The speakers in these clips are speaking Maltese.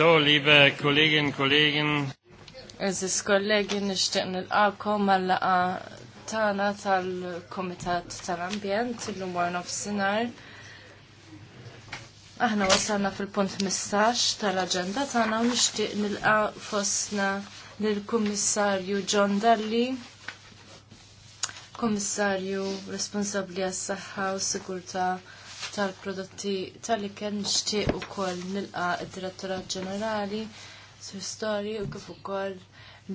So, liebe Kolleginnen, Kollegen. Eżis kollegi nishtiq nil-qakom għallaqa tana tal-Komitat tal-Ambjent il-lum war nofsinar. Aħna wasalna fil-punt 15 tal-agenda tagħna u nixtieq nilqa qa fosna kummissarju John Dalli Kummissarju responsabbli għas-saħħa u s-sigurta tal-prodotti tal-ikel nixtieq ukoll nilqa id-Direttorat Ġenerali su storji u kif ukoll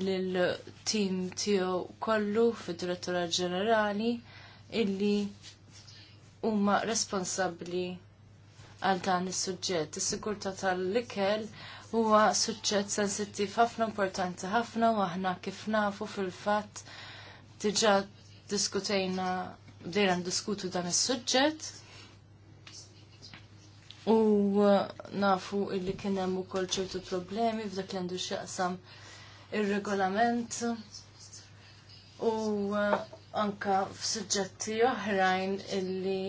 lill-tim tiegħu kollu fid-Direttorat Ġenerali illi huma responsabbli għal dan is-suġġett. Is-sigurtà tal-ikel huwa suġġett sensittiv ħafna importanti ħafna u aħna kif nafu fil-fatt diġà diskutejna bdejna ndiskutu dan is-suġġett U uh, nafu illi kien hemm ukoll ċertu problemi f'dak li għandu x'jaqsam ir-regolament u uh, anka f'suġġetti oħrajn illi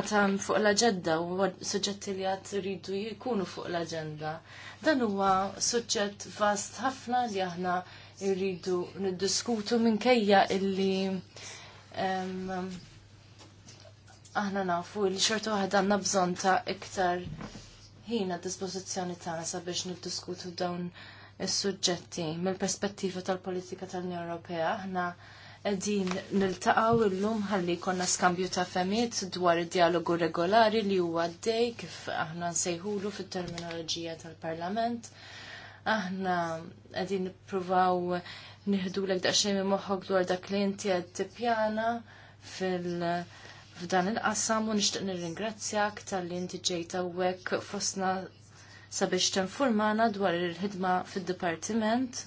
għatam fuq l agenda u suġġetti li għat rridu jikunu fuq l-aġenda. Dan huwa suġġett vast ħafna li aħna rridu niddiskutu minkejja illi um, aħna nafu li xorta waħda għandna bżonn ta' iktar ħin għad dispożizzjoni tagħna sabiex niddiskutu dawn is-suġġetti mill-perspettiva tal-politika tal-Unjoni Ewropea aħna nil-taqaw il illum ħalli konna skambju ta' femiet dwar id-dialogu regolari li huwa għaddej kif aħna nsejħulu fit-terminoloġija tal-Parlament. Aħna qegħdin nippruvaw nihdu l daqsxejn moħħok dwar dak li inti qed fil- f'dan il-qasam u nixtieq nirringrazzjak tal-li inti ġejta hawnhekk fostna sabiex tinformana dwar il-ħidma fid-dipartiment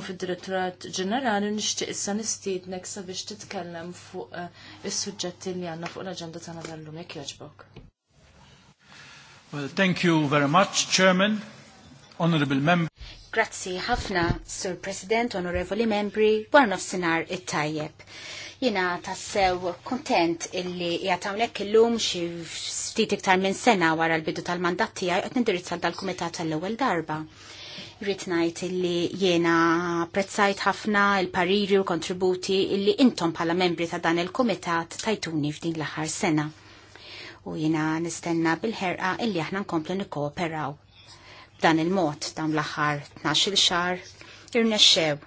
u fid-direttorat ġenerali nixtieq issa nistiednek sabiex titkellem fuq eh, is-suġġetti li għandna fuq l-aġenda tagħna tal-lum jekk jogħġbok. Well, thank you very much, Chairman, Honorable Member. Grazzi ħafna, Sir President, Onorevoli Membri, Warnof Sinar it-Tajjeb. Jina tassew kontent illi jgħatawnek il-lum xie ftit iktar minn sena wara l-bidu tal-mandat tiegħi qed nindirizza dal-kumitat tal-ewwel darba. Rrid ngħid illi jiena prezzajt ħafna il-pariri u kontributi illi intom bħala membri ta' dan il-kumitat tajtuni f'din l-aħħar sena u jena nistenna bil-ħerqa illi aħna nkomplu nikkooperaw. Dan il-mod dan l-aħħar 12 xar irnexxew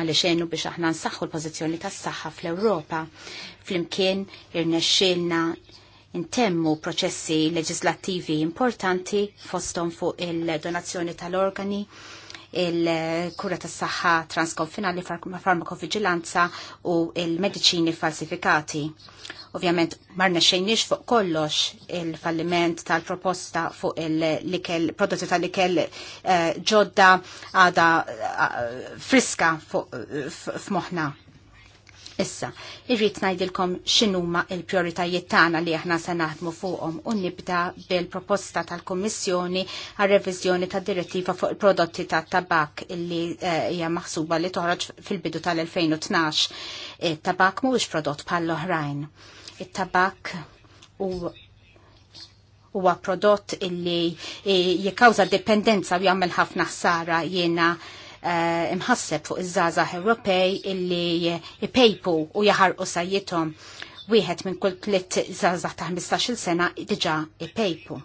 għalli biex aħna nsaħħu l-pozizjoni tas saħħa fl-Ewropa. Flimkien irnexxilna intemmu proċessi leġislattivi importanti fostom fuq il-donazzjoni tal-organi, il-kura tas saħħa transkonfinali farmakovigilanza u il-medicini falsifikati. Ovvjament marna xejnix fuq kollox il-falliment tal-proposta fuq il-likel, prodotti tal-likel eh, ġodda għada eh, friska fuq eh, f'moħna. Issa, irrit najdilkom xinuma il-prioritajiet tagħna li aħna se naħdmu fuqhom u nibda bil-proposta tal-Kommissjoni għal reviżjoni tad direttiva fuq il-prodotti tat tabak li eh, hija eh, maħsuba li toħroġ fil-bidu tal-2012. Il-tabak mhuwiex prodott bħall-oħrajn. Il-tabak u huwa prodott illi eh, jikkawża dipendenza u jagħmel ħafna ħsara jiena Eh, imħasseb fuq iż-żgħażagħ Ewropej illi ipejpu u jaħarqu sajjithom. Wieħed minn kull tliet żgħażagħ ta' 15-il sena diġà ipejpu.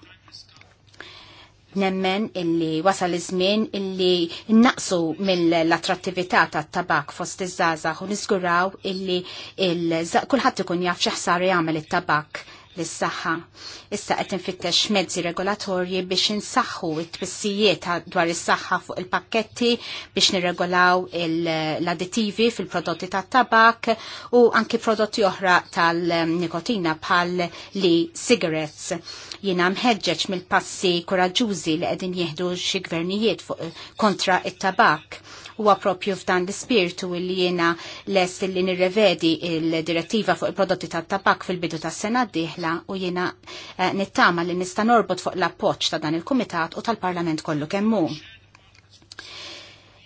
Nemmen illi wasal iż-żmien illi naqsu mill-attrattività tat-tabak fost iż-żgħażagħ u niżguraw illi kulħadd ikun jaf xi ħsar jagħmel it-tabak l saħħa Issa qed infittex mezzi regolatorji biex insaħħu t-twissijiet dwar is-saħħa fuq il-pakketti biex nirregolaw l-additivi fil-prodotti tat-tabak u anki prodotti oħra tal-nikotina bħal li cigarettes. Jiena mħeġġeġ mill-passi koraġġużi li qegħdin jieħdu xi gvernijiet kontra it-tabak huwa propju f'dan l-ispirtu li jiena lest li nirrevedi il-direttiva fuq il-prodotti tat-tabak fil-bidu tas-sena d-dieħla u jiena eh, nittama li nista' norbot fuq l-appoġġ ta' dan il-Kumitat u tal-Parlament kollu kemm hu.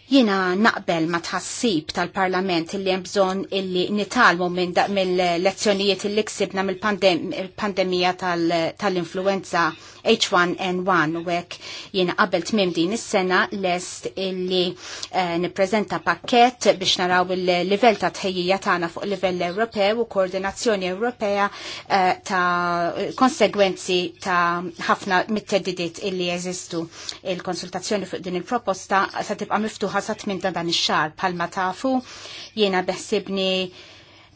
Jina naqbel ma tħassib tal-parlament illi hemm bżonn illi nitalmu minn mill-lezzjonijiet illi ksibna mill-pandemija tal-influenza H1N1 u hekk jiena qabel tmiem din is-sena lest illi eh, nippreżenta pakkett biex naraw il-livell ta' tħejjija tagħna fuq livell Ewropew u koordinazzjoni Ewropea eh, ta' konsegwenzi ta' ħafna mit-teddidiet illi jeżistu. Il-konsultazzjoni fuq din il-proposta se tibqa' miftuħa ħasat minn dan ix-xahar bħalma tafu jiena beħsibni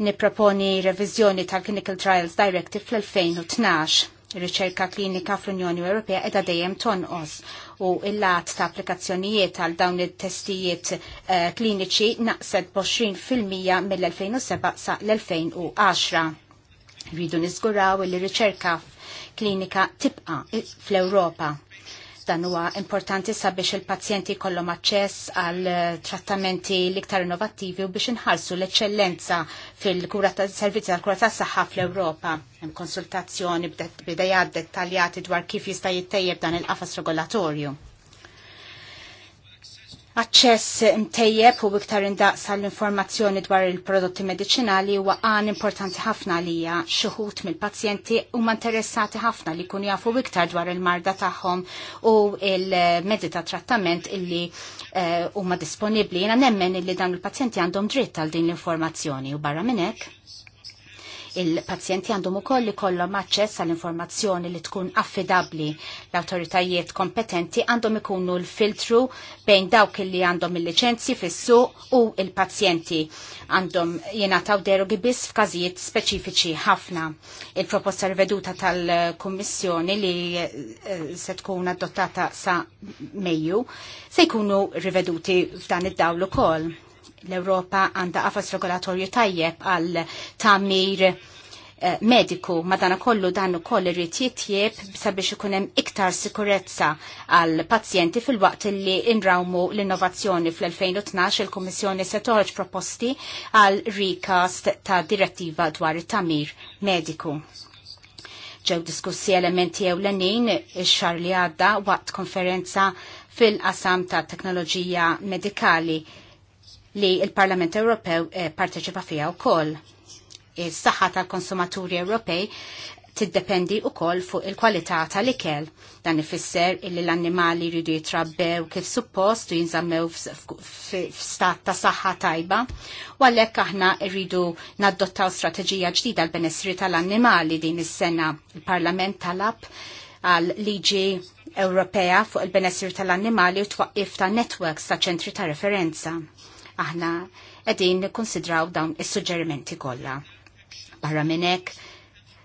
nipproponi reviżjoni tal-Clinical Trials Directive fl-2012. Ir-riċerka klinika fl-Unjoni Ewropea qiegħda dejjem tonqos u l-lat ta' applikazzjonijiet għal dawn it-testijiet eh, kliniċi naqset b'20% mill-2007 sa' l-2010. Rridu niżguraw li riċerka klinika tibqa fl-Ewropa. Dan huwa importanti sabiex il-pazjenti kollhom aċċess għal eh, trattamenti l-iktar innovattivi u biex inħarsu l-eċċellenza fil-kura servizzi tal-kura tas-saħħa fl-Ewropa. Hemm konsultazzjoni b'idejat dettaljati dwar kif jista' jittejjeb dan il-qafas regolatorju. Aċċess imtejjeb u iktar indaqsa l informazzjoni dwar il-prodotti medicinali huwa għan importanti ħafna hija xuħut mill-pazjenti huma interessati ħafna li kun jafu iktar dwar il-marda tagħhom u il-medi trattament illi eh, huma uh, disponibbli. Jiena nemmen illi dan il-pazjenti għandhom dritt għal din l-informazzjoni u barra minn hekk Il-pazjenti għandhom ukoll li kollhom aċċess għall informazzjoni li tkun affidabbli. L-awtoritajiet kompetenti għandhom ikunu l-filtru bejn dawk li għandhom il-liċenzji fis-suq u il-pazjenti. Għandhom jingħataw derogi biss f'każijiet speċifiċi ħafna. Il-proposta riveduta tal-Kummissjoni li eh, se tkun adottata sa Mejju se jkunu riveduti f'dan id dawl ukoll l-Europa għanda għafas regolatorju tajjeb għal tamir eh, mediku madana kollu dan ukoll irid jitjieb sabiex ikun hemm iktar sikurezza għal pazjenti fil-waqt li inrawmu l-innovazzjoni fl-2012 il-Kummissjoni se toħroġ proposti għal recast ta' direttiva dwar it-tamir mediku. Ġew diskussi elementi ewlenin ix-xar li għadda waqt konferenza fil-qasam ta' teknoloġija medikali li il-Parlament Ewropew eh, parteċipa fija u koll. Is-saħħa tal-konsumaturi Ewropej tiddependi u koll fuq il-kwalità tal-ikel. Dan ifisser illi l-annimali jridu jitrabbew kif suppost u jinżammew f'stat ta' saħħa tajba. U għalhekk aħna rridu naddottaw strateġija ġdida l-benessri tal-annimali din is-sena. Il-Parlament talab għal liġi Ewropea fuq il-benessri tal-annimali u twaqqif ta' netwerks ta' ċentri ta' referenza Aħna qegħdin nikkonsidraw dawn is-suġġerimenti kollha. Barra minn hekk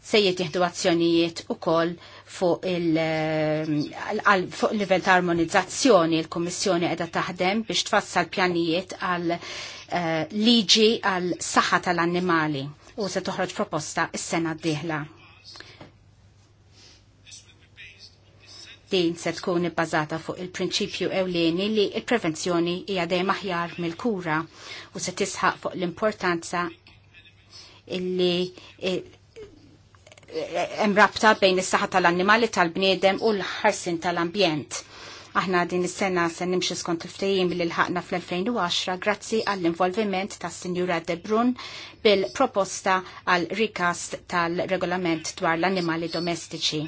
se jittieħdu u ukoll fuq il-fuq ehm, livell ta' armonizzazzjoni il-Kummissjoni qiegħda taħdem biex tfassal pjanijiet għal eh, liġi għal saħħa tal-annimali u se toħroġ proposta s-sena d-dieħla din se tkun ibbażata fuq il-prinċipju ewlieni li il-prevenzjoni hija dejjem aħjar mill-kura u se tisħaq fuq l-importanza illi eh, eh, hemm rabta bejn is-saħħa tal-annimali tal-bniedem u l-ħarsin tal-ambjent. Aħna din is-sena se nimxu skont il-ftehim li l-ħaqna fl-2010 grazzi għall-involviment tas Sinjura De Brun bil-proposta għal rikast tal-regolament dwar l-annimali domestiċi.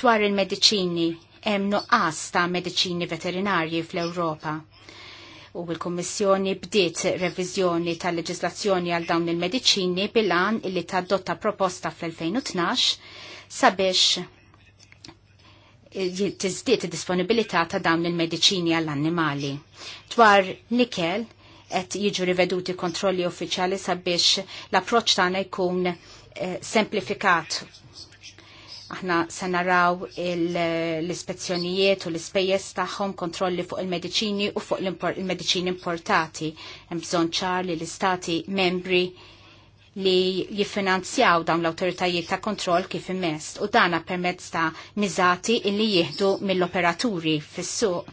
Dwar il-mediċini hemm noqqas ta' mediċini veterinarji fl-Ewropa u l-Kommissjoni bdiet reviżjoni tal-leġislazzjoni għal dawn il-mediċini bilan illi tadotta proposta fl-2012 sabiex tizdiet disponibilità ta' dawn il-mediċini għall-annimali. Dwar nikel, et jiġu riveduti kontrolli uffiċjali sabiex l-approċ tagħna jkun eh, semplifikat Aħna se naraw l-ispezzjonijiet u l-ispejjeż tagħhom kontrolli fuq il-mediċini u fuq il-mediċini importati. Hemm bżonn ċar li l-istati membri li jiffinanzjaw dawn l-autoritajiet ta' kontroll kif immest u dana permezz ta' miżati illi jieħdu mill-operaturi fis-suq.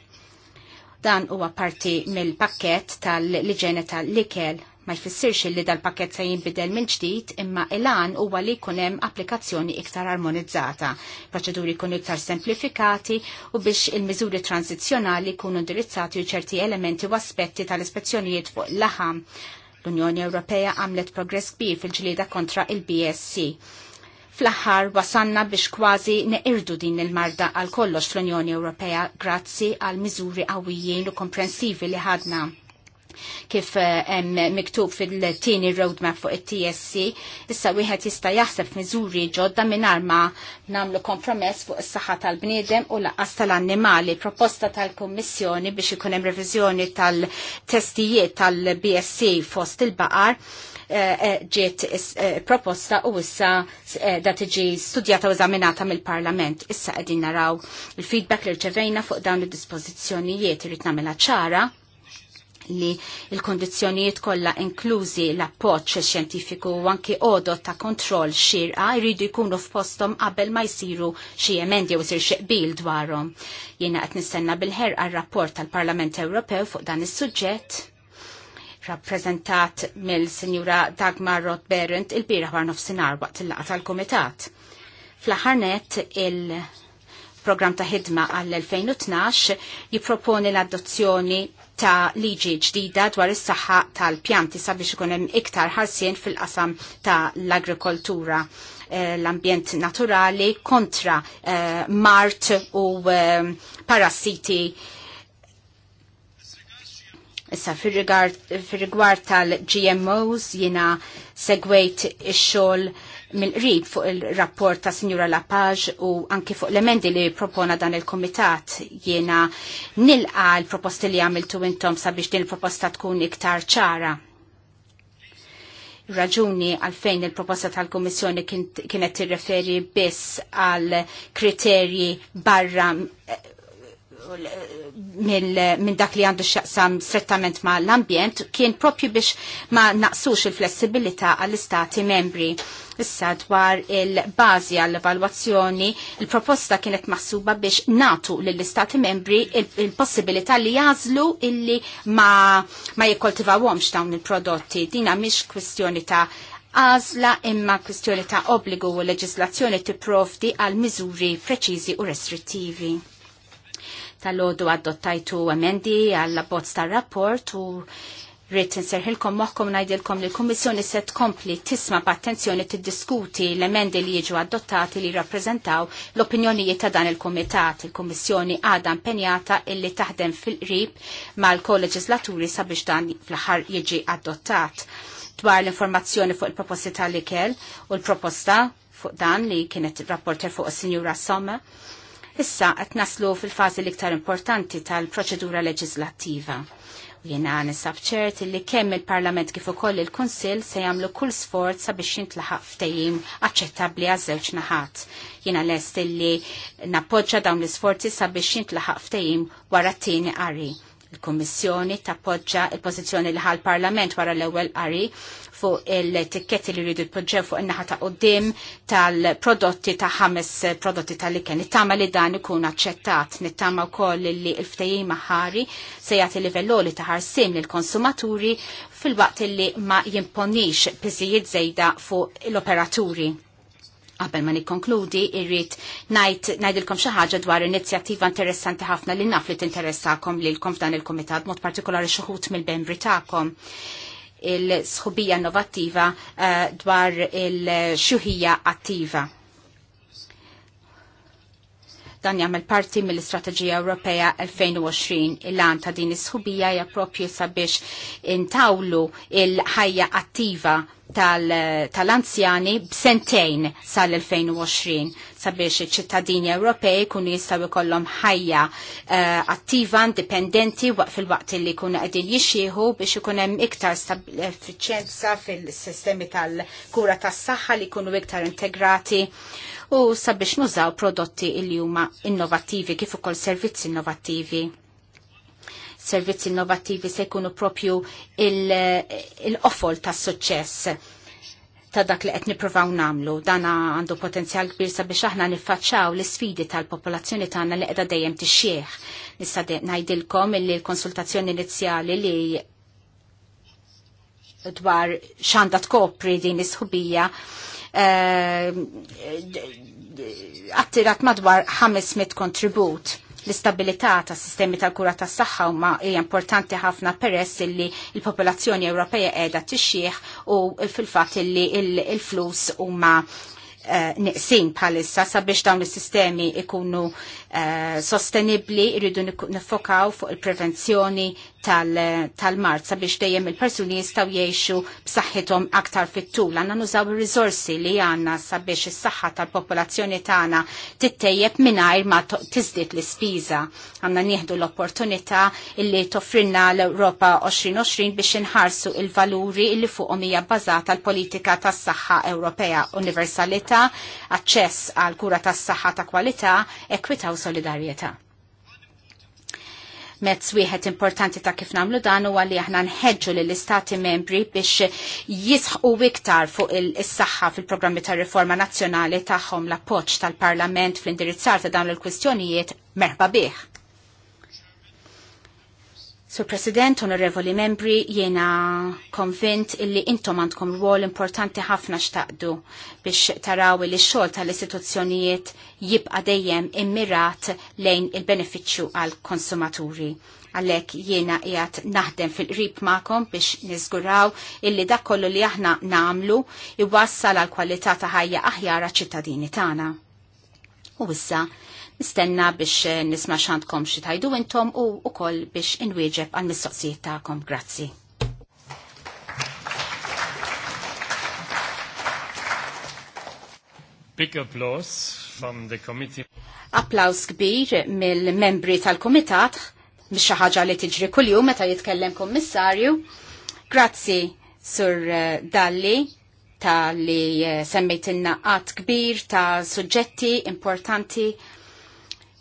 Dan huwa parti mill-pakket tal-liġene tal-likel Ma jfissirx li dal-pakket se jinbidel minn ġdid imma il-għan huwa li jkun hemm applikazzjoni iktar armonizzata, proċeduri jkunu iktar semplifikati u biex il-miżuri tranzizzjonali jkunu indirizzati u ċerti elementi u aspetti tal-ispezzjonijiet fuq l-aħam. L-Unjoni Ewropea għamlet progress kbir fil-ġlieda kontra il-BSC fl-aħħar wasanna biex kważi neqirdu din il-marda għal kollox fl-Unjoni Ewropea grazzi għal miżuri qawwijin u komprensivi li ħadna kif eh, hemm miktub fil-tieni roadmap fuq it-TSC. Issa wieħed jista' jaħseb miżuri ġodda mingħajr ma nagħmlu kompromess fuq is-saħħa tal-bniedem u laqas tal-annimali. Proposta tal-Kummissjoni biex ikun hemm reviżjoni tal-testijiet tal-BSC fost il-baqar eh, eh, ġiet proposta u issa da tiġi studjata u eżaminata mill-Parlament. Issa qegħdin naraw il-feedback li rċevejna fuq dawn id-dispożizzjonijiet irid nagħmilha ċara li il-kondizjonijiet kollha inklużi l-appoġġ xjentifiku u anki għodot ta' kontroll xirqa jridu jkunu f'postom qabel ma jsiru xi emendi u jsir xeqbil dwarhom. Jiena qed nistenna bil-ħerqa r-rapport tal-Parlament Ewropew fuq dan is-suġġett rappresentat mill-Sinjura Dagmar Roth Berent il-bira war nofsinhar waqt il-laqgħa tal-Kumitat. fl ħarnet il program ta' ħidma għall-2012 jiproponi l-adozzjoni ta' liġi ġdida dwar is-saħħa tal-pjanti sabiex ikun hemm iktar ħarsien fil-qasam ta' l-agrikoltura eh, l-ambjent naturali kontra uh, mart u uh, parassiti Issa fir-rigward tal-GMOs jina segwejt ix-xogħol mill-qrib fuq il-rapport ta' Signora Lapage u anki fuq l-emendi li propona dan il-komitat jiena nilqa l-proposti li għamiltu intom sabiex din il-proposta tkun iktar ċara. Raġuni għalfejn il-proposta tal-Komissjoni kienet tirreferi biss għal kriterji barra minn dak li għandu xaqsam strettament ma l-ambjent kien propju biex ma naqsux il-flessibilità għall-istati membri. Issa dwar il-bazi għall-evalwazzjoni, il-proposta kienet maħsuba biex natu l-istati membri il-possibilità li jazlu illi ma, ma jikoltivawomx dawn il-prodotti. Dina miex kwestjoni ta' għazla imma kwestjoni ta' obbligu u leġislazzjoni tipprovdi għal miżuri preċiżi u restrittivi tal-ħodu għaddottajtu emendi għall-abbozz tal-rapport u rrit nserħilkom moħkom najdilkom li l-Kommissjoni se tkompli tisma b'attenzjoni tiddiskuti l-emendi li jiġu adottati li rappresentaw l-opinjonijiet ta' dan il-Komitat. Il-Kommissjoni għadha impenjata illi taħdem fil-qrib mal-koleġislaturi sabiex dan fl-aħħar jiġi adottat. Dwar l-informazzjoni fuq il proposita li ikel u l-proposta fuq dan li kienet rapporter fuq il-Sinjura Somma Issa qed naslu fil-fażi l-iktar importanti tal-proċedura leġislattiva. U jiena nisab ċert li kemm il-Parlament kif ukoll il-Kunsill se jagħmlu kull sforz sabiex jintlaħaq ftehim aċċettabbli għaż-żewġ naħat. Jiena lest li nappoġġa dawn l-isforzi sabiex jintlaħaq ftehim wara t-tieni qari Il-Kommissjoni tappoġġa il-pożizzjoni li ħal parlament wara l-ewwel qari fuq il-tikketti li rridu jpoġġew fuq in-naħa ta' qudiem tal-prodotti ta' ħames prodotti tal-iken. Nittama li dan ikun aċċettat, nittama wkoll li l-ftehim maħari se jagħti li ta' ħarsim lill konsumaturi fil-waqt li ma jimponix piżijiet żejda fuq l-operaturi Qabel ma nikkonkludi, irrit najdilkom xi ħaġa dwar inizjattiva interessanti ħafna li naf li tinteressakom lilkom f'dan il-Kumitat, mod partikolari xi ħut mill-membri tagħkom il-sħubija innovativa uh, eh, dwar il-xuħija attiva dan jagħmel parti mill-Istrateġija Ewropea 2020 il-għan ta' din is-sħubija hija propju sabiex intawlu il-ħajja attiva tal-anzjani tal b'sentejn sal-2020 sabiex iċ-ċittadini Ewropej kunu jistgħu jkollhom ħajja uh, attiva, indipendenti waqt fil-waqt li jkunu qegħdin jixxieħu biex ikun hemm iktar effiċjenza fil-sistemi tal-kura tas-saħħa li jkunu iktar integrati u sabiex nużaw prodotti li huma innovattivi kif ukoll servizzi innovattivi servizzi innovattivi se jkunu propju il-qofol il ta' suċċess ta' dak li qed nippruvaw nagħmlu. Dana għandu potenzjal kbir sabiex aħna niffaċċaw l-isfidi tal-popolazzjoni tagħna li qiegħda dejjem tixxieħ. Nista' ngħidilkom illi l-konsultazzjoni inizjali li dwar xanda tkopri din is-ħubija Ehm, attirat madwar 500 kontribut l-istabilità ta' sistemi tal-kura tas saħħa huma hija importanti ħafna peress illi l-popolazzjoni Ewropea qiegħda t u fil fat illi il-flus huma ma' eh, niqsin bħalissa sabiex dawn is-sistemi ikunu Eh, sostenibli irridu nifokaw fuq il-prevenzjoni tal marza biex sabiex dejjem il-persuni jistaw jiexu b'saħħithom aktar fit-tul. Għanna nużaw ir rizorsi li għandna sabiex is-saħħa tal-popolazzjoni tagħna tittejjeb mingħajr ma tiżdied l-ispiża. Għanna nieħdu l-opportunità illi toffrinna l-Ewropa 2020 biex inħarsu il-valuri illi fuqhom hija bbażata l-politika tas-saħħa Ewropea, universalità, aċċess għal kura tas-saħħa ta' kwalità, ekwità u solidarieta. Mezz wieħed importanti ta' kif nagħmlu dan huwa li aħna nħeġġu lill istati membri biex jisħqu iktar fuq is-saħħa fil-programmi ta' riforma nazzjonali tagħhom l-appoġġ tal-Parlament fl-indirizzar ta' dawn il-kwistjonijiet merħba bih Sur President, onorevoli membri, jiena konvint illi intom għandkom rwol importanti ħafna xtaqdu biex taraw li xol tal-istituzzjonijiet jibqa dejjem immirat lejn il-beneficju għal-konsumaturi. Għalek jiena jgħat naħdem fil-qrib ma'kom biex nizguraw illi dak kollu li aħna namlu iwassal għal kwalità ta' ħajja aħjar ċittadini tagħna. U issa nistenna biex eh, nisma xantkom xi tajdu intom u ukoll biex inwieġeb għal mistoqsijiet tagħkom. Grazzi. Big applause from the committee. Applaus kbir mill-membri tal-komitat biex xi ħaġa li tiġri kuljum meta jitkellem kommissarju. Grazzi Sur eh, Dalli ta' li eh, semmejt inna kbir ta' suġġetti importanti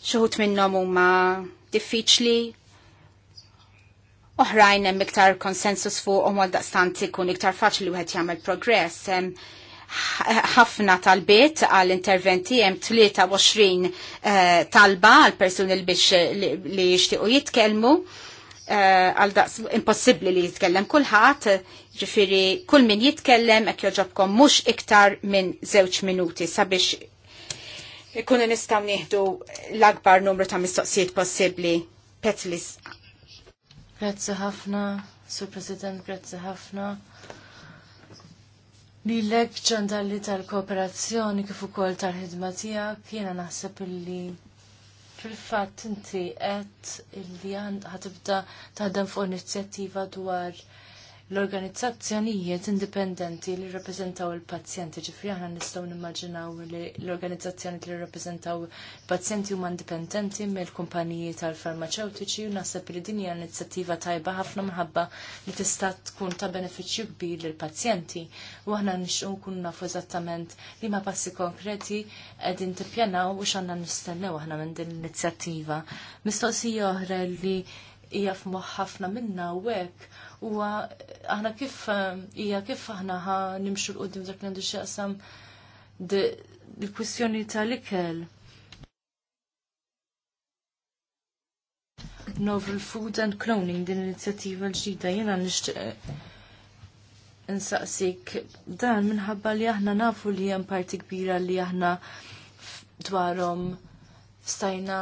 xoħut minnom huma diffiċli, oħrajn hemm iktar konsensus fuq u mod daqstant ikun iktar faċli wieħed jagħmel progress. Ħafna talbiet għal interventi hemm 23 eh, talba għal persuni biex li jixtiequ jitkellmu eh, għal daqs impossibbli li jitkellem kulħadd, ġifieri kull min jitkellem hekk joġobkom mhux iktar minn żewġ minuti sabiex ikunu nistaw nieħdu l-akbar numru ta' mistoqsijiet possibbli. Petlis. Grazzi ħafna, Sur President, grazzi ħafna. Lilek ċandalli tal-kooperazzjoni kif ukoll tal-ħidma tiegħek jiena naħseb illi fil-fatt inti qed illi ħatibda taħdem fuq inizjattiva dwar l-organizzazzjonijiet indipendenti li rappresentaw il-pazjenti. Ġifri aħna nistgħu nimmaġinaw li l-organizzazzjoni li rappresentaw il-pazjenti huma indipendenti mill-kumpaniji tal-farmaceutiċi u naħseb li din hija inizjattiva tajba ħafna mħabba li tista' tkun ta' benefiċċju kbir lill-pazjenti. U aħna nixtiequ nkunu nafu eżattament li ma passi konkreti qegħdin tippjanaw u x'għandna nistennew aħna minn din l-inizjattiva. Mistoqsija oħra li hija f'moħħ ħafna minna u hekk U uh, aħna kif um, hija kif aħna ħa nimxu l qudiem dak għandu x'jaqsam il-kwistjoni tal-ikel. Novel Food and Cloning din l-inizjattiva l-ġdida jiena nixtieq insaqsik eh, dan minħabba li aħna nafu li hemm parti kbira li aħna dwarhom stajna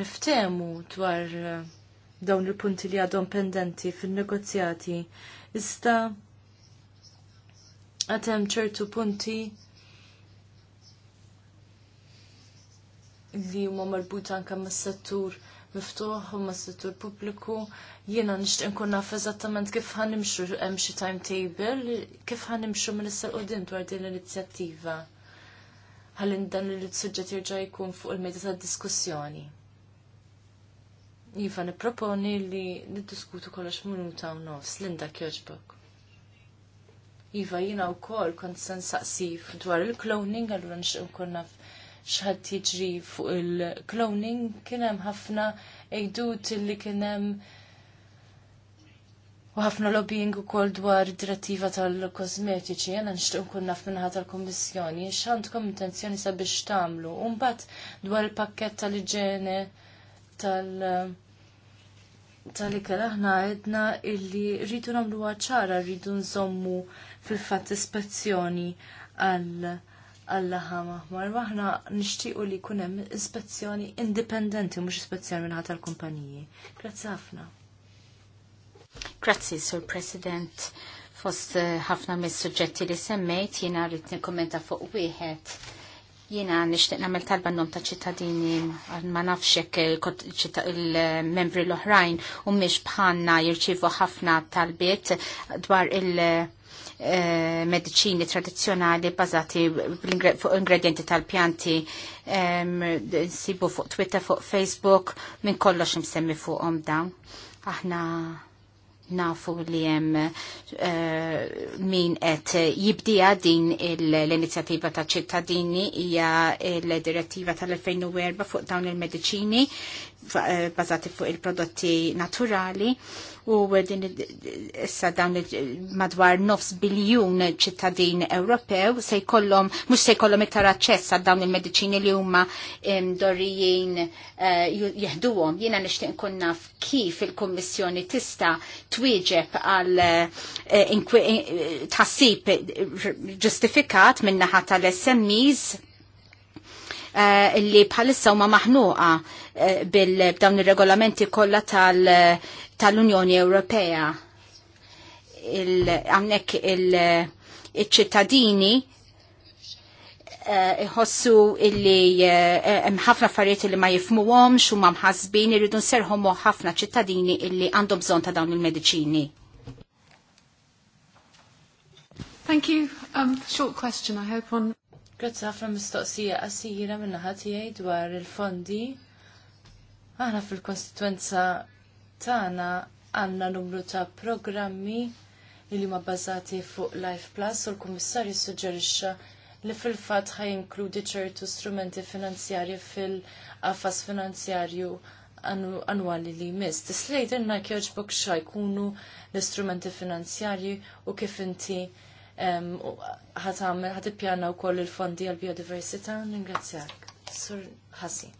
niftemu dwar uh, dawn il-punti li għadhom pendenti fil-negozjati. Iżda għatem ċertu punti li huma marbuta anke mas-settur miftuħ u mas-settur pubbliku. Jiena nixtieq nkun naf eżattament kif ħanimxu hemm xi timetable, kif ħanimxu minn issa qudiem dwar din l-inizjattiva. Ħalli dan li l-suġġett jerġa' jkun fuq il-mejda tad-diskussjoni. Iva, niproponi li niddiskutu kollox minuta u nofs, Linda Kjoġbok. Iva, jina u koll kont sen saqsif dwar il-cloning, għallura nxqin konna xħad jiġri fuq il-cloning, kienem ħafna ejdut li kienem U ħafna lobbying u kol dwar direttiva tal-kosmetiċi, jena nishtiq nkun naf minnaħa tal-Kommissjoni, x'għandkom intenzjoni sabiex tagħmlu. bat dwar il-pakkett tal-iġene tal- tal-ikel aħna għedna illi rridu namlu ċara rridu nżommu fil-fat ispezzjoni għall-laħam aħmar. Maħna nishtiqu li kunem ispezzjoni indipendenti, mux ispezzjoni minnħat tal-kumpaniji. Grazzi ħafna. Grazzi, Sur President. Fost eh, ħafna mis-suġġetti li semmejt, jina rritni kommenta fuq wieħed Jiena nixtieq nagħmel talba n-num ta' ċittadini ma nafxek il-membri eh, l-oħrajn u mhix bħalna jirċievu ħafna talbiet dwar il- eh, medicini tradizjonali bazati fuq ingredienti tal-pjanti Sibu fuq Twitter, fuq Facebook, minn kollox msemmi fuqhom dawn. Aħna nafu li jem eh, min et jibdija din l-inizjativa ta' ċittadini hija l-direttiva tal-2004 fuq dawn il-medicini Eh, bazati fuq il-prodotti naturali u din issa dawn madwar nofs biljun ċittadin Ewropew se jkollhom mhux se jkollhom iktar aċċess għal dawn il-mediċini li huma dorrijin eh, jeħduhom. Jiena nixtieq nkun naf kif il-Kummissjoni tista' twieġeb għal eh, tħassib ġustifikat min-naħa tal-SMEs Eh, li bħalissa huma maħnuqa eh, bil ir-regolamenti kollha tal-Unjoni Ewropea. Għamnek il-ċittadini eh, iħossu illi ħafna affarijiet li ma jifmuhomx u ma mħasbin irridu nserħom ħafna ċittadini illi għandhom bżonn ta' dawn il-mediċini. Thank you. Um, short question, I hope on... Grazzi ħafna mistoqsija qasira minn tiegħi dwar il-fondi. Aħna fil-konstituenza tagħna għandna numru ta' programmi li huma bbażati fuq Life Plus u l-Kummissarju suġġerixxa li fil-fatt ħajinkludi ċertu strumenti finanzjarji fil-qafas finanzjarju annwali li jmiss. Tislejt inna kjoġbok xa jkunu l-istrumenti finanzjarji u kif inti ħatamel, ippjana u koll il-fondi għal-biodiversita, ningrazzjak. Sur Hassi.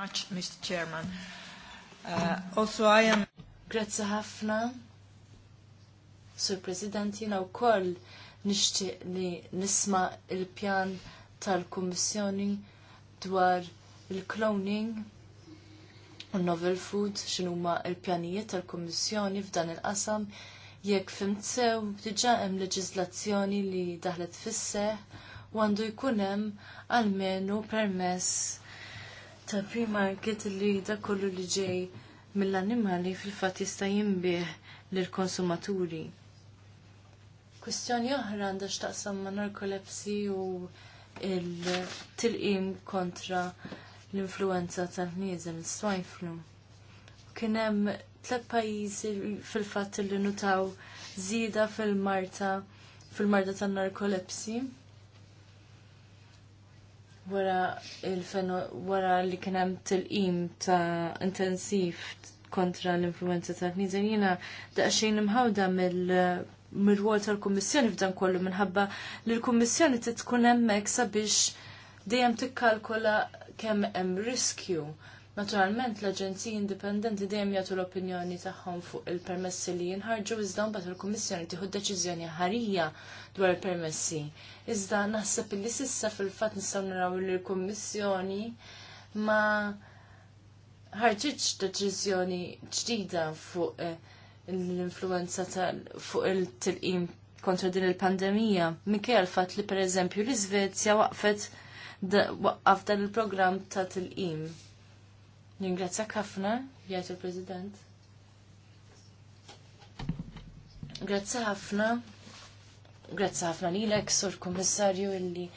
Much, Mr. Chairman. Uh, also, I am... Grazzi ħafna. Sur President, jina u koll nishti li nisma il-pjan tal-Kommissjoni dwar il-cloning u novel food xinuma il-pjanijiet tal-Kommissjoni f'dan il-qasam jekk fimsew diġa' hemm leġiżlazzjoni li daħlet fis u għandu jkun hemm għalmenu permess ta' pre-market li dak kollu li ġej mill-annimali fil-fatt jista' jinbih lill-konsumaturi. Kwistjoni oħra għandha x'taqsam ma' narkolepsi u il-tilqim kontra l-influenza tal-ħnieżem, il-swine flu. Kien hemm tlet pajjiżi fil-fatt li nutaw żieda fil-marta fil-marta tan-narkolepsi wara il wara li kien hemm tilqim ta' intensiv kontra l-influenza ta' knizen jiena daqsxejn imħawda mill-rwol tal-Kummissjoni f'dan kollu minħabba li l-Kummissjoni tkun hemmhekk sabiex dejjem tikkalkola kemm hemm riskju Naturalment l-Aġenziji Indipendenti dejjem jagħtu l-opinjoni tagħhom fuq il-permessi li jinħarġu iżda mbagħad il-Kummissjoni tieħu deċiżjoni ħarija dwar il-permessi. Iżda naħseb li sissa fil-fatt nistgħu naraw li l-Kummissjoni ma ħarġitx deċiżjoni ġdida fuq eh, l-influenza fuq il-tilqim kontra din il-pandemija. Mikkej fatt li per eżempju l iżvezja waqfet waqqaf dan il-programm ta' tilqim Ningrazzjak ħafna, jgħid il-President. Grazzi ħafna, grazzi ħafna lilek, sur Kummissarju illi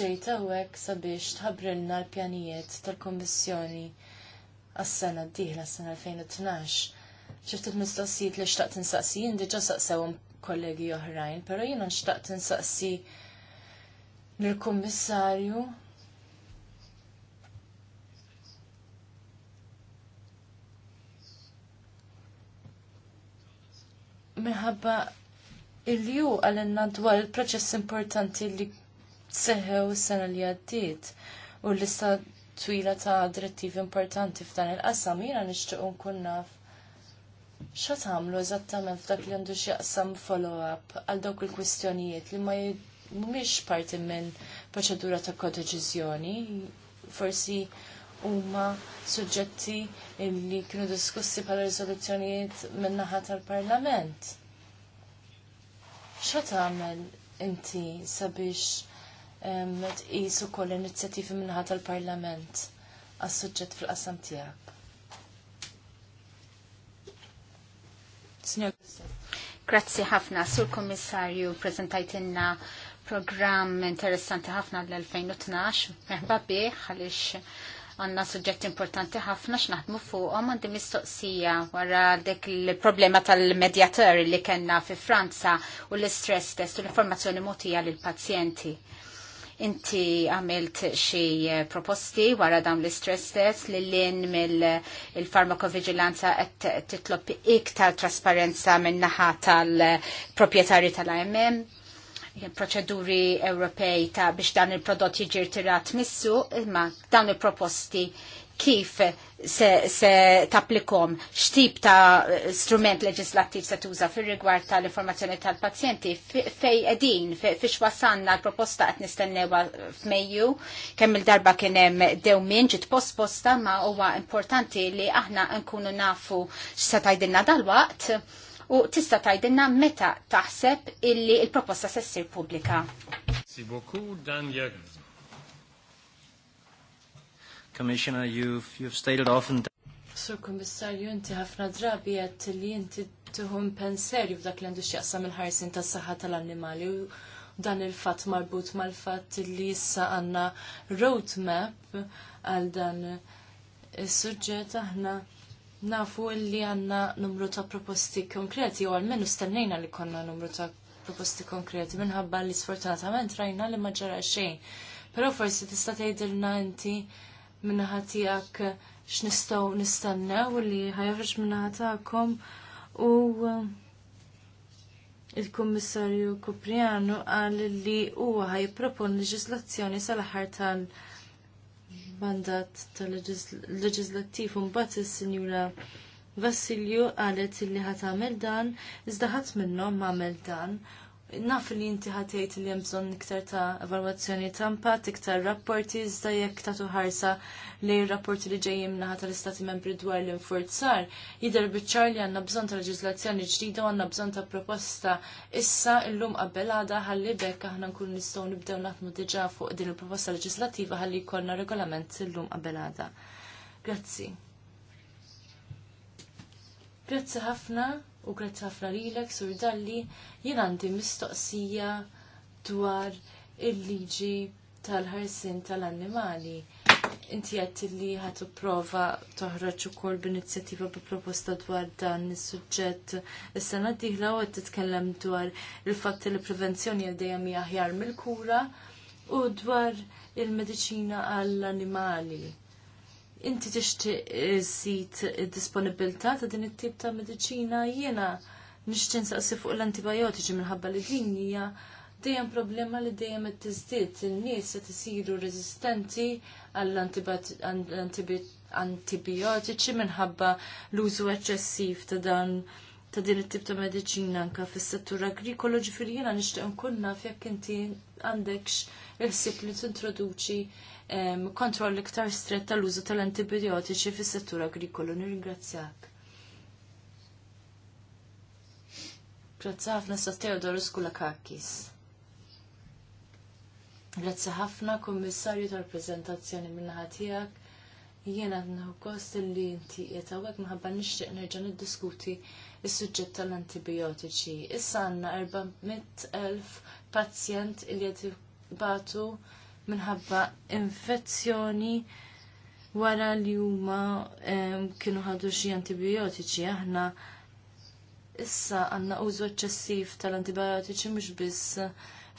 ġejta ek sabiex tħabrilna l-pjanijiet tal-Kummissjoni għas-sena d-dieħla s-sena 2012 t mistoqsijiet li xtaqt n-saqsi, jindi ġa saqsewum kollegi oħrajn, pero jina xtaqt n-saqsi l-kommissarju minħabba il-ju għalenna dwar il-proċess importanti li seħew s-sena li għaddiet u l-lista twila ta' direttivi importanti f'dan il-qasam jiena nixtieq nkun naf xa tagħmlu eżattament f'dak li għandu xieqsam follow-up għal dawk il-kwistjonijiet li ma mhumiex parti minn proċedura ta' kodeċiżjoni. Forsi huma suġġetti li kienu diskussi bħala riżoluzzjonijiet min-naħa tal-Parlament. Xa tagħmel inti sabiex tqis ukoll inizjattivi min-naħa tal-Parlament għas-suġġett fil-qasam tiegħek? Grazzi ħafna, Sur Kommissarju, prezentajtinna program interessanti ħafna l-2012, meħba bieħ għalix għanna suġġett importanti ħafna x'naħdmu fuqhom għandi mistoqsija wara dik il-problema tal-medjatur li kellna fi Franza u l-istress test u l-informazzjoni motija lil pazjenti Inti għamilt xi proposti wara dawn l-istress test li l-in mill-farmakovigilanza qed titlob iktar trasparenza min-naħa tal propietari tal-IMM proċeduri Ewropej ta' biex dan il-prodott jiġi tirat missu, imma dawn il-proposti kif se, se taplikom xtip ta' strument leġislattiv se tuża fir rigward tal-informazzjoni tal-pazjenti fej edin, fiex wasanna l-proposta qed nistennewa f'Mejju, kemm il-darba kien hemm dewmin ġit posposta ma huwa importanti li aħna nkunu nafu x'se tgħidilna dal-waqt u tista' tgħidilna meta taħseb illi il-proposta se ssir pubblika. Commissioner, you've, you've stated often that... Sur you inti ħafna drabi għat li inti tuħum penserju f'dak li għandu xieqsam il-ħarsin tas saħħa tal-annimali u dan il-fat marbut mal-fat li issa għanna roadmap għal dan il-sujġet aħna nafu li għanna numru ta' proposti konkreti, u għalmenu stennejna li konna numru ta' proposti konkreti, minħabba li sfortunatament rajna li maġġara xejn. Pero forsi tista' tgħidilna inti minnaħa tiegħek x'nistgħu nistennew li ħajħroġ minnaħa tagħkom u eh, il-Kummissarju Kupriano qal li huwa ħajproponi leġislazzjoni sal-aħħar tal- -aħħar tal mandat tal-leġislattiv un bat il-Sinjura Vassilju għalet li ħat għamel dan, iżda ħadd minnhom għamel dan naf li inti ħatejt li hemm bżonn iktar ta' evalwazzjoni t'ampa tiktar iktar rapporti iżda jekk ta' tuħarsa li rapporti li ġejjin naħa tal-Istati Membri dwar l-infurzar, jidher biċċar li għandna bżonn ta' leġiżlazzjoni ġdida u għandna bżonn ta' proposta issa llum qabel ħalli bekk aħna nkunu nistgħu nibdew naħdmu diġà fuq din il-proposta leġislattiva ħalli jkollna regolament illum qabel Grazzi. Grazzi ħafna u grazzi ħafna lilek sur dalli Jien għandi mistoqsija dwar il-liġi tal-ħarsin tal-annimali. Inti għed li ħat prova toħroġ ukoll b'inizjattiva bi proposta dwar dan is-suġġett. Is-sena diħla u titkellem dwar il fat li prevenzjoni għal mi aħjar mill-kura u dwar il-mediċina għall-annimali. Inti tixtieq żid id-disponibilità ta' din it-tip ta' mediċina jiena nixtieq nsaqsi fuq l-antibiotiċi minħabba li din hija dejjem problema li dejjem qed tiżdied in-nies qed isiru reżistenti għall-antibiotiċi minħabba l-użu eċċessiv ta' dan ta' din it-tip ta' mediċina anke fis-settur agrikolo ġifieri jiena nixtieq nkun naf jekk inti għandekx il-sib li tintroduċi ehm, kontroll iktar strett tal-użu tal-antibiotiċi fis-settur agrikolo. Nirringrazzjak. Grazzi ħafna sa Teodorus Kulakakis. Grazzi ħafna kummissarju tal-prezentazzjoni minnaħa tiegħek. Jiena nħu kost li inti qiegħed hawnhekk minħabba nixtieq nerġa' niddiskuti is-suġġett tal-antibiotiċi. Issa għandna 400,000 pazjent li qed batu minħabba infezzjoni wara li huma eh, kienu ħadu xi antibiotiċi aħna issa għandna użu eċċessiv tal-antibiotiċi mhux biss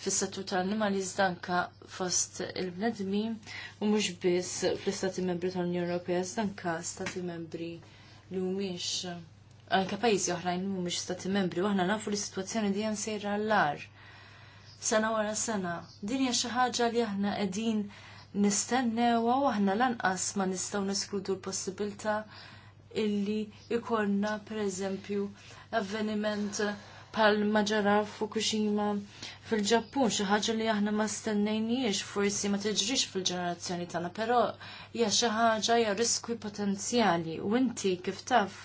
fis-settur tal-annimali anke fost il-bnedmi u mhux biss fl-istati membri tal-Unjoni Ewropea zdanka stati membri li mhumiex anke pajjiżi oħrajn mhumiex stati membri u aħna nafu li sitwazzjoni dejjem sejra l ar Sena wara sena, din hija xi ħaġa li aħna qegħdin nistennew u aħna lanqas ma nistgħu neskludu l-possibilità illi per pereżempju avveniment bħal maġara Fukushima fil-Ġappun, xi ħaġa li aħna ma stennejniex forsi ma tiġrix fil-ġenerazzjoni tagħna, però hija xi ħaġa hija riskwi potenzjali u inti kif taf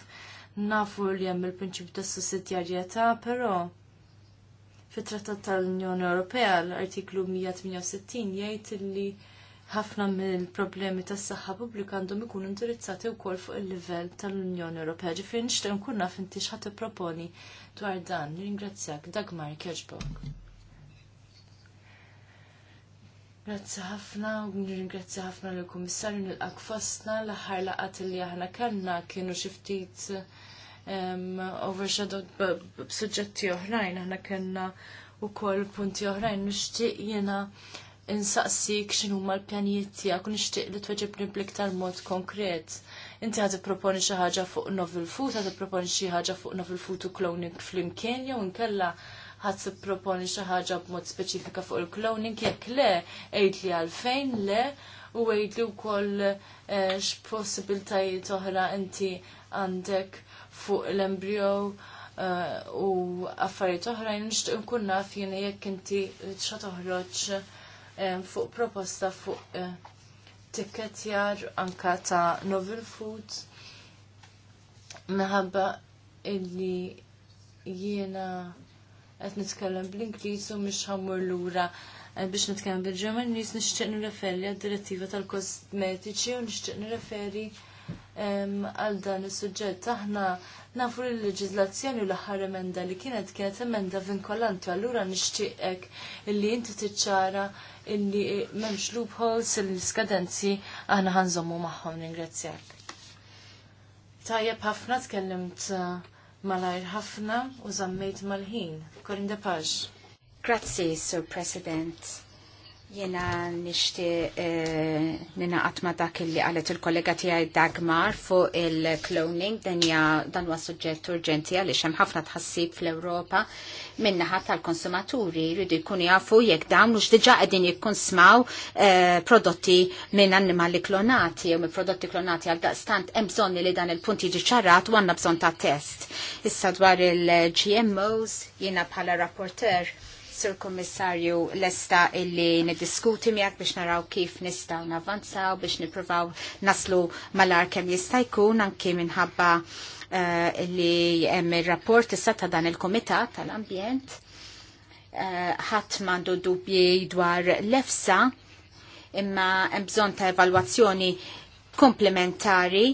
nafu li hemm il-prinċipju tas sussidjarjetà, però fit-Trattat tal-Unjoni Ewropea l-artiklu 168 jgħid li ħafna mill-problemi tas saħħa pubblika għandhom ikunu indirizzati wkoll fuq il-livell tal-Unjoni Ewropea. Ġifieri nixtieq nkun naf inti x'ħadd tipproponi dwar dan. Ringrazzjak Dagmar Kirchbok. Grazzi ħafna u nirringrazzi ħafna lill kummissarju nilqak fostna l-aħħar laqat li aħna kellna kienu xi ftit overshadowed b'suġġetti oħrajn aħna kellna u koll punti oħrajn nixtieq jiena insaqsik x'inhu huma l-pjanijiet tiegħek u nixtieq li tweġibni bl mod konkret. Inti ħad proponi xi ħaġa fuq novel food, ħad proponi xi ħaġa fuq novel food u cloning flimkien jew inkella ħad proponi xi ħaġa b'mod speċifika fuq il-cloning jekk le għid li għalfejn le u għid li wkoll eh, x'possibiltajiet oħra inti għandek fuq l-embryo eh, u affarijiet oħra, nixtieq nkun naf jien jekk inti xa toħroġ Eh, fuq proposta fuq eh, tikketjar anka ta' novel food minħabba illi jiena qed nitkellem bl-Ingliż u mhix ħammur lura eh, biex nitkellem bil-Ġerman nies nixtieq nirreferi għad-direttiva tal-kosmetiċi u nixtieq referi għal dan is-suġġett aħna nafu li l-leġizlazzjoni u l-aħħar emenda li kienet kienet emenda vinkolanti allura nixtieqek illi inti tiċċara illi m'hemmx loopholes il-skadenzi aħna ħanżommu magħhom ningrazzjak. Tajjeb ħafna tkellimt eh, malajr ħafna u żammejt mal-ħin. Korin Depaġ. Grazzi, Sir President. Jena nishti eh, nina għatma dak li għalet il-kollega tijaj Dagmar fuq il-cloning dan huwa suġġett urġenti għalli xem ħafna tħassib fl-Europa minnaħat tal-konsumaturi rridu jkunu jafu jekk dawn mux diġa għedin jikkonsmaw smaw eh, prodotti minn annimali klonati u minn prodotti klonati għal daqstant hemm bżonni li dan il-punt jiġi ċarrat u għanna bżon ta' test. Issa dwar il-GMOs jena bħala rapporter Sur Kommissarju lesta illi nidiskuti miak biex naraw kif nistgħu navanzaw biex nippruvaw naslu malar kemm jista' jkun anke minħabba eh, illi li hemm ir-rapport issa ta' dan il-Kumitat tal-Ambjent eh, ħadd mandu m'għandu dubji dwar l-EFSA imma hemm bżonn ta' evalwazzjoni komplementari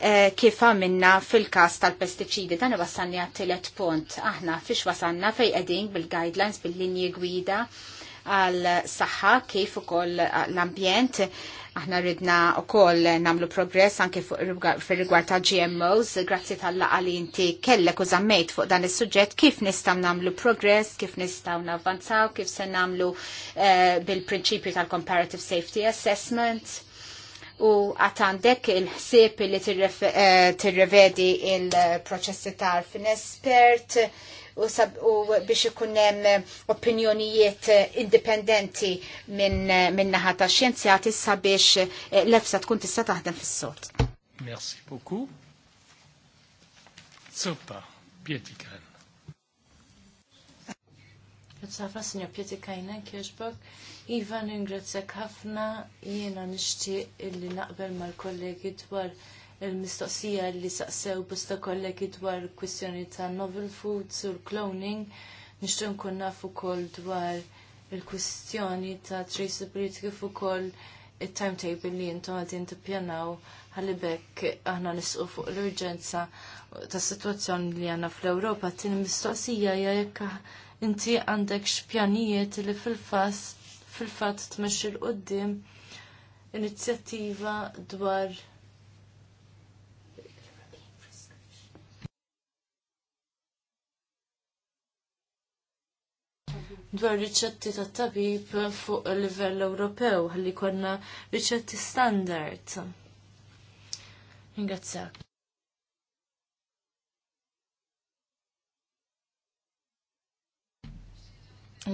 Eh, kif għamilna fil-kas tal-pesticidi. Dan wasanni għat-tielet punt. Aħna fiex wasanna fej qegħdin bil-guidelines, bil-linji gwida għal saħħa kif ukoll l-ambjent. Aħna ridna koll namlu progress anke fir-rigward ta' GMOs, grazzi tal-laqa li inti kellek u zammejt fuq dan is-suġġett kif nistgħu namlu progress, kif nistgħu navvanzaw, kif se namlu eh, bil-prinċipju tal-comparative safety assessment u għatandek il-ħsib li t-rivedi eh, il-proċessi ta' fin espert u, u biex ikunem opinjonijiet indipendenti minn min naħa ta' xjenzjati sabiex eh, l-efsa tkun tista' taħdem fil sort Merci beaucoup. Zuppa, Pietikan. Għazzafa, er, signor Pietikan, kieġbok. Iva, ningrazzjak ħafna, jiena nixtieq illi naqbel mal-kollegi dwar il-mistoqsija li saqsew bosta kollegi dwar kwistjoni ta' novel foods u l-cloning, nixtieq nkun naf ukoll dwar il-kwistjoni ta' traceability kif ukoll il-timetable li jintom għadin tippjanaw ħalli bekk aħna nisqu fuq l-urġenza ta' situazzjoni li għanna fl-Ewropa. Tin mistoqsija jekk inti għandek x'pjanijiet li fil-fast fil-fatt tmexxi l qoddim inizjattiva dwar dwar riċetti ta' tabib fuq livell Ewropew ħalli konna riċetti standard. Ingrazzjak.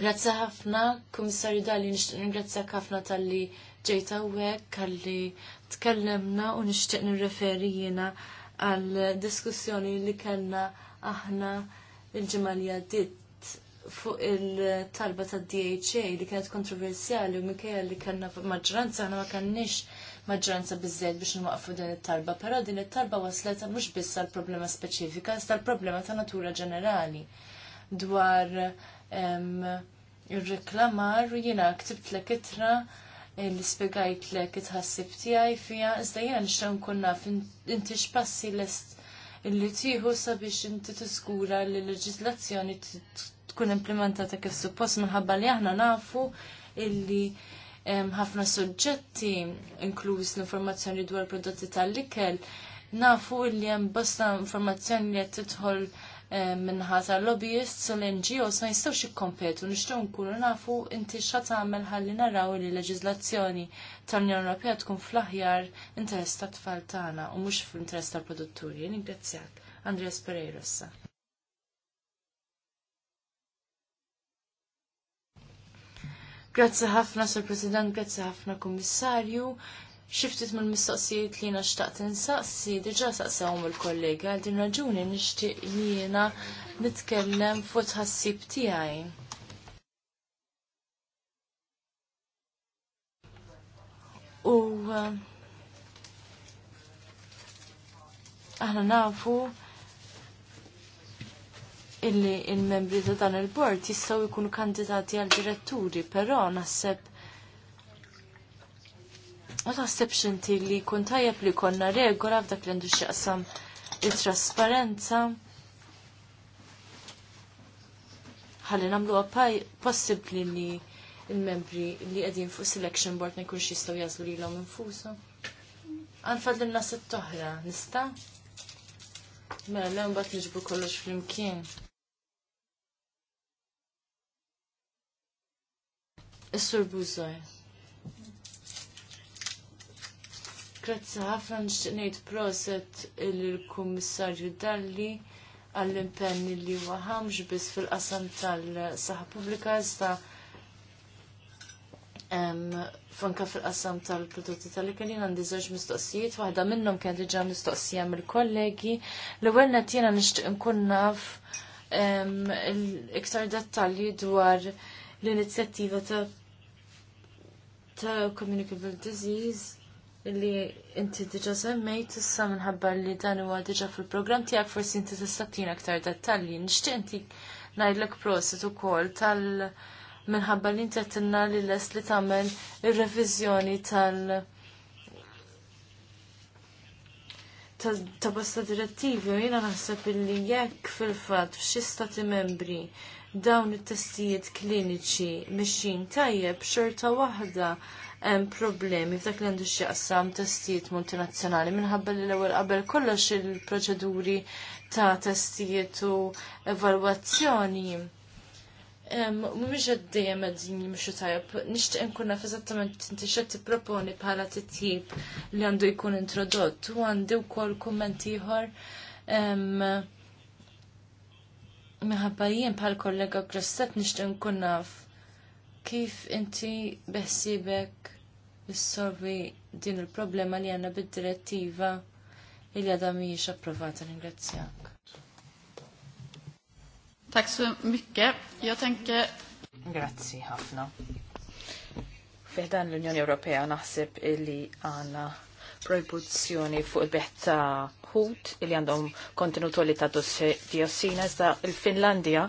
Grazzi ħafna, Kummissarju Dali, nixtieq ringrazzjak ħafna tal-li ġejta hawnhekk għalli tkellemna u nixtieq nirreferi jiena għal diskussjoni li kellna aħna il-ġimgħa li għaddiet fuq il-talba tad DHA li kienet kontroversjali u mikkeja li kellna maġġoranza aħna ma kenniex maġġoranza bizzed biex nwaqfu din it-talba, però din it-talba waslet mhux biss l problema speċifika, sta l-problema ta' natura ġenerali dwar ir-reklamar u jiena ktibt l itra li spiegajt l itħassib tiegħi fija iżda jina nixtieq nkun naf inti x'passi lest illi tieħu sabiex inti tiskura li l-leġiżlazzjoni tkun implementata kif suppost minħabba li aħna nafu illi ħafna suġġetti inkluż l-informazzjoni dwar prodotti tal likel nafu illi hemm bosta informazzjoni li qed tidħol minnħata lobbyists u l-NGOs ma jistawx ikkompetu nixtiew nkunu nafu inti xa tagħmel ħalli naraw li leġiżlazzjoni tal-Unjoni Ewropea tkun fl-aħjar interess tat-tfal tagħna u mhux fl-interess tal-produtturi. Ningrazzjak. Andreas Pereirossa. Grazzi ħafna, Sir President, grazzi ħafna, Kommissarju xiftit mill mistoqsijiet li jina xtaqt insaqsi, diġa saqsawm il-kollega, din raġuni nishtiq li jina nitkellem fuq tħassib tijaj. U eh, aħna nafu illi il-membri ta' dan il-bord jistaw jkunu kandidati għal diretturi, però naħseb Ma taħsibx inti li kun tajjeb li konna regola f'dak li għandu x'jaqsam it-trasparenza ħalli namlu għapaj possibli li il-membri li għedin fuq selection board ne jkunx jistaw jazlu li l-għom infusu. Għanfad l-na toħra nista? Mela, l-għom bat nġbu kollox fl-imkien. Is-sur Buzzoj. Grazzi ħafna nixtieq ngħid proset il-Kummissarju Dalli għall-impenni li huwa ħamx biss fil-qasam tal-saħħa pubblika iżda fanka fil-qasam tal-prodotti tal-ikelin għandi żewġ mistoqsijiet, waħda minnhom kien diġà mistoqsija mill-kollegi. L-ewwel qed jiena nixtieq nkun naf iktar dettalji dwar l-inizjattiva ta' ta' communicable disease li inti diġa semmejt issa minħabba li dan huwa diġa fil-programm tiegħek forsi inti tista' tina aktar dettalji. Nixtieq inti ngħidlek prosit ukoll tal minħabba li inti qed li les li tagħmel ir-reviżjoni tal- ta' bosta direttivi u jina naħseb illi jekk fil-fat f'xi stati membri dawn it-testijiet kliniċi mixin tajjeb xorta waħda hemm problemi f'dak li għandu x'jaqsam testijiet multinazzjonali minħabba li l-ewwel qabel kollox il-proċeduri ta' testijiet u evalwazzjoni. Mhumiex qed dejjem qegħdin jimxu tajjeb, nixtieq nkun naf eżattament inti x'qed tipproponi bħala t-tip li għandu jkun introdott u għandi wkoll kumment ieħor Minħabba jien bħal kollega Grosset nixtieq nkun naf kif inti beħsibek jissolvi din il-problema li għandna bid-direttiva li għadha mhijiex approvata ringrazzjak. Tak så mikke, jo tenke... Grazzi ħafna. Fiħdan l-Unjoni Ewropea naħseb illi għandna proibuzzjoni fuq il betta ta' illi għandhom kontenutoli ta' diossina iżda il-Finlandja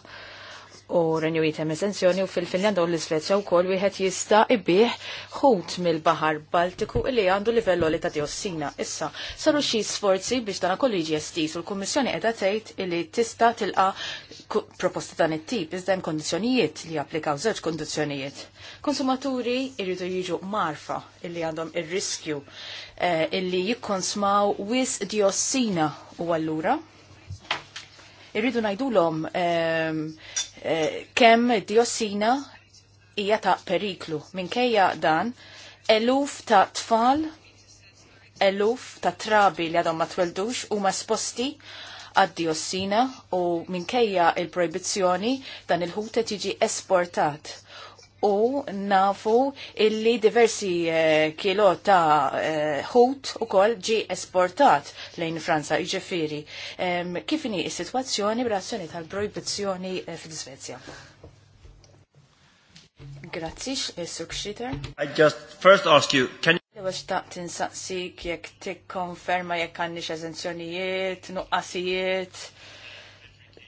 u Renju jitem esenzjoni u fil finlandu u l-Svezja u kol wieħed jista' ibbieħ ħut mill-Bahar Baltiku li għandu livell li ta' diossina. Issa, saru xi sforzi biex dan kollu jiġi estis u l-Kummissjoni qiegħda tgħid li tista' tilqa proposta dan it-tip iżda hemm kondizzjonijiet li japplikaw żewġ kondizzjonijiet. Konsumaturi jridu jiġu marfa illi għandhom ir-riskju eh, illi jikkonsmaw wis diossina u allura irridu ngħidulhom ehm, eh, kemm id-diossina hija ta' periklu. Minkejja dan, eluf ta' tfal, eluf ta' trabi li għadhom ma tweldux huma sposti għad-diossina u minkejja il-proibizzjoni dan il ħute jiġi esportat u nafu illi diversi uh, kilo ta' eh, ħut eh, u kol ġi esportat lejn Franza iġefiri. Um, Kifini il situazzjoni b'razzjoni tal-proibizzjoni uh, fil-Svezja? Grazzi, Suk Shitter. I just first ask you, can Għax xtaq tinsaqsik jek tikkonferma jek għandix eżenzjonijiet, nuqqasijiet,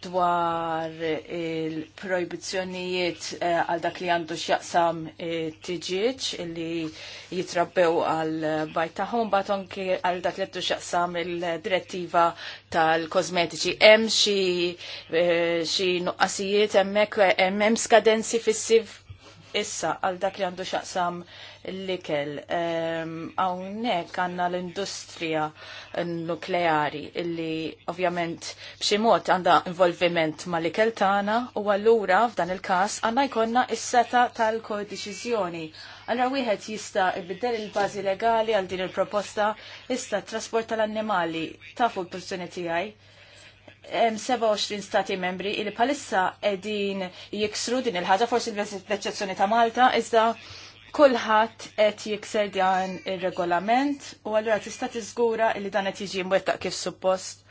dwar il projbizjonijiet eh, għal dak li għandu x'jaqsam eh, tiġiġ li jitrabbew għal bajt baton ki għal dak li għandu x'jaqsam il-direttiva tal-kosmetiċi. Hemm xi eh, nuqqasijiet hemmhekk hemm skadenzi fissiv issa għal dak li għandu x'jaqsam l-ikel. Ehm, hawnhekk um, għandna l-industrija nukleari illi ovvjament b'xi mod għandha involviment ma l-ikel tagħna u allura f'dan il-każ għandna jkollna is-seta tal kodiċizjoni Allora wieħed jista' jbiddel il-bażi legali għal din il-proposta issa trasport tal-annimali tafu l-persuni tiegħi 27 stati membri li palissa qegħdin jiksru din il-ħaġa forsi l-eċċezzjoni ta' Malta iżda kullħat qed jikser dan ir-regolament u allura tista' tiżgura li dan qed jiġi mwettaq kif suppost.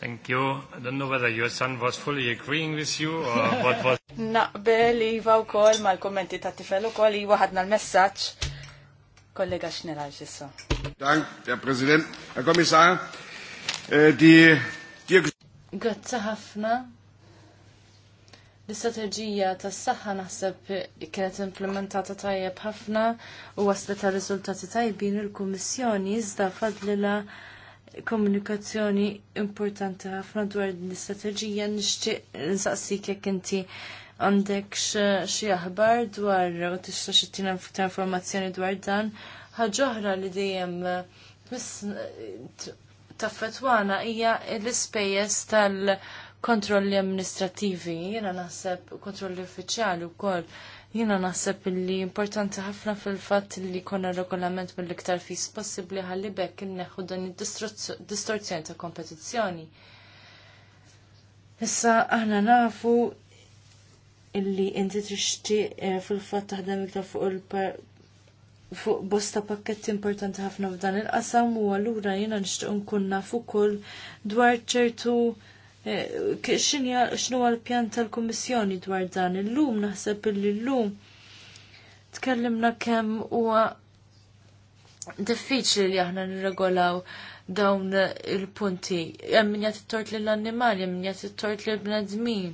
Thank you. I don't know whether your son was fully agreeing with you or what was... Naqbel Iva u kol ma l kommenti ta' tifel u kol Iva ħadna l-messagġ. Kollega Xnera ġissa. Dank, der President, Herr Kommissar. Äh, Grazie ħafna, L-istrateġija tas-saħħa naħseb kienet implementata tajjeb ħafna u waslet ta' riżultati tajbin il-Kummissjoni iżda fadlila komunikazzjoni importanti ħafna dwar l-istrateġija nixtieq nsaqsik jekk inti għandek xi aħbar dwar u tista' xi ta' informazzjoni dwar dan. Ħaġoħra li dejjem taffetwana hija l-ispejjeż tal- kontrolli amministrativi, jiena naħseb kontrolli uffiċjali wkoll. Jiena naħseb li importanti ħafna fil-fatt li konna regolament mill-iktar fis possibbli ħalli bekk inneħħu dan id-distorzjoni ta' kompetizzjoni. Issa aħna nafu illi inti trixti eh, fil-fatt taħdem iktar fuq il fuq bosta pakketti importanti ħafna f'dan il-qasam u għallura jiena nixtieq nkun nafu ukoll dwar ċertu Eh, xinu għal-pjan tal-Komissjoni dwar dan il-lum, naħseb il-lum tkellimna kemm huwa diffiċli li aħna nirregolaw dawn il-punti. Hemm min jagħti tort lill-annimali, hemm min jagħti tort lill-bnedmin.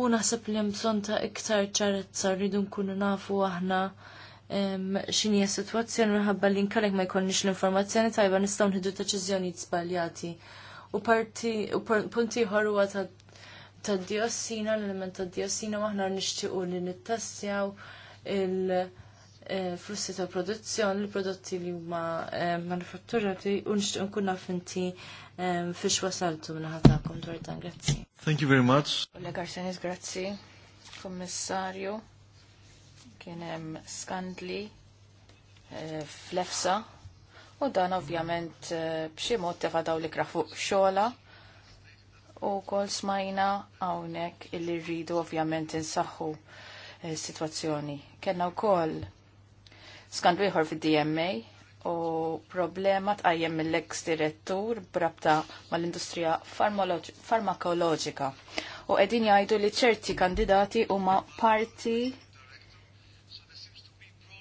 U naħseb li hemm bżonn ta' iktar ċarezza rridu nkunu nafu aħna x'inhi situazzjoni, sitwazzjoni minħabba li nkellek ma jkollniex l-informazzjoni tajba nistgħu nħidu deċiżjonijiet żbaljati u parti u punti ħorwa ta' ta' diossina, l-element ta' diossina maħna nixtiequ li nittassjaw il-flussi e, ta' produzzjoni, li prodotti li huma e, manufatturati u nixtiequ nkun naf inti e, fiex wasaltu ħatakom dwar dan, grazzi. Thank you very much. Ulla Garsenis, grazzi. Kommissarju, kien hemm skandli fl-EFSA u dan ovvjament eh, b'xi mod tefa' daw li fuq xogħla u kol smajna hawnhekk illi rridu ovvjament insaħħu eh, s-sitwazzjoni. Kellna wkoll skandu ieħor fid-DMA u problema tqajjem mill-ex direttur brabta mal-industrija farmakoloġika. U qegħdin jgħidu li ċerti kandidati huma parti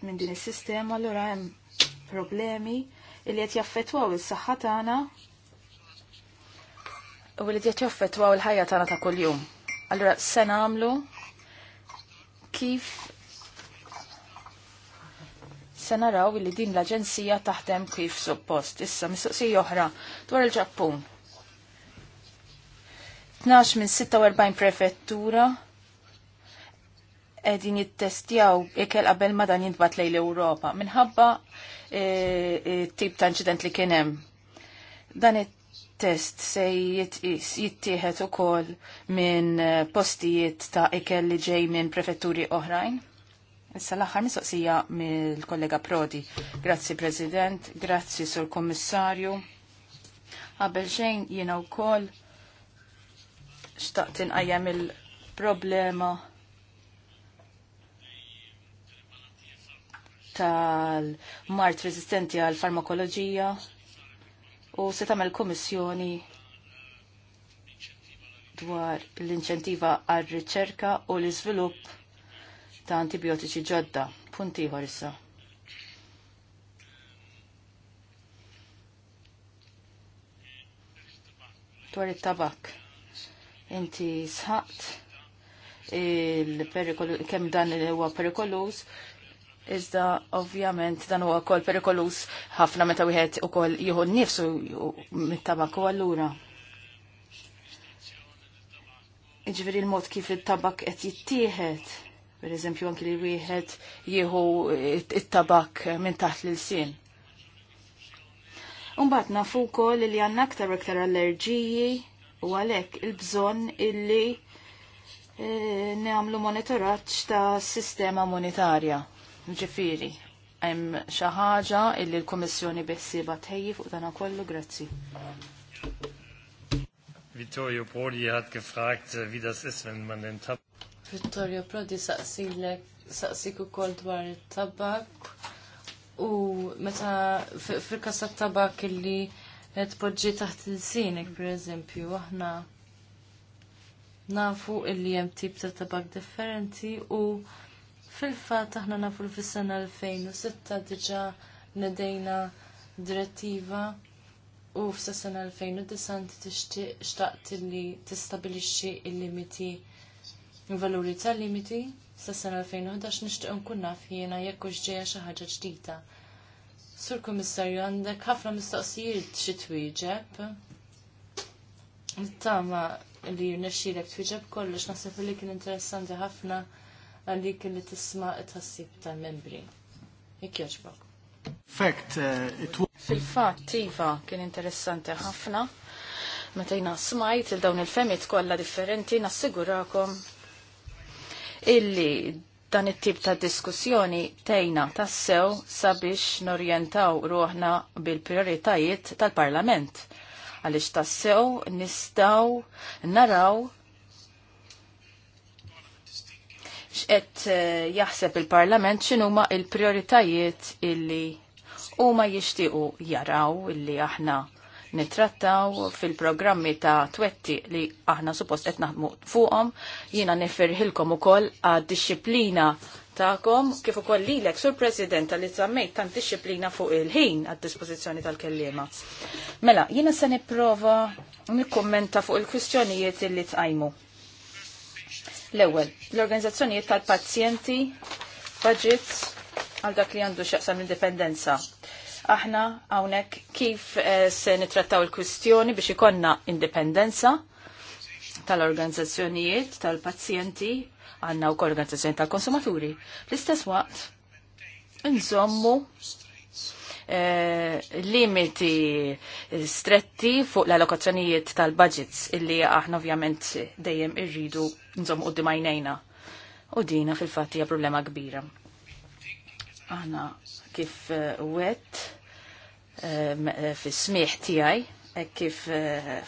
minn din is-sistema allura hemm problemi Illi qed jaffettwaw is-saħħa tagħna u li qed jaffettwaw il-ħajja tagħna ta' kuljum. Allura se nagħmlu kif se naraw li din l-aġenzija taħdem kif suppost. Issa mistoqsija oħra dwar il-Ġappun. 12 minn 46 prefettura għedin jittestjaw ikel qabel ma dan jintbat lejl Ewropa minħabba e, e, tip ta' inċident li kienem. Dan it-test se jittieħed ukoll minn e, postijiet ta' ikel li ġej minn prefetturi oħrajn. Issa l-aħħar mistoqsija mill-kollega Prodi. Grazzi President, grazzi Sur Kommissarju. Qabel xejn jiena wkoll xtaqt inqajjem il-problema tal-mart resistenti għal farmakoloġija u se tagħmel kummissjoni dwar l-inċentiva għal riċerka u l-iżvilupp ta' antibiotiċi ġodda. Punt ieħor issa. Dwar it-tabak. Inti sħaqt il-perikolu, kem dan huwa perikolus, iżda ovvjament dan huwa wkoll perikolus ħafna meta wieħed ukoll jieħu nnifsu mit-tabak u allura. Iġveri l-mod kif it-tabak qed jittieħed, pereżempju anki li wieħed jieħu it-tabak minn taħt l sin Umbat nafu kol li għanna aktar aktar allerġiji u għalek il-bżon illi e, eh, neamlu monitoraċ ta' sistema monetarja. Ġifiri, hemm xi ħaġa illi l komissjoni bessiba tejji fuq dana kollu, grazzi. Vittorio Prodi hat gefragt, äh, wie das ist, wenn man den Tabak. Vittorio Prodi saqsilek saqsik koll dwar it-tabak u meta fil-kas tabak illi tpoġġi taħt il-sinek, pereżempju, aħna nafu illi hemm tip ta' tabak differenti u Fil-fat aħna nafu fejn u 2006 diġà nedejna direttiva u fis-sena 2009 inti tixtieq xtaqt li tistabilixxi il-limiti il-valuri tal-limiti sas-sena 2011 nixtieq nkun naf jiena jekk hux ġejja xi ħaġa Sur komissarju għandek ħafna mistoqsijiet xi twieġeb. Nittama li jirnexxilek twieġeb kollox naħseb li kien interessanti ħafna għalik li tisma tħassib tal-membri. Jek joġbok. Uh, Fil-fat, Iva, kien interessanti ħafna. Meta jina smajt il-dawn il femit kolla differenti, nassigurakom illi dan it-tip ta' diskussjoni tejna tassew sabiex norjentaw ruħna bil-prioritajiet tal-Parlament. Għalix tassew nistaw naraw x'qed eh, jaħseb il-Parlament x'inhuma il-prioritajiet illi huma jixtiequ jaraw illi aħna nitrattaw fil-programmi ta' twetti li aħna suppost qed naħdmu fuqhom. Jiena nifirħilkom ukoll għad dixxiplina ta'kom kif ukoll lilek sur President li żammejt tant disciplina fuq il-ħin għad-dispożizzjoni tal-kellima. Mela, jiena se nipprova nikkummenta fuq il-kwistjonijiet li tqajmu L-ewwel, l-organizzazzjonijiet tal-pazjenti budget għal dak li għandu x'jaqsam l-indipendenza. Aħna hawnhekk kif eh, se nitrattaw il-kwistjoni biex ikonna indipendenza tal-organizzazzjonijiet tal-pazjenti għandna wkoll organizzazzjoni tal-konsumaturi. l istess waqt, nżommu Eh, limiti stretti fuq l-allokazzjonijiet tal-budgets illi aħna ovvjament dejjem irridu nżommu u dimajnejna. U dina fil-fatt hija problema kbira. Aħna kif eh, wet eh, fis-smieħ tiegħi kif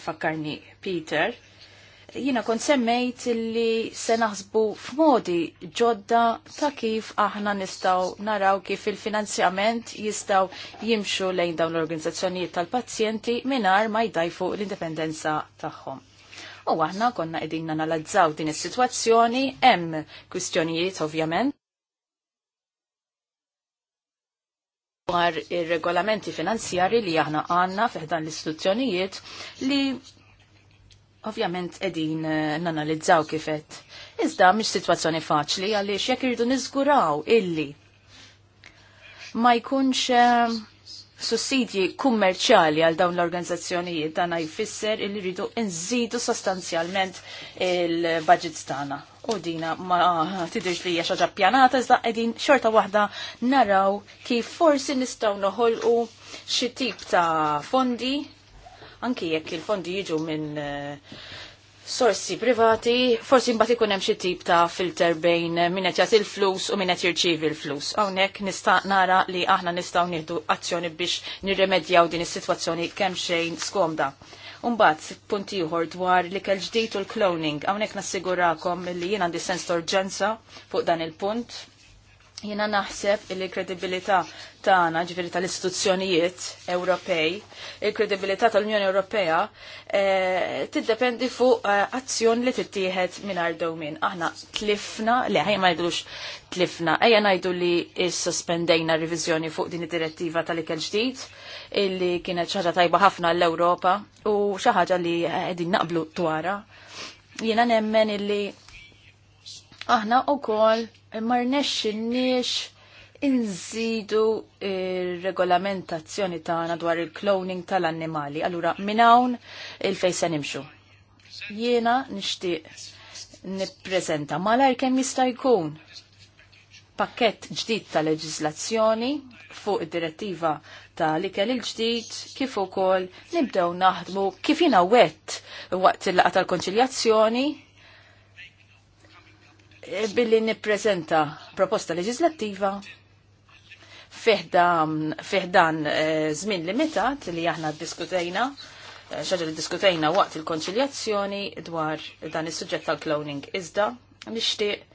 fakkarni Peter jina kont semmejt li se naħsbu f'modi ġodda ta' kif aħna nistaw naraw kif il-finanzjament jistaw jimxu lejn dawn l-organizzazzjonijiet tal-pazjenti minar ma jdajfu l-indipendenza tagħhom. U aħna konna qegħdin nanalizzaw din is-sitwazzjoni hemm kwistjonijiet ovvjament Għar ir-regolamenti finanzjari li aħna għanna fiħdan l-istituzzjonijiet li Ovvjament edin eh, nanalizzaw kifet. Iżda mhix sitwazzjoni faċli għaliex jekk irridu niżguraw illi ma jkunx eh, sussidji kummerċjali għal dawn l-organizzazzjonijiet dan jfisser illi rridu nżidu sostanzjalment il-budgets tagħna. U dina ma tidirx li hija ġappjanata, iżda qegħdin xorta waħda naraw kif forsi nistgħu noħolqu xi tip ta' fondi anki jekk il-fondi jiġu minn eh, sorsi privati, forsi mbagħad ikun hemm xi tip ta' filter bejn eh, min qed il flus u min qed jirċievi l-flus. Hawnhekk nista' nara li aħna nistgħu nieħdu azzjoni biex nirremedjaw din is-sitwazzjoni kemm xejn skomda. Umbagħad punt ieħor dwar li kell ġdid u l-cloning, hawnhekk nassigurakom li jien għandi sens ta' urġenza fuq dan il-punt jina naħseb il kredibilità tagħna ġifieri tal-istituzzjonijiet Ewropej, il-kredibilità tal-Unjoni Ewropea eh, tiddependi fuq eh, azzjon li tittieħed mingħajr dewmin. Aħna tlifna, li ħajja ma jgħidux tlifna, ejja ngħidu li sospendejna riviżjoni fuq din id-direttiva tal-ikel ġdid illi kienet xi ħaġa tajba ħafna l-Ewropa u xi ħaġa li eh, qegħdin naqblu twara. Jiena nemmen illi aħna wkoll ma rnexxinniex inżidu ir-regolamentazzjoni tagħna dwar il-cloning tal-annimali. Allura minn hawn il-fejn se nimxu. Jiena nixtieq nippreżenta malajr kemm jista' jkun pakkett ġdid ta' leġislazzjoni fuq id-direttiva ta' l-ikel il-ġdid kif ukoll nibdew naħdmu kif jiena wett waqt il-laqa tal-konċiljazzjoni billi nipprezenta proposta leġislattiva fiħdan eh, żmien limitat li aħna diskutejna eh, xaġa li diskutejna waqt il-konċiljazzjoni dwar dan is-suġġett tal-cloning iżda nixtieq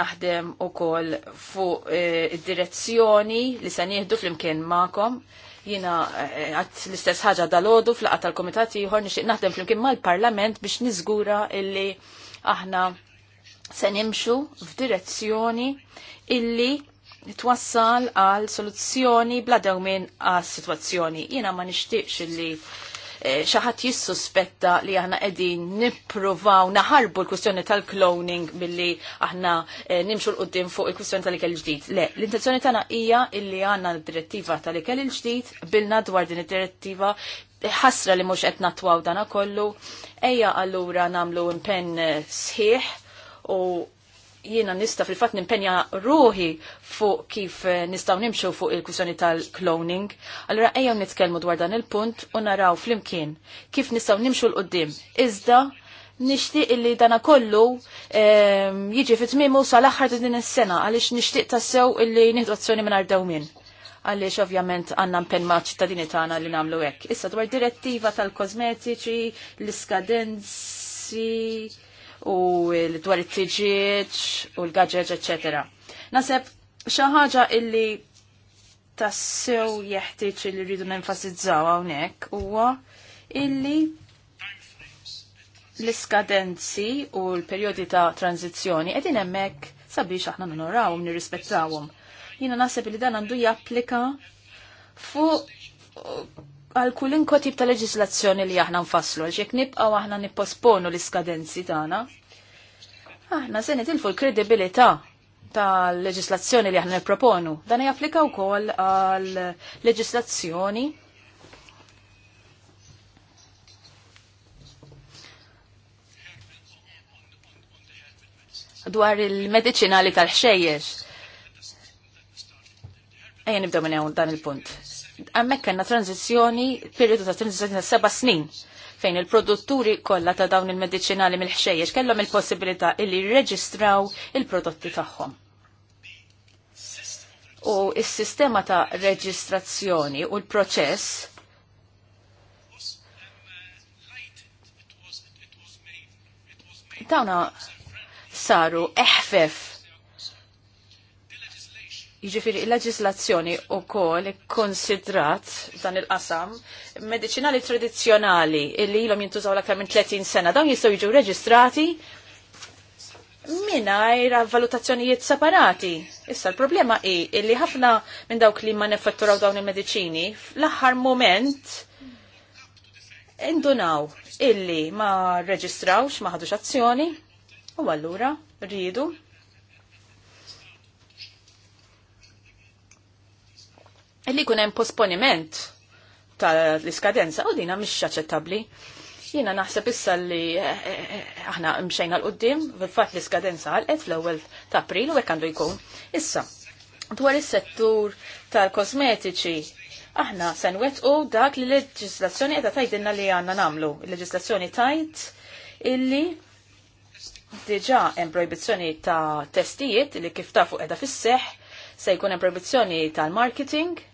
naħdem u kol fuq eh, id-direzzjoni li se nieħdu flimkien ma'kom. Jina għat l-istess ħaġa dal-ħodu fl-qat tal komitati jħor nixtieq naħdem flimkien mal-parlament biex niżgura illi aħna se nimxu f'direzzjoni illi twassal għal soluzzjoni bla dawmin għal situazzjoni. Jina ma nishtiqx illi eh, xaħat jissuspetta li aħna edin nipprovaw naħarbu l-kwistjoni tal-cloning billi aħna eh, nimxu l-qoddim fuq il-kwistjoni tal-ikel ġdid. Le, l-intenzjoni tagħna hija illi għandna d-direttiva tal-ikel ġdid bilna dwar din id-direttiva ħasra li mhux qed natwaw dana kollu. Ejja allura namlu impenn eh, sħiħ u jiena nista fil-fat nimpenja ruħi fuq kif nistaw nimxu fuq il-kwissjoni tal-cloning. Allora ejjew nitkellmu dwar dan il-punt u naraw flimkien kif nistaw nimxu l-qoddim. Iżda nixtieq illi dana kollu ehm, jiġi fit-tmimu sal-aħħar din is-sena għaliex nixtieq tassew illi nieħdu azzjoni minn dawmin għaliex ovvjament għanna mpen maċ ta' dini tagħna li nagħmlu hekk. Issa dwar direttiva tal-kosmetiċi, l-iskadenzi, u dwar it-tiġiġ u l-gadġeġ, etc. Naseb xaħġa illi tassew jeħtieġ illi rridu nenfasizzaw hawnhekk huwa illi l-iskadenzi u l-perjodi ta' tranzizzjoni qegħdin hemmhekk sabiex aħna nonorawhom nirrispettawhom. Jiena naħseb li dan għandu japplika fuq għal kullin kotib ta' leġislazzjoni li aħna nfasslu, għal xek nibqaw aħna nipposponu l-iskadenzi tagħna. Aħna se nitilfu l-kredibilità tal leġislazzjoni li aħna nipproponu. Dan japplika wkoll għal leġislazzjoni dwar il-medicinali tal-ħxejjex. Ejja nibdew minn dan il-punt għammek kena tranzizjoni, periodu ta' tranzizjoni ta' seba snin, fejn il-produtturi kollha ta' dawn il-medicinali mill-ħxejjex kellhom il-possibilità illi jirreġistraw il-prodotti tagħhom. U s-sistema ta' reġistrazzjoni u l-proċess dawna saru eħfef Jiġifieri il-leġislazzjoni wkoll konsidrat dan il-qasam mediċinali tradizzjonali illi ilhom jintużaw l-aktar minn 30 sena dawn jistgħu jiġu reġistrati mingħajr valutazzjonijiet separati. Issa l-problema hi illi ħafna minn dawk li ma neffetturaw dawn il-mediċini fl-aħħar moment indunaw illi ma reġistrawx ma ħadux azzjoni u allura rridu li kunem posponiment tal-iskadenza u dina mish aċċettabli. Jina naħseb issa li eh, eh, eh, aħna mxejna l-qoddim, fil-fat l-iskadenza għal-qed fl-ewwel ta' April u hekk għandu jkun. Issa, dwar is-settur tal-kosmetiċi, aħna se nwettqu dak li l-leġislazzjoni qiegħda tgħidilna li għandna nagħmlu. Il-leġislazzjoni tajt illi diġà hemm proibizzjoni ta' testijiet li kif tafu qiegħda fis se jkun hemm proibizzjoni tal-marketing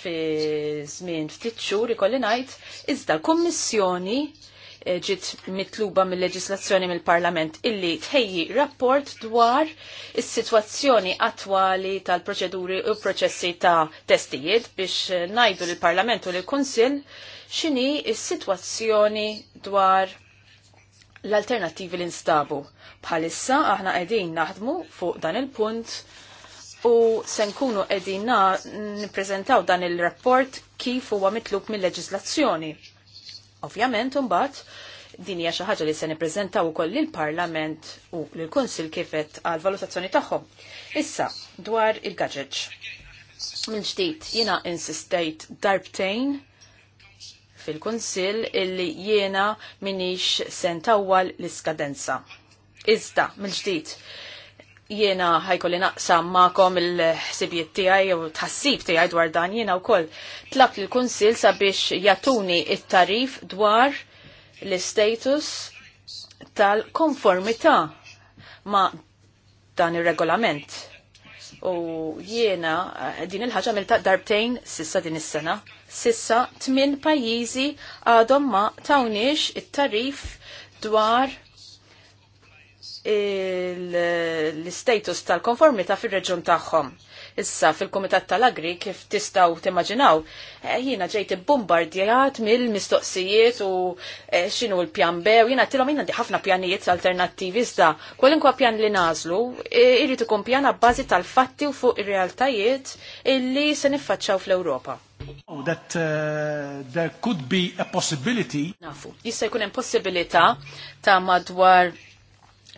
fi żmien ftit xhur ikolli ngħid, iżda l-Kummissjoni eh, ġiet mitluba mill-leġislazzjoni mill-Parlament illi tħejji rapport dwar is-sitwazzjoni attwali tal-proċeduri u proċessi ta' testijiet biex eh, ngħidu lill-Parlament u lill-Kunsill x'inhi s sitwazzjoni dwar l-alternattivi li nstabu. Bħalissa aħna qegħdin naħdmu fuq dan il-punt u se nkunu qegħdin nippreżentaw dan il-rapport kif huwa mitluk mill-leġislazzjoni. Ovvjament imbagħad din hija xi ħaġa li se nippreżentaw ukoll lill-Parlament u lill-Kunsil kifet għal valutazzjoni tagħhom. Issa dwar il-gadgets. Minn ġdid jiena insistejt darbtejn fil-Kunsil illi jiena minix sentawwal l-iskadenza. Iżda, mill-ġdid, Jiena ħajkolli naqsam ma'kom il-ħsibiet tiegħi u tħassib tiegħi dwar dan jiena wkoll tlaqt lill kunsil sabiex jatuni it-tarif dwar l-status tal-konformità ma' dan ir-regolament. U jiena din il-ħaġa milta darbtejn sissa din is-sena. Sissa tmien pajjiżi għadhom ma tawniex it-tarif dwar l-status tal-konformita fil-reġun tagħhom. Issa fil-Kumitat tal-Agri kif tistaw timmaġinaw, eh, jiena ġejt bombardijat mill-mistoqsijiet u eh, xinu l-pjan B u t-tilom jina ħafna pjanijiet alternattivi iżda kwalinkwa pjan li nażlu eh, irid ikun pjan bażi tal-fatti u fuq ir-realtajiet illi se niffaċċaw fl-Ewropa. Oh, that uh, there could be a possibility. Nafu, jista' jkun hemm possibilità ta' madwar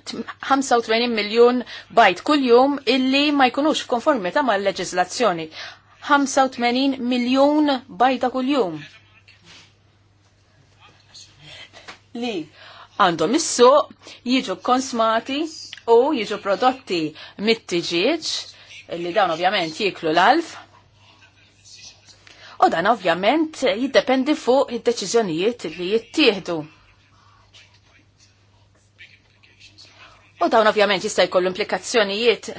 85 miljon bajt kuljum illi ma jkunux ta' ma l-leġislazzjoni. 85 miljon bajta kuljum. Li għandhom issu jiġu konsmati u jiġu prodotti mit-tiġiġ li dawn ovvjament jiklu l-alf. U dan ovvjament jiddependi fuq id-deċiżjonijiet li jittieħdu. U dawn ovvjament jista' jkollu implikazzjonijiet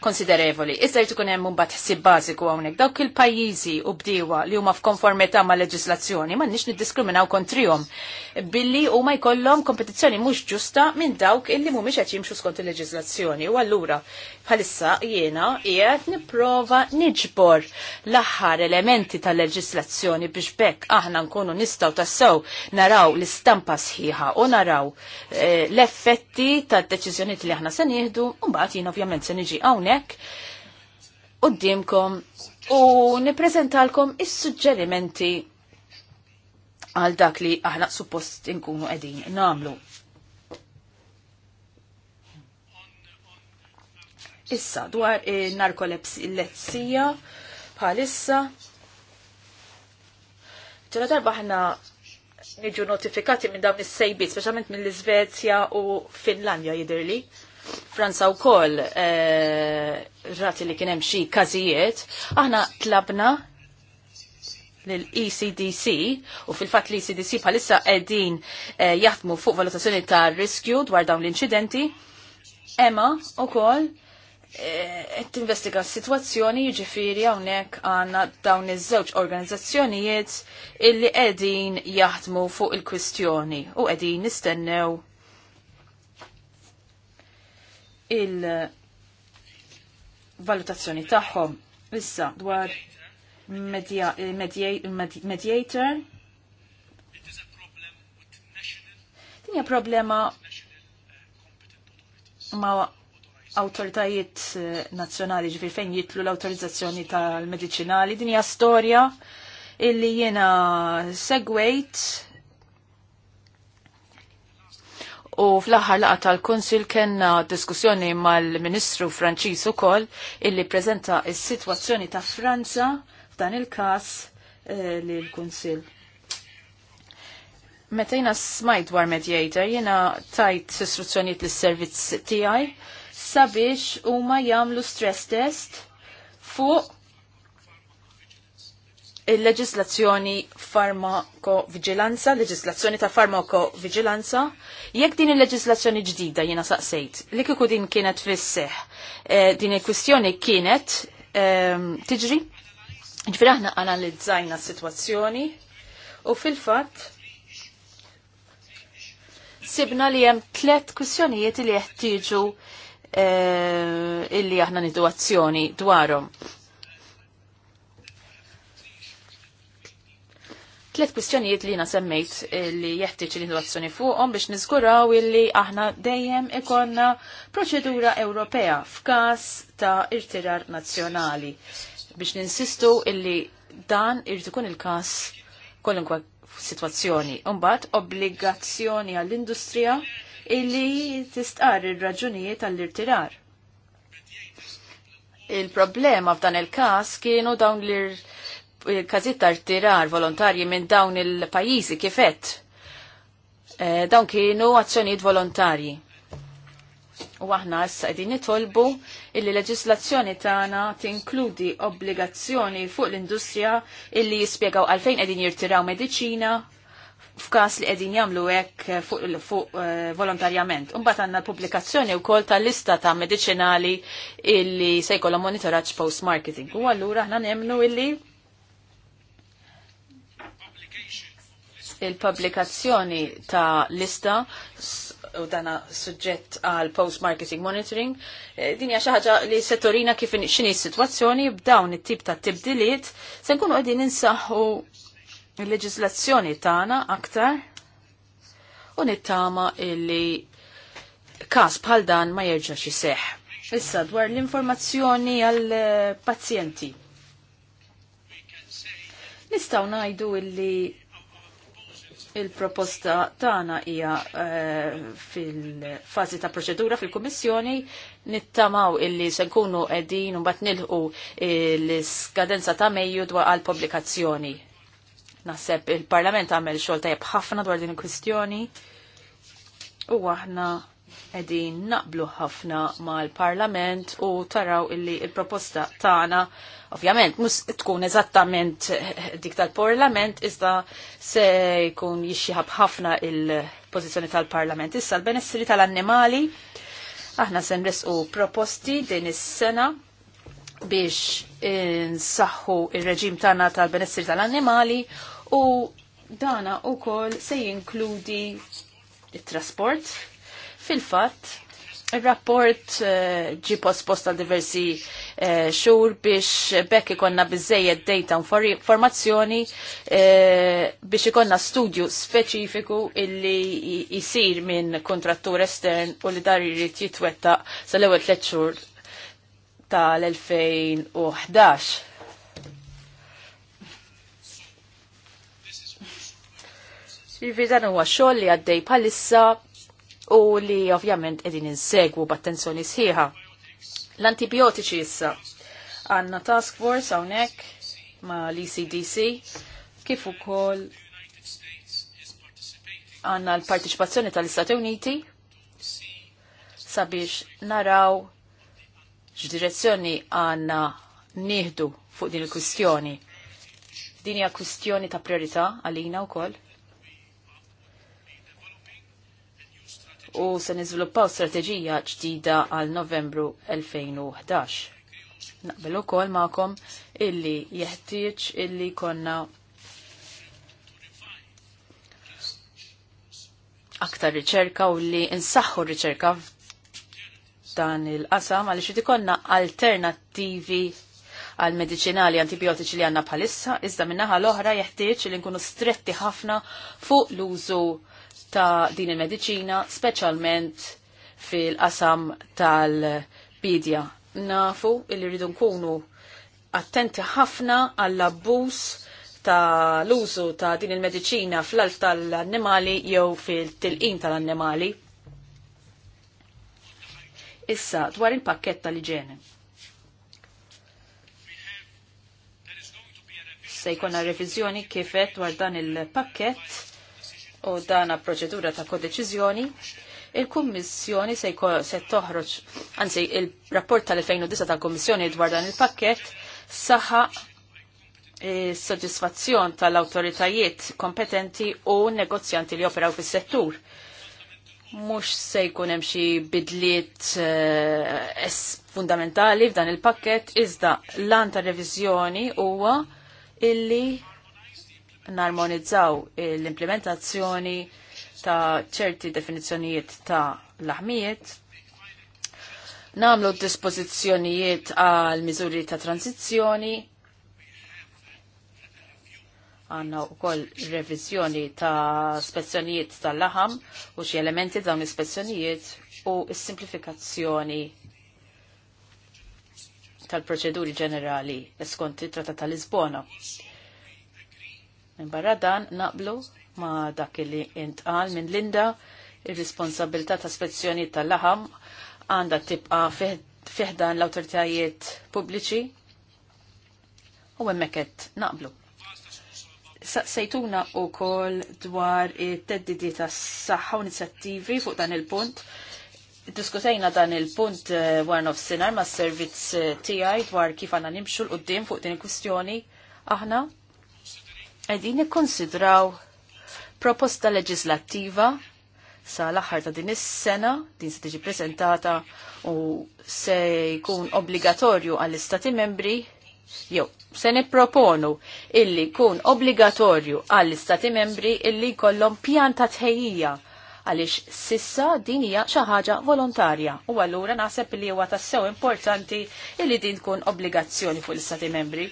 konsiderevoli. Iżda jrid ikun hemm mbagħad baziku bażiku hawnhekk dawk il-pajjiżi u bdiewa li huma f'konformità ma' leġislazzjoni m'għandniex niddiskriminaw kontrihom billi huma jkollhom kompetizzjoni mhux ġusta minn dawk illi mhumiex qed jimxu skont il-leġislazzjoni. U allura bħalissa jiena qiegħed nipprova niġbor l-aħħar elementi tal-leġislazzjoni biex bekk aħna nkunu nistgħu tassew naraw l-istampa sħiħa u naraw eh, l-effetti tad-deċiżjonijiet li aħna se nieħdu u mbagħad jien ovvjament se niġi hawnhekk u ddimkom u niprezentalkom is-suġġerimenti għal dak li aħna suppost inkunu qegħdin nagħmlu. Issa, dwar narkolepsija bħalissa. Tuna darba ħna niġu notifikati minn dawn is-sejbiet, speċjalment mill-Iżvezja u Finlandja jidirli. li Franza wkoll eh, rati li kien hemm xi każijiet, aħna tlabna l-ECDC u fil-fat l ECDC bħalissa qegħdin eh, jaħdmu fuq valutazzjoni ta' riskju dwar dawn l-inċidenti. Emma u eh, qed tinvestiga s-sitwazzjoni jiġifieri hawnhekk għandna dawn iż-żewġ organizzazzjonijiet illi qegħdin jaħdmu fuq il-kwistjoni u qegħdin nistennew il-valutazzjoni tagħhom. Issa dwar eh, mediator Din hija problema ma' awtoritajiet eh, nazzjonali ġifir fejn jitlu l-autorizzazzjoni tal-medicinali. Din hija storja illi jiena segwejt U fl-aħħar laqa tal-Kunsil kenna diskussjoni mal-Ministru Franċis ukoll illi preżenta s-sitwazzjoni ta' Franza f'dan il-każ eh, li l kunsil Meta jina smajt war mediator, jiena tajt istruzzjonijiet lis servizz tiegħi sabiex huma jagħmlu stress test fuq il-leġislazzjoni farmakovigilanza, leġislazzjoni ta' farmakovigilanza, jekk din il-leġislazzjoni ġdida jiena saqsejt, li kieku din kienet fisseħ, eh, din il-kwistjoni kienet ehm, tiġri, ġifir aħna analizzajna s-situazzjoni u fil-fat sibna li hemm tliet kwistjonijiet li jeħtieġu eh, illi aħna nidu azzjoni dwarhom. tlet kwistjonijiet li jina semmejt eh, li jeħtieġ l-innovazzjoni fuqhom biex niżguraw illi aħna dejjem ikonna proċedura Ewropea f'każ ta' irtirar nazzjonali biex ninsistu illi dan irid ikun il-każ kolinkwa situazzjoni. Umbat, obbligazzjoni għall-industrija illi tistqar ir-raġunijiet għall-irtirar. Il-problema f'dan il-każ kienu dawn l-irtirar każijiet ta' rtirar volontarji minn dawn il-pajjiżi kifet. E, dawn kienu azzjonijiet volontarji. U aħna issa qegħdin nitolbu illi leġislazzjoni tagħna tinkludi obbligazzjoni fuq l-industrija illi jispjegaw għalfejn qegħdin jirtiraw mediċina f'każ li qegħdin jagħmlu hekk fuq, fuq uh, volontarjament. Imbagħad għandna l-pubblikazzjoni wkoll tal-lista ta' mediċinali illi se jkollhom monitoraġġ post-marketing. U allura aħna nemmnu illi il-publikazzjoni ta' lista u dana suġġett għal post-marketing monitoring. Eh, din hija xi ħaġa li settorina kif x'inhi situazzjoni sitwazzjoni b'dawn it-tip ta' tibdiliet se nkunu qegħdin insaħħu il leġislazzjoni tagħna aktar u nittama illi każ bħal dan ma jirġa iseħħ. Issa dwar l-informazzjoni għal eh, pazjenti. Nistaw najdu illi Il-proposta tagħna hija eh, fil-fażi ta' proċedura fil-Kummissjoni nittamaw illi se nkunu qegħdin u mbagħad nilħu l-iskadenza ta' Mejju dwar għal pubblikazzjoni. Naħseb il-Parlament għamel xogħol tajjeb ħafna dwar din il-kwistjoni u aħna edin naqblu ħafna mal-parlament u taraw illi il-proposta tagħna ovvjament mus tkun eżattament dik tal-parlament iżda se jkun jixxiħab ħafna il-pożizzjoni tal-parlament. Issa l-benessri tal-annimali aħna se nresqu proposti din is-sena biex insaħħu ir-reġim tagħna tal-benessri tal-annimali u dana u kol se jinkludi il-trasport Fil-fatt, Il-rapport eh, ġi uh, għal diversi uh, eh, xur biex bekk ikonna bizzejed data informazzjoni uh, biex ikonna studju speċifiku illi jisir minn kontrattur estern u li dar jirrit jitwetta sal ewwel tliet xhur tal-2011. Jiġifieri dan huwa xogħol li għaddej bħalissa u li ovvjament edin insegwu b'attenzjoni sħiħa. L-antibiotiċi issa għanna task force hawnhekk ma l-ECDC kif ukoll għanna l-partiċipazzjoni tal-Istati Uniti sabiex naraw x'direzzjoni għanna nieħdu fuq din il-kwistjoni. Din hija kwistjoni ta' priorità għalina wkoll. u se niżviluppaw strateġija ġdida għal Novembru 2011. Naqbel ukoll magħkom illi jeħtieġ illi konna aktar riċerka u li insaħħu riċerka dan il-qasam għal xiti konna alternativi għal medicinali antibiotiċi li għanna bħalissa, iżda minnaħa l-oħra jeħtieġ li nkunu stretti ħafna fuq l-użu ta' din il-medicina, specialment fil-qasam tal-bidja. Nafu li rridu nkunu attenti ħafna għall-abbuż ta' l-użu ta' din il-medicina fl-alf tal-annimali jew fil tilqin tal-annimali. Issa, dwar il-pakket tal-iġene. Se revizjoni kifet dwar dan il-pakket u dana proċedura ta' kodeċizjoni, il-Kummissjoni se se toħroġ, anzi il-rapport tal-2009 tal-Kummissjoni dwar dan il-pakket saħa eh, soddisfazzjon tal-autoritajiet kompetenti u negozjanti li operaw fis-settur. Mux se jkun hemm xi bidliet eh, fundamentali f'dan il-pakket iżda l-an ta' reviżjoni huwa illi narmonizzaw l-implementazzjoni ta' ċerti definizzjonijiet ta' laħmijiet, namlu dispożizzjonijiet għal miżuri ta' tranzizzjoni, għanna u koll revizjoni ta' spezzjonijiet tal-laħam u xie elementi dawn l ispezzjonijiet u s-simplifikazzjoni tal-proċeduri ġenerali skont it-Tratat tal-Lisbona. Minn barra dan naqblu ma dak li intqal minn Linda ir-responsabilità ta' spezzjoni tal-laħam għandha tibqa' fiħdan l-awtoritajiet pubbliċi u hemmhekk qed naqblu. Sejtuna u kol dwar it-teddidi ta' s-saxħa u inizjattivi fuq dan il-punt. Diskutajna dan il-punt eh, one of sinar ma' servizz eh, tiegħi dwar kif għanna nimxu l-qoddim fuq din il-kustjoni. Aħna Qegħdin ikkonsidraw proposta leġislattiva sa l-aħħar ta' din is-sena din se tiġi preżentata u se jkun obbligatorju għall-istati membri jew se nipproponu illi jkun obbligatorju għall-istati membri illi jkollhom pjan ta' tħejjija għaliex sissa din hija xi ħaġa volontarja u allura naħseb li huwa tassew importanti illi din tkun obbligazzjoni fuq l-istati membri.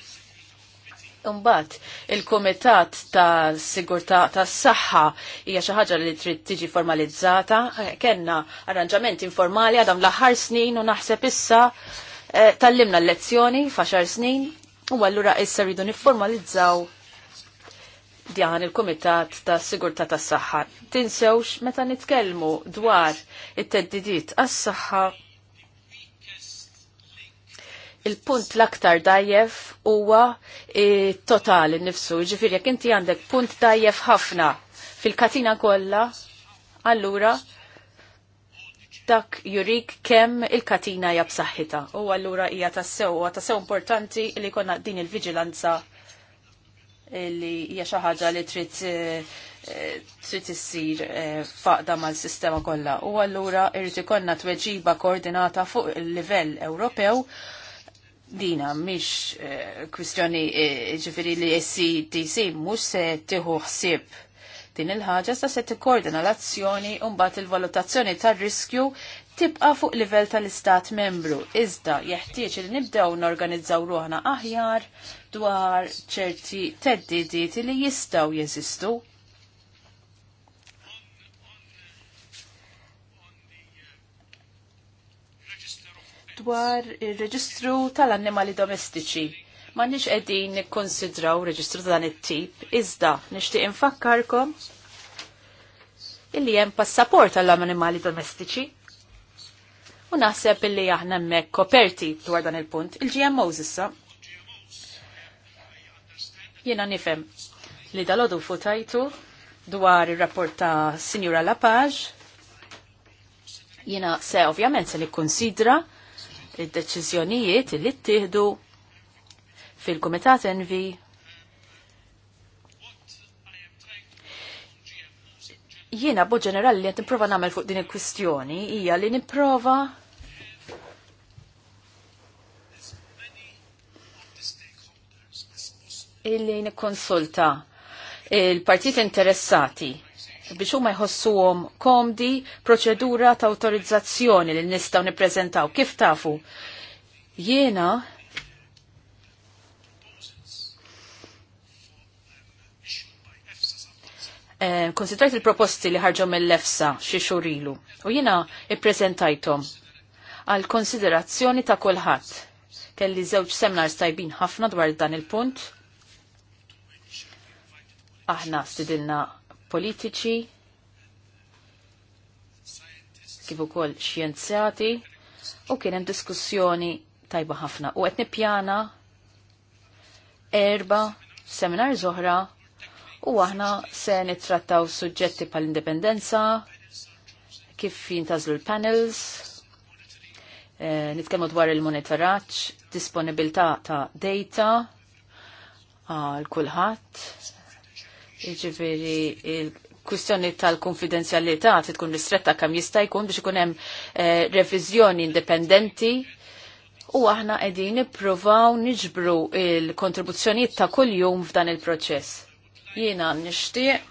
Imbagħad il-Kumitat ta' sigurtà tas-Saħħa hija xi ħaġa li trid tiġi formalizzata. Eh, kenna arranġamenti informali għadhom l-aħħar snin u naħseb issa eh, tallimna l-lezzjoni faxar snin u allura issa rridu nifformalizzaw dan il-Kumitat ta' Sigurtà tas-Saħħa. Tinsewx meta nitkellmu dwar it-teddidiet għas-saħħa il-punt l-aktar dajjef huwa e, totali nifsu. ġifir jek inti għandek punt dajjef ħafna fil-katina kollha, allura dak jurik kemm il-katina hija b'saħħitha. U allura hija tassew u tassew importanti li konna din il-viġilanza li hija xi ħaġa li trid e, e, trid issir faqda mal-sistema kollha. U allura irrid ikollna tweġiba koordinata fuq il-livell Ewropew dina mish eh, kwistjoni eh, ġifiri li SCTC mux se tiħu xsib din il-ħaġa sa se tikkordina l-azzjoni u mbagħad il-valutazzjoni tar-riskju tibqa' fuq livell tal-istat membru. Iżda jeħtieġ li nibdew norganizzaw ruħna aħjar dwar ċerti teddidiet li jistgħu jeżistu dwar il-reġistru tal-annimali domestiċi. Ma nix edin nikkonsidraw reġistru ta' dan it-tip, iżda nixtieq infakkarkom illi hemm passaport għall-annimali domestiċi. U naħseb illi aħna hemmhekk koperti dwar dan il-punt il-GMOs issa. Jiena nifhem li dalodu futajtu dwar ir-rapport ta' Sinjura Lapage jina se ovvjament se nikkonsidra il deċiżjonijiet li ttieħdu fil-Kumitat Envi jiena bo ġenerali li qed nipprova nagħmel fuq din il-kwistjoni hija li nipprova illi nikkonsulta il partiti interessati biex huma jħossuhom komdi proċedura ta' autorizzazzjoni li nistgħu nippreżentaw. Kif tafu? Jiena eh, konsidrajt il-proposti li ħarġhom mill-lefsa xi xurilu u jiena ippreżentajthom għal konsiderazzjoni ta' kulħadd. Kelli żewġ seminars tajbin ħafna dwar dan il-punt. Aħna stidilna politiċi, kif ukoll xjenzjati u kien hemm diskussjoni tajba ħafna u qed nippjana erba seminar oħra u aħna se nittrattaw suġġetti pal indipendenza kif jintażlu l-panels, eh, nitkellmu dwar il-monitoraġġ, disponibilità ta' data għal kulħadd Ġifiri, il-kwistjoni tal-konfidenzjalità tkun ristretta kemm jista' jkun biex ikun hemm revizjoni eh, reviżjoni indipendenti u aħna qegħdin nippruvaw niġbru il-kontribuzzjonijiet ta' kuljum f'dan il-proċess. Jiena nixtieq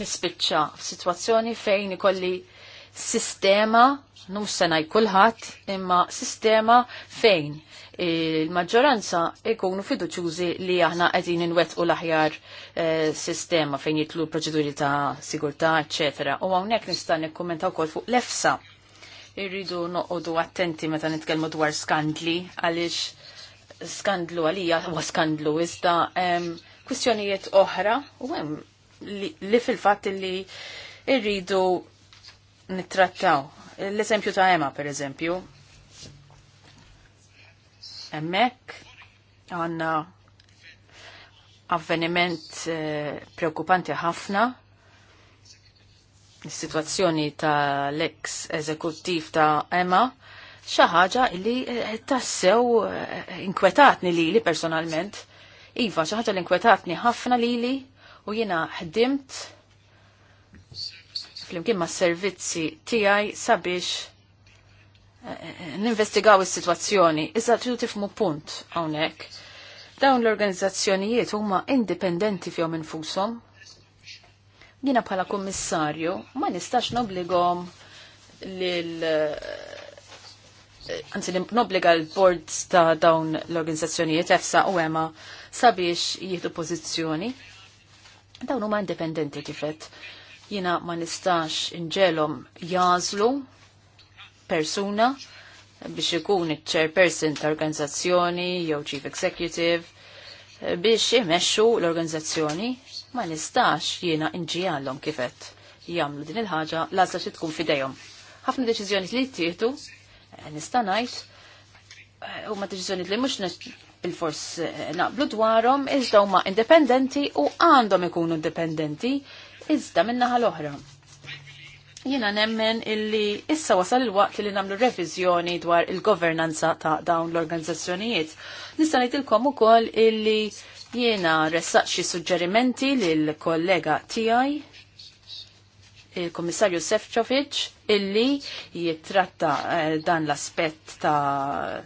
nispiċċa f'sitwazzjoni fejn ikolli sistema, nux senaj kulħadd, imma sistema fejn il-maġġoranza ikunu fiduċużi li aħna qegħdin inwettqu l-aħjar eh, sistema fejn jitlu proċeduri ta' sigurtà, eċetera. U hawnhekk nista' nikkummenta wkoll fuq l-EFSA. Irridu noqogħdu attenti meta nitkellmu dwar skandli għaliex skandlu għalija wa skandlu iżda kwistjonijiet oħra u għem li fil-fatt li irridu nittrattaw. L-eżempju ta' Ema, per eżempju, emmek għanna avveniment eh, preokupanti ħafna is-sitwazzjoni ta' l-ex eżekuttiv ta' Emma xi ħaġa li eh, tassew eh, inkwetatni lili personalment. Iva, xi ħaġa li inkwetatni ħafna lili u jiena ħdimt flimkien mas servizzi tiegħi sabiex ninvestigaw is-sitwazzjoni. Iżda tridu tifmu punt hawnhekk. Dawn l-organizzazzjonijiet huma indipendenti fihom infushom. Jiena bħala kummissarju ma nistax nobligom lil eh, anzi nobliga l-boards ta' dawn l-organizzazzjonijiet EFSA u EMA sabiex jieħdu pożizzjoni. Dawn huma indipendenti kifet. Jiena ma nistax inġelhom jażlu persuna biex ikun iċ-chairperson ta' organizzazzjoni jew chief executive eh, biex imexxu l-organizzazzjoni ma nistax jiena inġijalhom kifet jagħmlu din il-ħaġa l-għażla xi tkun fidejhom. Ħafna deċiżjoni li jittieħdu eh, nista' ngħid eh, huma deċiżjoni li mhux bil-fors naqblu dwarhom iżda huma indipendenti u għandhom ikunu indipendenti iżda min-naħa l-oħra. Jina nemmen illi issa wasal il-waqt li namlu revizjoni dwar il-governanza ta' dawn l-organizzazzjonijiet. Nista' ngħidilkom ukoll illi jiena ressaq xi suġġerimenti l kollega tiegħi il-Komissarju Sefcovic illi jittratta eh, dan l-aspett ta'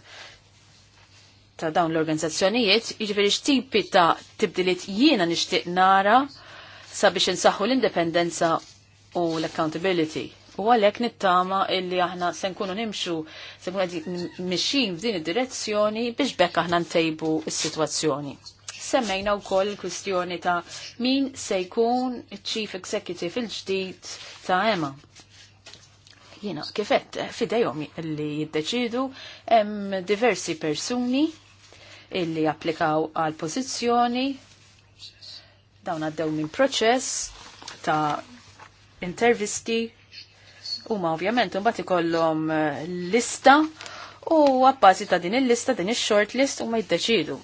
ta' dawn l-organizzazzjonijiet, jiġifieri x'tipi ta' tibdiliet jiena nixtieq nara sabiex insaħħu l-indipendenza u l-accountability. U għalek nittama illi aħna se nkunu nimxu, se nkunu mixin f'din id-direzzjoni biex bekk aħna ntejbu s-situazzjoni. Semmejna u koll il-kwistjoni ta' min se jkun il-Chief Executive il-ġdid ta' emma. Jena, kifet, fidejom illi jiddeċidu, hemm diversi persuni illi applikaw għal pożizzjoni dawn għaddew minn proċess ta' intervisti huma ovvjament bati ikollhom eh, lista u appażi ta' din il-lista din il short list huma jiddeċidu.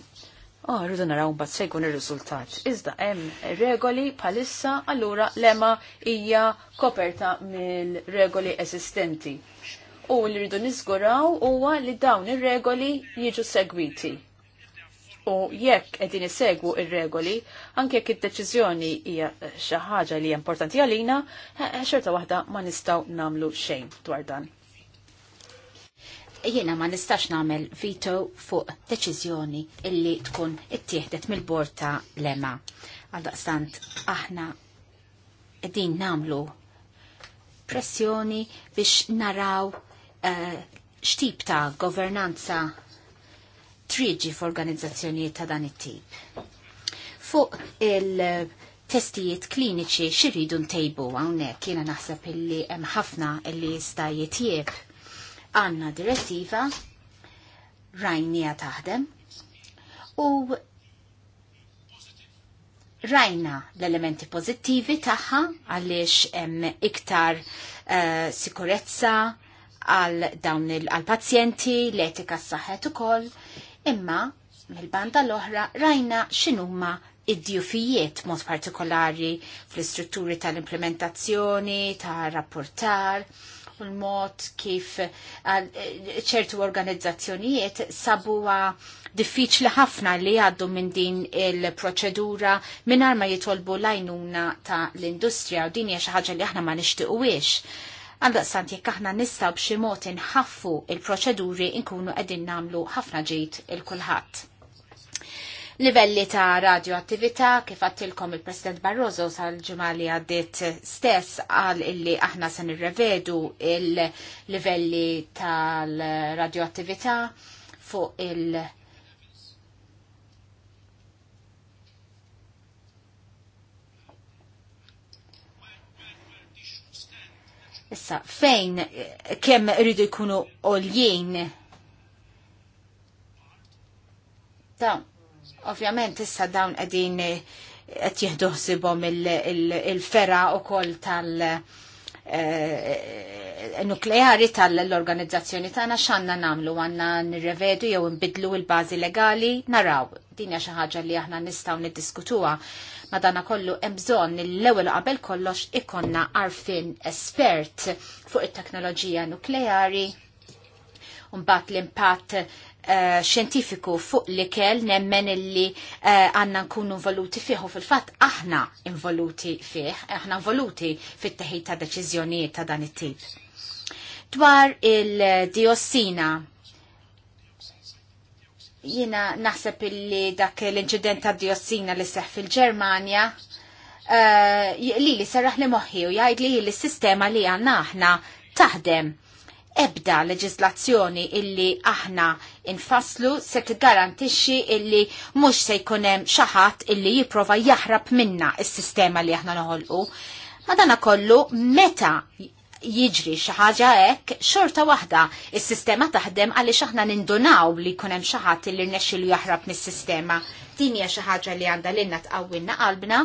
Oh, rridu naraw mbagħad se jkun ir-riżultat. Iżda hemm regoli bħalissa allura lema hija koperta mill-regoli esistenti. U li rridu niżguraw huwa li dawn ir-regoli jiġu segwiti u jekk qegħdin isegwu ir-regoli, anke jekk id-deċiżjoni hija xi ħaġa li hija importanti għalina, xorta waħda ma nistgħu nagħmlu xejn dwar dan. Jiena ma nistax nagħmel veto fuq deċiżjoni illi tkun ittieħdet mill-bord ta' lema. Għaldaqstant aħna din namlu pressjoni biex naraw eh, xtip ta' governanza triġi f'organizzazzjonijiet ta' dan it-tip. Fuq il-testijiet kliniċi xirridu ntejbu hawnhekk jiena naħseb illi hemm ħafna illi jista' jitjieb. Għandna direttiva rajnija taħdem u rajna l-elementi pozittivi taħħa għaliex hemm iktar uh, sikurezza għal dawn għal pazjenti l-etika s-saħħet ukoll Imma mill-banda l-oħra rajna x'inhuma id-djufijiet mod partikolari fl-istrutturi tal-implementazzjoni, tal-rapportar, u l-mod kif ċertu organizzazzjonijiet sabuwa diffiċli ħafna li għaddu minn din il-proċedura minn ma jitolbu lajnuna ta' l-industrija u din hija xi ħaġa li aħna ma nixtiequwiex. Għandaq santi jekk aħna nistaw b'xi mod inħaffu il-proċeduri nkunu qegħdin namlu ħafna ġid il-kulħadd. Livelli ta' radioattività kif għattilkom il-President Barroso sal ġumali għaddit stess għal illi aħna se nirrevedu il-livelli tal-radioattività fuq il-, -radioattività, fu il Issa, fejn kemm rridu jkunu oljien? Ta' ovvjament issa dawn qegħdin qed jieħdu ħsibhom il-fera u il tal- eh, nukleari tal-organizzazzjoni tagħna x'għandna nagħmlu għandna nirrevedu jew nbidlu l-bażi legali naraw. Dinja xi ħaġa li aħna nistgħu niddiskutuha Madana kollu ebżon l-ewel qabel kollox ikonna arfin espert fuq it-teknoloġija nukleari Umbat l-impatt uh, xjentifiku fuq li kell nemmen illi eh, għanna nkunu involuti fiħu fil-fat aħna involuti fiħ, aħna involuti fit teħita ta' deċiżjonijiet ta' dan it-tip. Dwar il-diossina Jina naħseb illi dak l-inċident ta' diossina li seħ fil-Ġermanja uh, eh, li li serraħ li moħħi u jgħid li l-sistema li għanna aħna taħdem ebda leġislazzjoni illi aħna infaslu se garantixxi illi mhux se jkun hemm xi ħadd illi jipprova jaħrab minna s-sistema li aħna noħolqu. Madana kollu meta jiġri xi ħaġa hekk, xorta waħda is-sistema taħdem għaliex aħna nindunaw li jkun hemm xi ħadd li rnexxielu jaħrab mis-sistema. Din hija xi ħaġa li għandha lilna tqawwilna qalbna,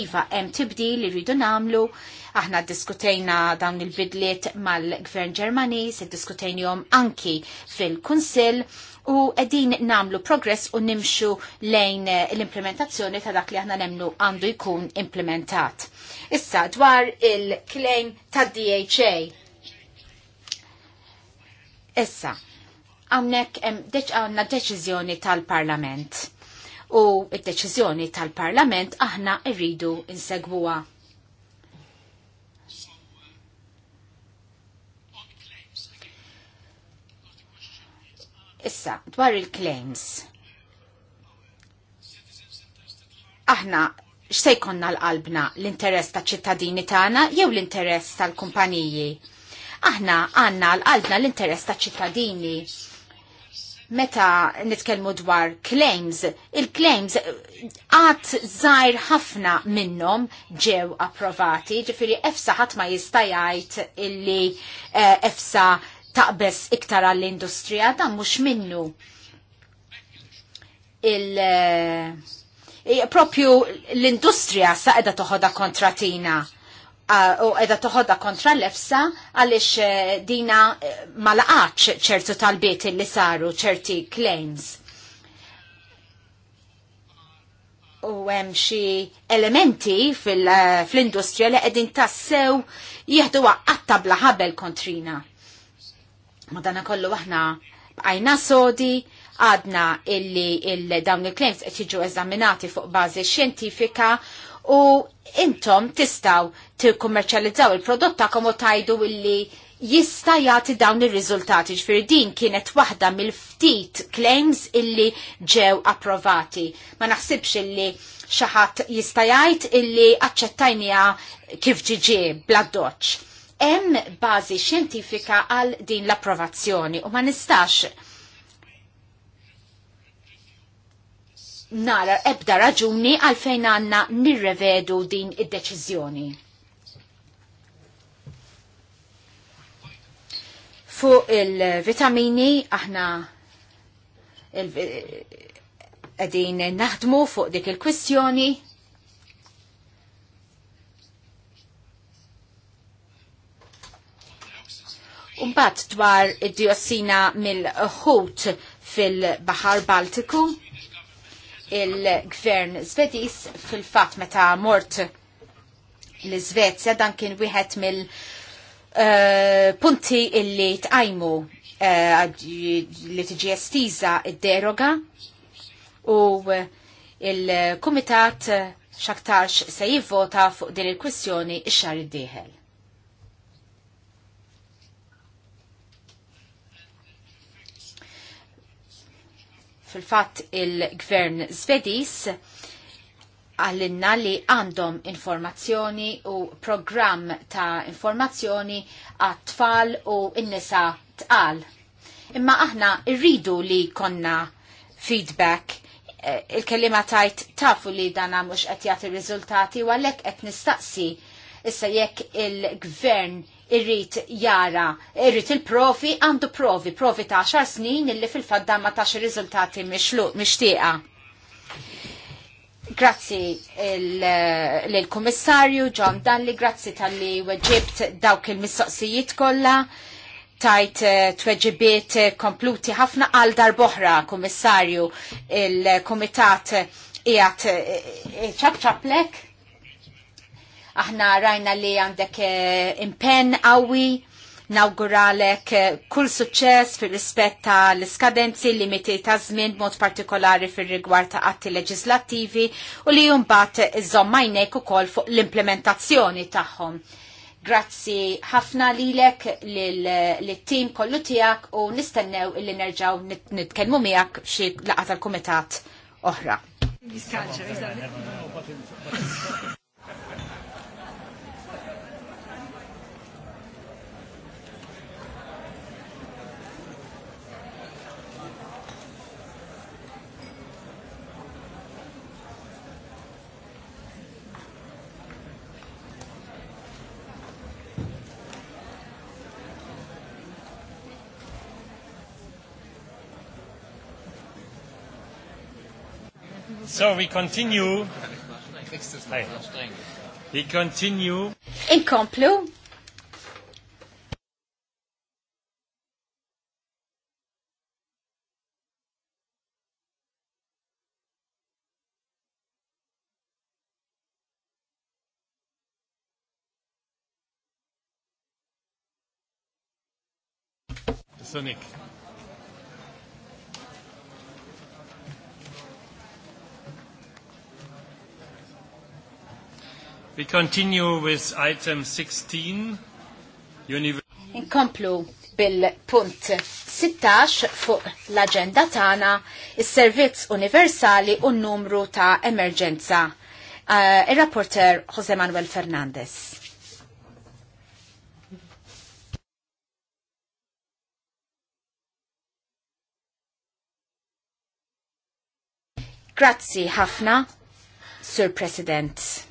iva hemm tibdi li rridu nagħmlu, aħna ddiskutejna dawn il-bidliet mal-Gvern Ġermaniż, iddiskutejnihom anki fil-Kunsill u qegħdin nagħmlu progress u nimxu lejn l-implementazzjoni ta' dak li aħna nemnu għandu jkun implementat Issa dwar il-claim tad DHA. Issa, għamnek għanna deċizjoni tal-parlament. U id-deċizjoni tal-parlament aħna irridu insegwuha. Issa, dwar il-claims. Aħna x'sejkonna l-qalbna l-interess ta' ċittadini tagħna jew l-interess tal-kumpaniji. Aħna għandna l-qalbna l-interess ta' ċittadini. Meta nitkellmu dwar claims, il-claims eh, għat żgħir ħafna minnhom ġew approvati, ġifieri EFSA ħadd ma jista' jgħid illi eh, EFSA taqbes iktar għall-industrija, dan mhux minnu il- uh, propju l-industrija sa edha toħoda kontratina u edha toħodha kontra l-efsa għalix eh, dina eh, ma laqax ċertu talbiet li saru ċerti claims. U hemm xi elementi eh, fl-industrija li qegħdin tassew jieħdu għatta bla ħabel kontrina. Madana kollu aħna bqajna sodi għadna illi il-dawn il-claims qed jiġu eżaminati fuq bażi xjentifika u intom tistaw tikkummerċjalizzaw il prodotta tagħkom u tajdu illi jista jagħti dawn ir-riżultati. Ġifieri din kienet waħda mill-ftit claims illi ġew approvati. Ma naħsibx illi xi ħadd jista' jgħid illi għacċettajnija kif ġiġi bla-doċ. Hemm bażi xjentifika għal din l-approvazzjoni u ma nistax nara ebda raġuni għalfejn għanna nirrevedu din id-deċizjoni. Fuq il-vitamini aħna għedin naħdmu fuq dik il-kwistjoni. Umbat dwar id-diossina mill-ħut fil-Bahar Baltiku il-gvern Svediż fil-fatt meta mort l-Svezja dan kien wieħed mill-punti eh, uh, illi tqajmu uh, li tiġi estiża id-deroga u eh, il-Kumitat xaktarx se jivvota fuq din il-kwistjoni ix-xar id-dieħel. Fil-fatt il-gvern Svedis għallinna li għandhom informazzjoni u programm ta' informazzjoni għat-tfal u n-nisa tqal. Imma aħna irridu li konna feedback e, il-kelima tajt tafu li dana mux qed jagħti riżultati u għalhekk qed nistaqsi issa jekk il-gvern irrit jara, irrit il-profi, għandu provi, provi ta' 10 snin illi fil-fadda ma tax riżultati mixtieqa. Grazzi l-Komissarju John Dalli, grazzi tal-li weġibt dawk il-mistoqsijiet kollha tajt eh, tweġibiet kompluti ħafna għal darboħra, komissarju, il-komitat ijat eh, eh, ċabċaplek Aħna rajna li għandek eh, impenn qawwi nawguralek eh, kull suċċess fir rispett ta' l-iskadenzi limiti ta' żmien mod partikolari fir rigward ta' atti leġislattivi u li jumbat u ukoll fuq l-implementazzjoni tagħhom. Grazzi ħafna lilek l-tim kollu tijak u nistennew illi nerġaw nitkenmu miegħek xie laqgħa tal-kumitat oħra. So we continue. We continue. In complu. Sonic. We continue with item 16. Inkomplu bil-punt 16 fuq l-agenda tana is-servizz universali u numru ta' emerġenza. Uh, eh, Il-rapporter Jose Manuel Fernandez. Grazzi ħafna, Sir President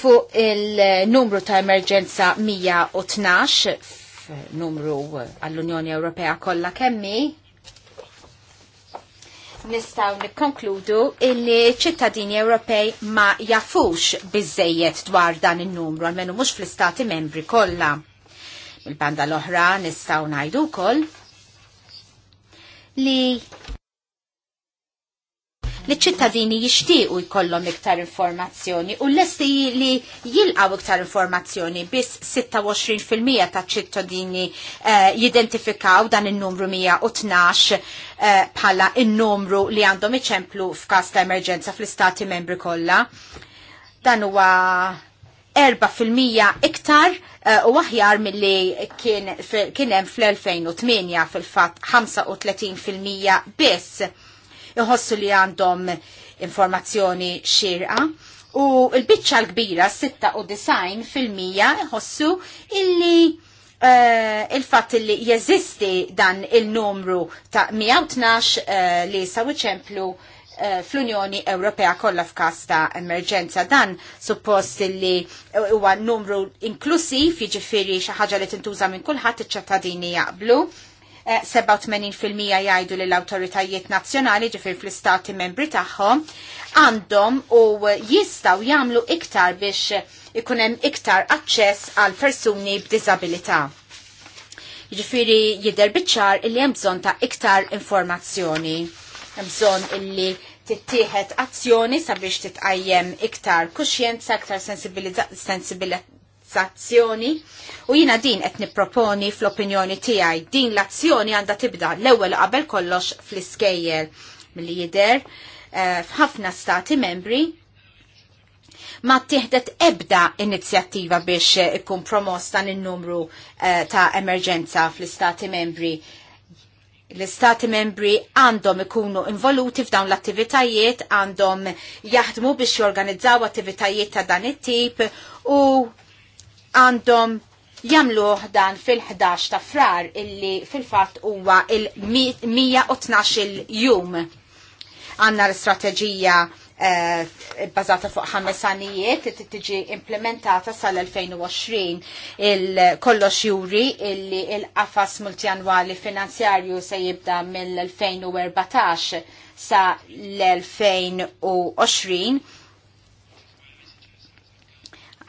fuq il-numru ta' emerġenza 112 numru għall-Unjoni Ewropea kollha kemmi nistaw nikkonkludu illi ċittadini Ewropej ma jafux biżejjed dwar dan in-numru għalmenu mhux fl-istati membri kollha. Il-banda l-oħra nistaw ngħidu wkoll li li ċittadini jixtiequ jkollhom iktar informazzjoni u lesti li jilqaw iktar informazzjoni biss 26% ta' ċittadini uh, jidentifikaw dan in-numru 112 eh, bħala uh, in-numru li għandhom iċemplu f'każ ta' emerġenza fl-istati membri kollha. Dan huwa 4% iktar eh, u aħjar mill-li kien hemm fl-2008 fil-fatt 35% biss iħossu li għandhom informazzjoni xirqa u l-bicċa l-kbira 96 fil-mija iħossu illi uh, eh, il-fatt li jeżisti dan il-numru ta' 112 eh, li sa' uċemplu eh, fl-Unjoni Ewropea kollha f'każ ta' emerġenza dan suppost li huwa numru inklusiv, jiġifieri xi ħaġa li tintuża minn kulħadd iċ-ċittadini jaqblu. 87% eh, jgħidu l-autoritajiet nazzjonali ġifir fl-istati membri tagħhom għandhom u jistaw jagħmlu iktar biex ikun hemm iktar aċċess għal persuni b'diżabilità. Ġifiri jidher bieċar illi hemm bżonn ta' iktar informazzjoni. Hemm bżonn illi tittieħed azzjoni sabiex titqajjem iktar kuxjenza, iktar sensibilizzazzjoni privatizzazzjoni u jina din qed nipproponi fl-opinjoni tiegħi din l-azzjoni għandha tibda l-ewwel qabel kollox fl-iskejjel milli jidher eh, f'ħafna stati membri ma tieħdet ebda inizjattiva biex ikun promos dan in-numru eh, ta' emerġenza fl-istati membri l-istati membri għandhom ikunu involuti f'dawn l-attivitajiet, għandhom jaħdmu biex jorganizzaw attivitajiet ta' dan it-tip u għandhom jamlu dan fil-11 ta' frar illi fil-fat huwa il-112 jum. Għanna l-istrateġija eh, bazata fuq ħames sanijiet li tiġi implementata sal-2020 il-kollox juri illi il-qafas multianwali finanzjarju se jibda mill-2014 sa l-2020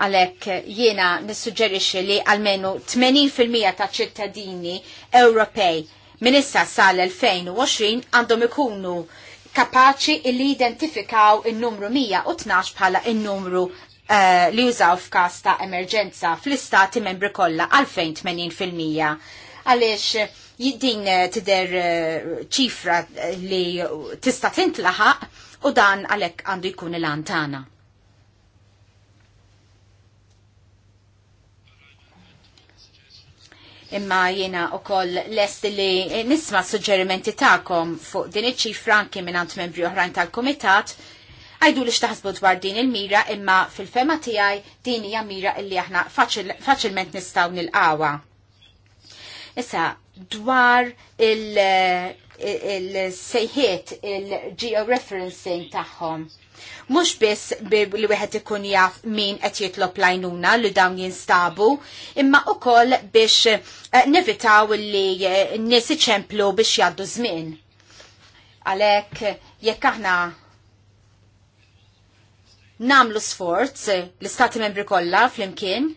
Għalek jiena nissuġġerixi li għalmenu 80% ta' ċittadini Ewropej minn issa sal-2020 għandhom ikunu kapaċi illi identifikaw il-numru 112 bħala il-numru uh, li jużaw f'kas ta' emerġenza fl-istati membri kollha għalfejn 80%. Għaliex jiddin eh, eh, tider ċifra li tista' tintlaħaq u dan għalhekk għandu jkun il-antana. imma jiena u koll lest li nisma suġġerimenti ta'kom fuq din iċ-ċifra anki minnant membri oħrajn tal-komitat, għajdu li xtaħsbu dwar din il-mira imma fil-fema tijaj din hija mira illi aħna faċilment nistaw nil-qawa. Issa, dwar il-sejħiet il-georeferencing il tagħhom. Mhux biss li wieħed ikun jaf min qed jitlob lajnuna li dawn jinstabu, imma ukoll biex eh, nevitaw li eh, n-nies iċemplu biex jgħaddu żmien. Għalhekk jekk aħna namlu sforz eh, l-istati membri kollha flimkien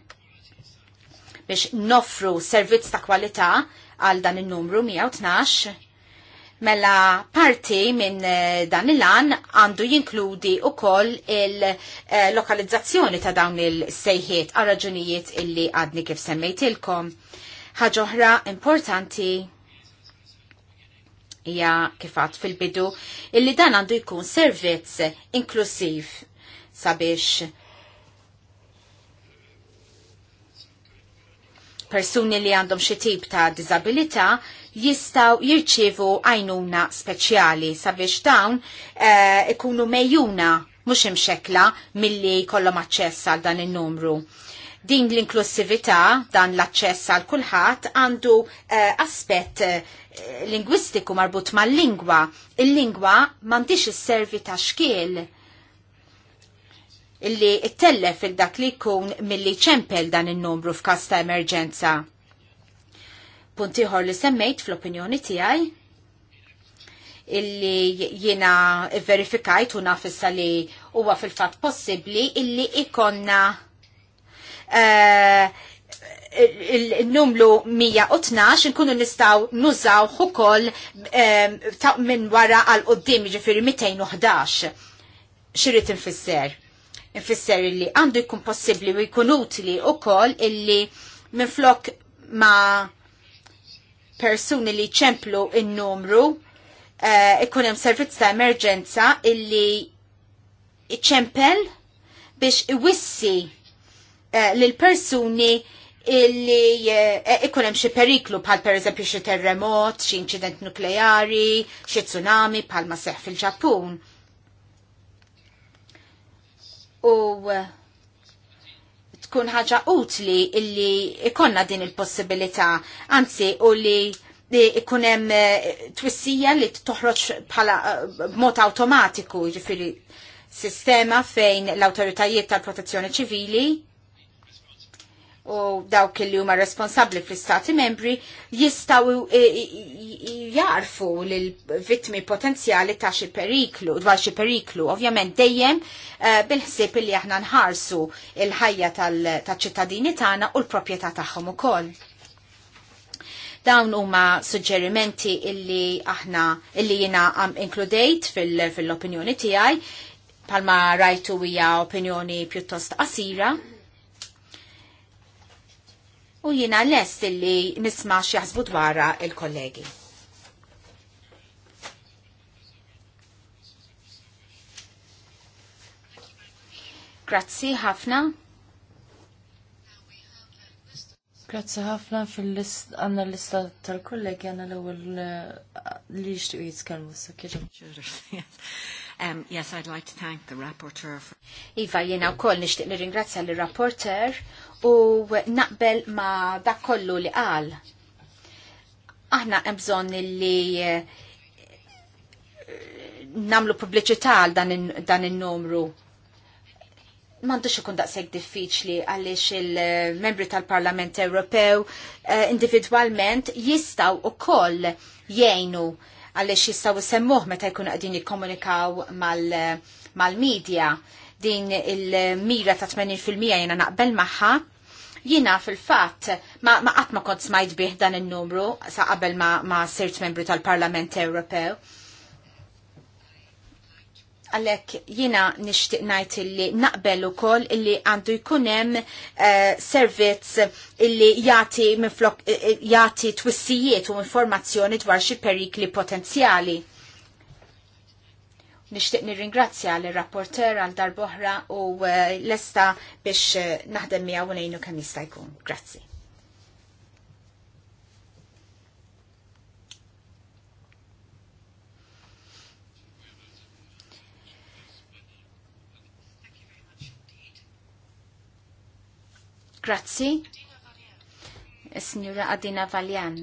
biex noffru servizz ta' kwalità għal dan in numru 112 Mela parti minn eh, dan il lan għandu jinkludi u koll il-lokalizzazzjoni eh, ta' dawn il-sejħiet għal raġunijiet illi għadni kif semmejtilkom. Ħaġoħra importanti hija kifat fil-bidu illi dan għandu jkun servizz inklusiv sabiex persuni li għandhom xi tip ta' diżabilità jistaw jirċivu għajnuna speċjali sabiex dawn uh, ikunu mejjuna mhux imxekla milli jkollhom aċċess għal dan in-numru. Din l-inklusività, dan l-aċċess għal kulħadd għandu uh, aspett uh, lingwistiku marbut mal-lingwa. Il-lingwa m'għandix is-servi ta' xkiel illi ttellef il-dak li jkun milli ċempel dan in-numru f'każ ta' emerġenza puntiħor li semmejt fl-opinjoni tijaj illi jina verifikajt u nafissa li huwa fil-fat possibli illi ikonna eh, il-numlu 112 nkunu nistaw nużaw ukoll eh, minn wara għal qoddim ġifiri 211. Xirrit infisser? Infisser illi għandu jkun possibli u jkun utli ukoll illi minn flok ma persuni li ċemplu in-numru eh, ikun hemm servizz ta' emerġenza illi iċempel biex iwissi eh, lil persuni illi eh, ikun hemm xi periklu bħal pereżempju xi terremot, xi inċident nukleari, xi tsunami bħal ma seħħ fil-Ġappun. U tkun ħaġa utli illi ikonna din il-possibilità, anzi u li ikun hemm eh, twissija li toħroġ bħala eh, b'mod awtomatiku, ġifieri sistema fejn l-awtoritajiet tal-protezzjoni ċivili u dawk li huma responsabbli fl-istati membri jistaw e, e, e, jarfu l-vittmi potenzjali ta' xi periklu, dwar xi periklu, ovvjament dejjem bil-ħsieb li aħna nħarsu il-ħajja tal-ċittadini tagħna u l-proprjetà tagħhom ukoll. Dawn huma suġġerimenti illi aħna illi jiena inkludejt fil-opinjoni tiegħi palma rajtu hija opinjoni pjuttost qasira u jina lest illi nisma xjaħsbu dwarra il-kollegi. Grazzi ħafna. Grazzi ħafna fil-list għanna l-lista tal-kollegi għanna l-ewel eh, li jishtiq jitkellmu s sakkeġu Um, yes, I'd like to thank the rapporteur. For... Iva, jena u koll nishtiq li ringrazzja li rapporteur u naqbel ma dak kollu li qal. Aħna ebżon li eh, namlu pubbliċità għal dan il-numru mandux ikun daqseg diffiċli għaliex il-membri tal-Parlament Ewropew eh, individualment jistaw u koll jgħinu għaliex jistgħu semmuh meta jkunu qegħdin jikkomunikaw mal-medja din il-mira ta' 80% jena naqbel magħha jina fil-fat ma, ma qatt ma kont smajt bih dan il-numru sa qabel ma, ma sirt membru tal-Parlament Ewropew għalek jina nishtiq najt illi naqbel u koll illi għandu jkunem uh, eh, servizz illi jati, minflok, eh, eh, jati twissijiet u informazzjoni dwar xi perikli potenzjali. Nishtiq nirringrazzja l rapporter għal darboħra u uh, l-esta biex uh, naħdem miegħu nejnu kemm jista' jkun. Grazzi. Grazzi. Signora Adina Valjan.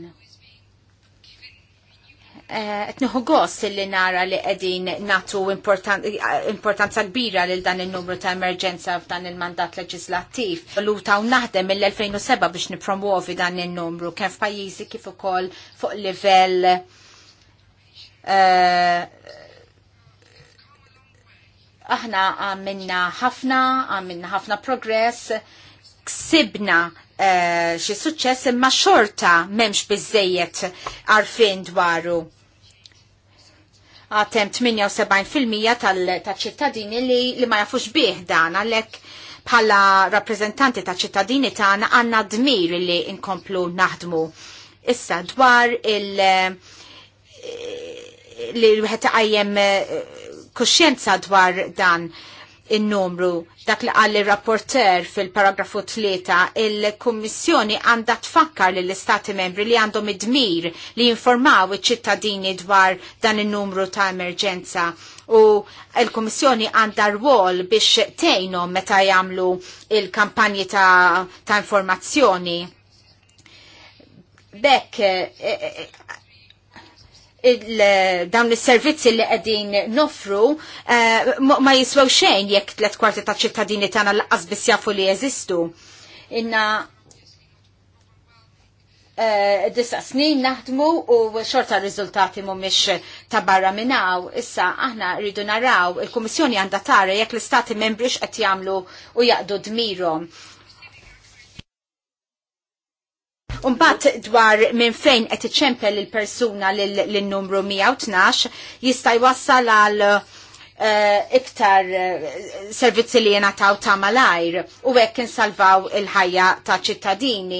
Eh, Etnuħu għos li nara li edin natu importanza kbira lil dan il-numru ta' emerġenza f'dan il-mandat leġislattiv. Luta u naħdem mill-2007 biex nipromuovi dan il-numru kien f'pajjiżi kif ukoll fuq livell eh, aħna għamilna ħafna, għamilna ħafna progress ksibna uh, xi suċċess imma xorta m'hemmx bizzejiet għarfien dwaru. Għatem 78% tal-ċittadini li, li ma jafux bih dan għalhekk bħala rappreżentanti ta' ċittadini tagħna għandna dmir li nkomplu naħdmu. Issa dwar il- eh, li wieħed għajem eh, kuxjenza dwar dan il numru dak li qal rapporter fil-paragrafu 3 il-Kummissjoni għandha tfakkar lill istati membri li għandhom id-dmir li jinformaw iċ-ċittadini dwar dan in-numru ta' emerġenza u il-Kummissjoni għandha rwol biex tgħinhom meta jagħmlu il-kampanji ta', ta informazzjoni. Bekk, eh, eh, eh, dawn is-servizzi li qegħdin nofru eh, ma jiswew xejn jekk tliet kwarti ta' ċittadini tagħna laqqas biss jafu li jeżistu. Inna eh, disa snin naħdmu u xorta r-riżultati mhumiex ta' barra minnaw. Issa aħna rridu naraw il-Kummissjoni għandha tara jekk l-Istati membri x'qed jagħmlu u jaqdu dmirhom. Unbat dwar minn fejn qed iċempel il-persuna l numru 112 jista' jwassal għal eh, iktar eh, servizzi li taw ta' malajr u hekk insalvaw il-ħajja ta' ċittadini.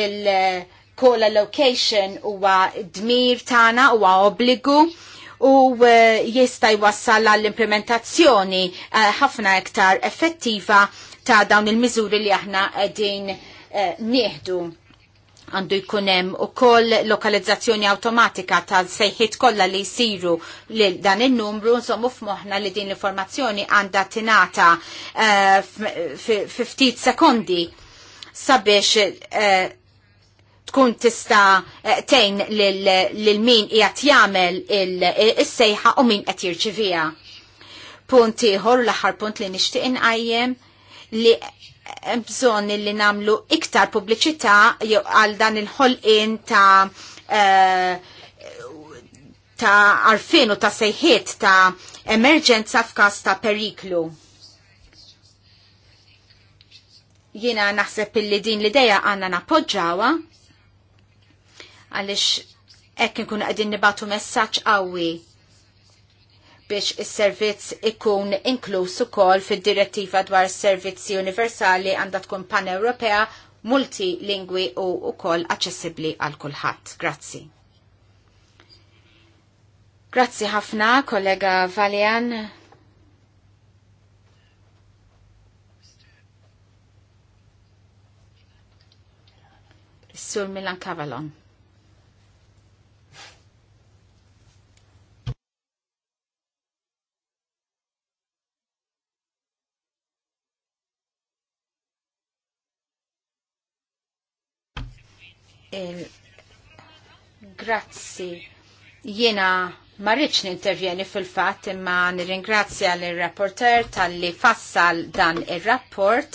Il-call allocation huwa dmir tagħna huwa obbligu u eh, jista' jwassal għall-implementazzjoni ħafna iktar effettiva ta' dawn il-miżuri li aħna qegħdin nieħdu għandu jkunem u koll lokalizzazzjoni automatika ta' sejħiet kollha li jisiru li dan il-numru, nżommu f'moħna li din l-informazzjoni għanda tinata uh, eh, 50 sekondi sabiex uh, tkun tista uh, eh, tejn lil min jgħat jagħmel is-sejħa u min qed jirċivija. Punt ieħor l-aħħar punt li nixtieq inqajjem li bżon li namlu iktar pubbliċità għal dan il-ħolqin ta' eh, ta' arfin u ta' sejħiet ta' emerġenza f'każ ta' periklu. Jiena naħseb illi din l-ideja għandna nappoġġawha għaliex hekk inkunu qegħdin nibatu messaġġ qawwi biex is-servizz ikun inklus ukoll fid-direttiva dwar servizzi universali għandha tkun pan-Ewropea multilingwi u ukoll aċċessibbli għal kulħadd. Grazzi. Grazzi ħafna, kollega Valian. Sur Milan Cavalon. Grazzi. Jiena ma rridx nintervjeni fil-fatt imma nirringrazzja l-rapporter tal-li fassal dan ir-rapport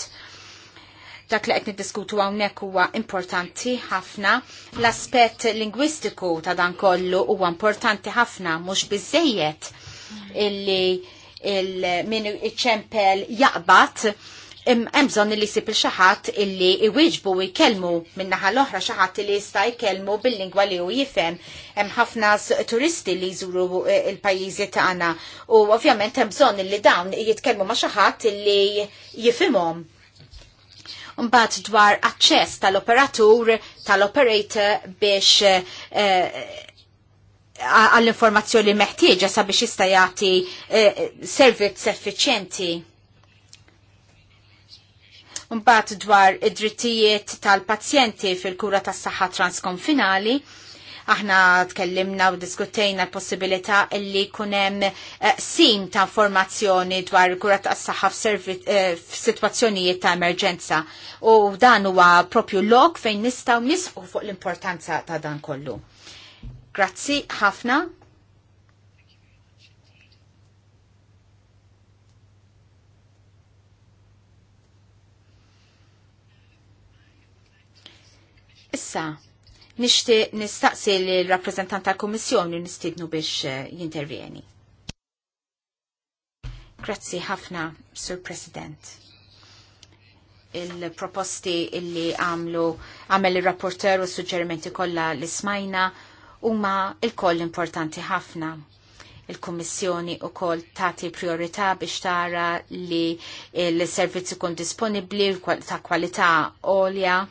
dak li qed niddiskutu hawnhekk huwa importanti ħafna. L-aspett lingwistiku ta' dan kollu huwa importanti ħafna mhux biżejjed illi il min iċempel jaqbad hemm bżonn li jsib il-xaħat illi iwiġbu jkellmu min-naħa l-oħra xaħat li jista' jkellmu bil-lingwa li hu jifhem. Hemm ħafna turisti li jżuru eh, il-pajjiżi tagħna u ovvjament hemm bżonn li dawn jitkellmu ma' xaħat illi jifhimhom. Mbagħad dwar aċċess tal-operatur tal-operator biex eh, għall-informazzjoni meħtieġa sabiex jista' jagħti eh, servizz effiċjenti. Mbagħad dwar id-drittijiet tal-pazjenti fil-kura tas-saħħa transkonfinali, aħna tkellimna u diskutejna l-possibilità illi kunem eh, sim ta' informazzjoni dwar kura ta' s f'sitwazzjonijiet f ta' emerġenza. U dan huwa propju lok fejn nistaw nisqu fuq l-importanza ta' dan kollu. Grazzi ħafna. Issa, nishti nistaqsi l-rappresentant tal komissjoni nistidnu biex eh, jintervjeni. Grazzi ħafna, Sur President. Il-proposti illi għamlu għamel il-rapporter u suġġerimenti kollha li smajna huma il-koll importanti ħafna il-Kommissjoni u kol tati priorità biex tara li l-servizzi kun disponibli ta' kwalità olja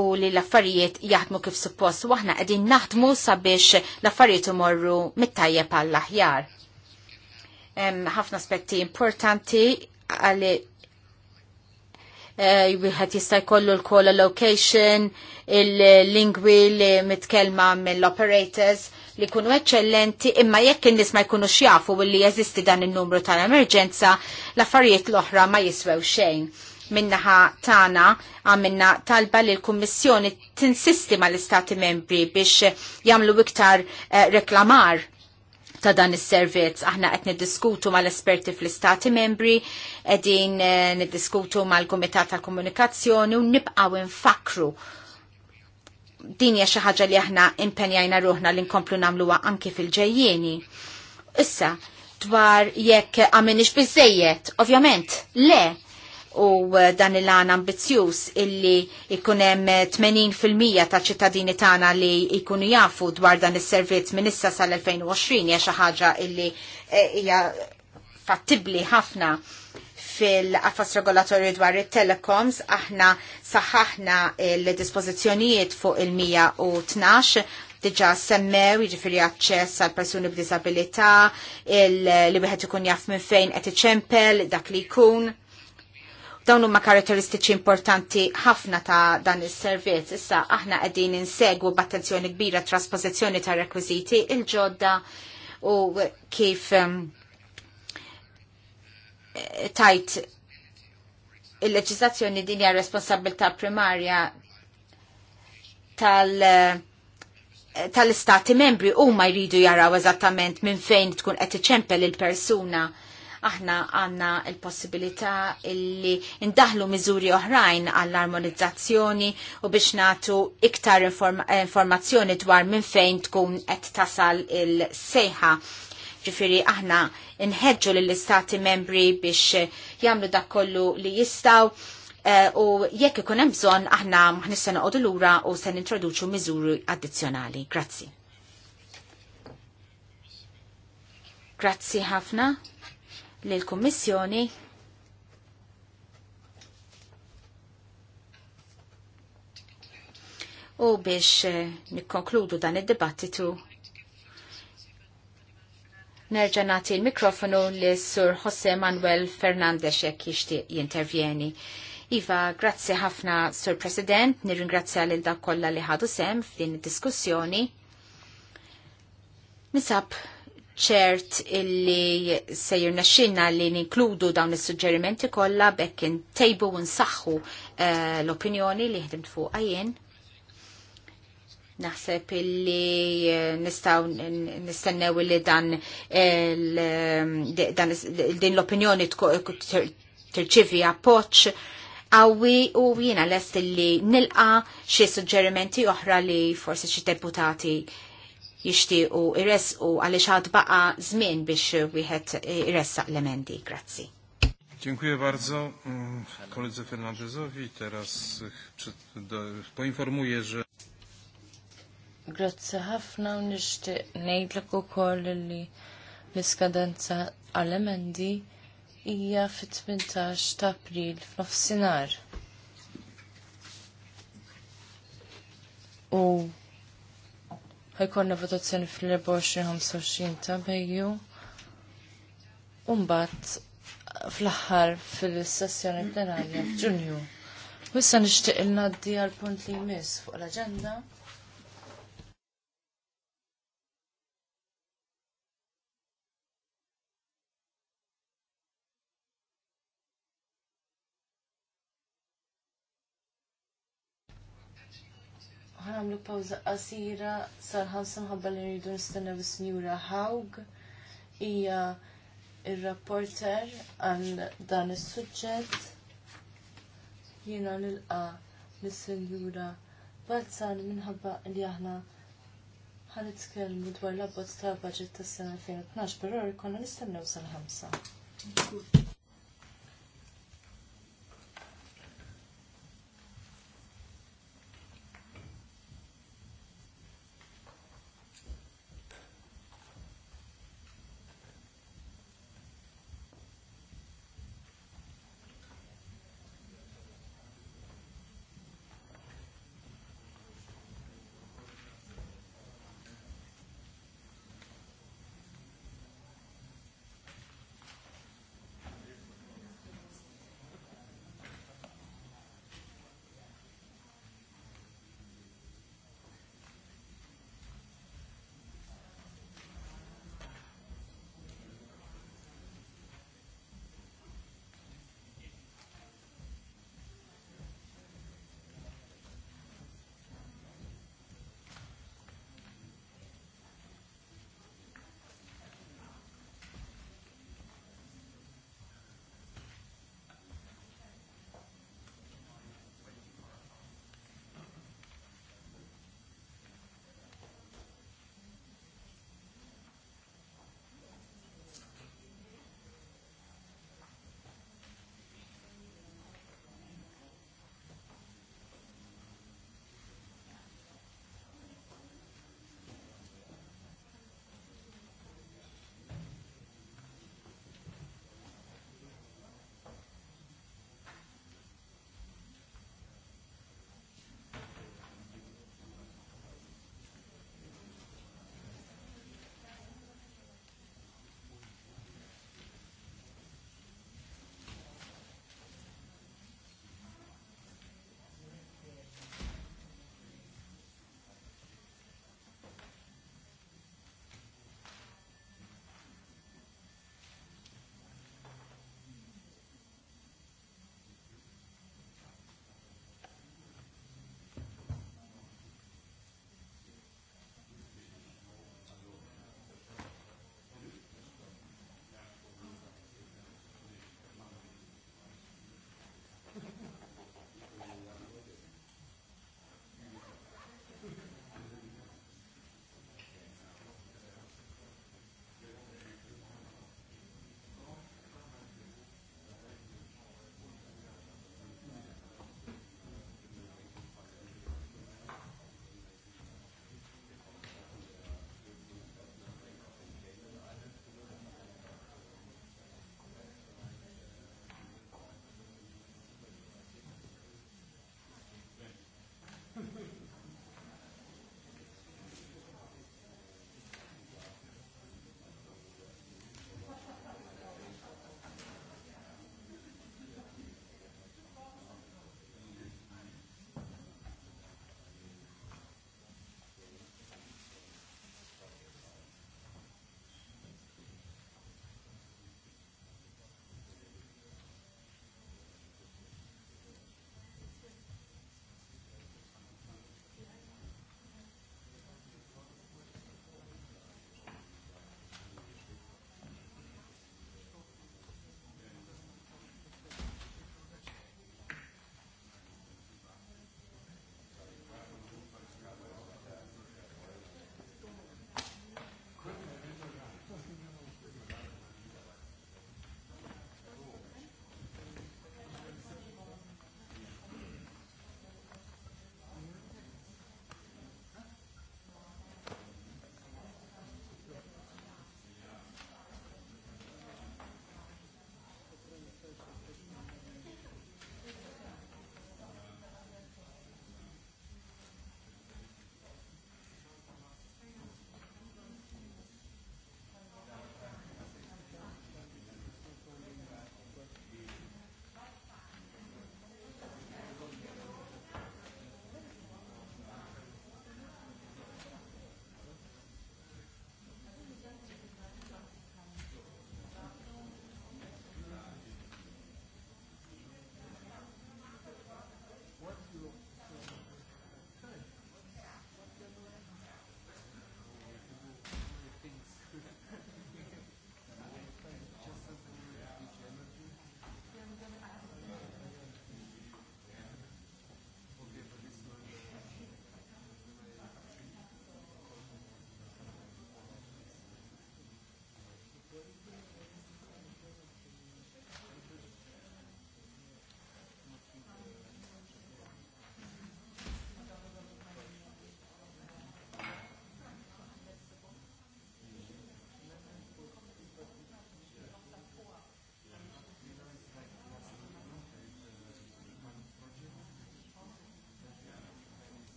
u li l-affarijiet jaħdmu kif suppost u aħna qegħdin naħdmu sabiex l-affarijiet imorru mit-tajjeb għall-aħjar. Ħafna aspetti importanti għalli eh, wieħed jista' jkollu l-call location il-lingwi li mitkellma mill-operators li kunu eccellenti imma jekk in-nies ma jkunux jafu li jeżisti dan in-numru tal-emerġenza l-affarijiet l-oħra ma jiswew xejn minnaħa tana għamminna talba li l-Kummissjoni tinsisti ma l-Istati membri biex jamlu iktar eh, reklamar ta' dan is-servizz. Aħna qed niddiskutu mal-esperti fl-istati membri, qegħdin eh, niddiskutu mal-Kumitat tal-Komunikazzjoni u nibqgħu infakru din hija xi ħaġa li aħna impenjajna ruħna li nkomplu nagħmluha anki fil-ġejjieni. Issa, dwar jekk għamilniex bizzejiet, ovvjament, le, u eh, dan il-għan ambizjus illi ikunem 80% eh, ta' ċittadini tagħna li jkunu jafu dwar dan is-servizz minn issa sal-2020 hija xi ħaġa illi eh, hija fattibli ħafna fil affas regolatorju dwar it-telecoms aħna saħħaħna l-dispożizzjonijiet fuq il-112 diġa semmew, jiġifieri aċċess għal persuni b'diżabilità, li wieħed ikun jaf minn fejn qed iċempel dak li jkun Dawn huma karatteristiċi importanti ħafna ta' dan is-servizz. Issa aħna qegħdin insegwu b'attenzjoni kbira trasposizzjoni ta' rekwiżiti il-ġodda u kif um, tajt il-leġislazzjoni din hija responsabilità primarja tal- tal-istati membri huma jridu jaraw eżattament minn fejn tkun qed iċempel il-persuna. il persuna aħna għanna il-possibilità illi indaħlu miżuri oħrajn għall-armonizzazzjoni u biex natu iktar inform informazzjoni dwar minn fejn tkun qed tasal il-sejħa. Ġifiri aħna nħedġu lill-istati membri biex jagħmlu dak kollu li jistaw uh, eh, u jekk ikun hemm bżonn aħna ħnissa noqogħdu lura u se nintroduċu miżuri addizzjonali. Grazzi. Grazzi ħafna lill-Kummissjoni U biex eh, nikkonkludu dan id-dibattitu, nerġa' nagħti l-mikrofonu lis sur Jose Manuel Fernandez jekk jixtieq jintervjeni. Iva, grazzi ħafna sur President, nirringrazzja lil dak kollha li ħadu sem f'din id-diskussjoni. Nisab ċert illi se naxxinna li ninkludu dawn is-suġġerimenti kollha bekk intejbu u nsaħħu eh, l-opinjoni li ħdimt fuqha jien. Naħseb illi eh, nistaw nistennew illi dan eh, din l-opinjoni tirċivi appoġġ għawi u jiena lest illi nilqa xi suġġerimenti oħra li forsi xi deputati jixtiequ irresqu għaliex ħadd baqa' zmin biex wieħed irressaq l-emendi. Grazzi. Dziękuję bardzo mm, koledze Fernandezowi. Teraz poinformuję, że... Grazie ħafna u nejdlek u ukoll li l-iskadenza għal-emendi hija fit-18 ta' April f'nofsinhar. U ħajkonna votazzjoni fil-24-25 ta' bejju. Umbat fl-axħar fil-sessjoni plenarja f'Ġunju. Wissa nixtieq il-naddi għal-punt li jmiss fuq l-aġenda. ħamlu pawza qasira sal-ħamsa mħabba li rridu nistenna bis-Sinjura Hawg hija ir-rapporter għal dan is-suġġett jiena nilqa lis-Sinjura Balzan minħabba li aħna ħanitkellmu dwar l-abbozz tal budget tas-sena 2012, però jkollna nistennew sal-ħamsa.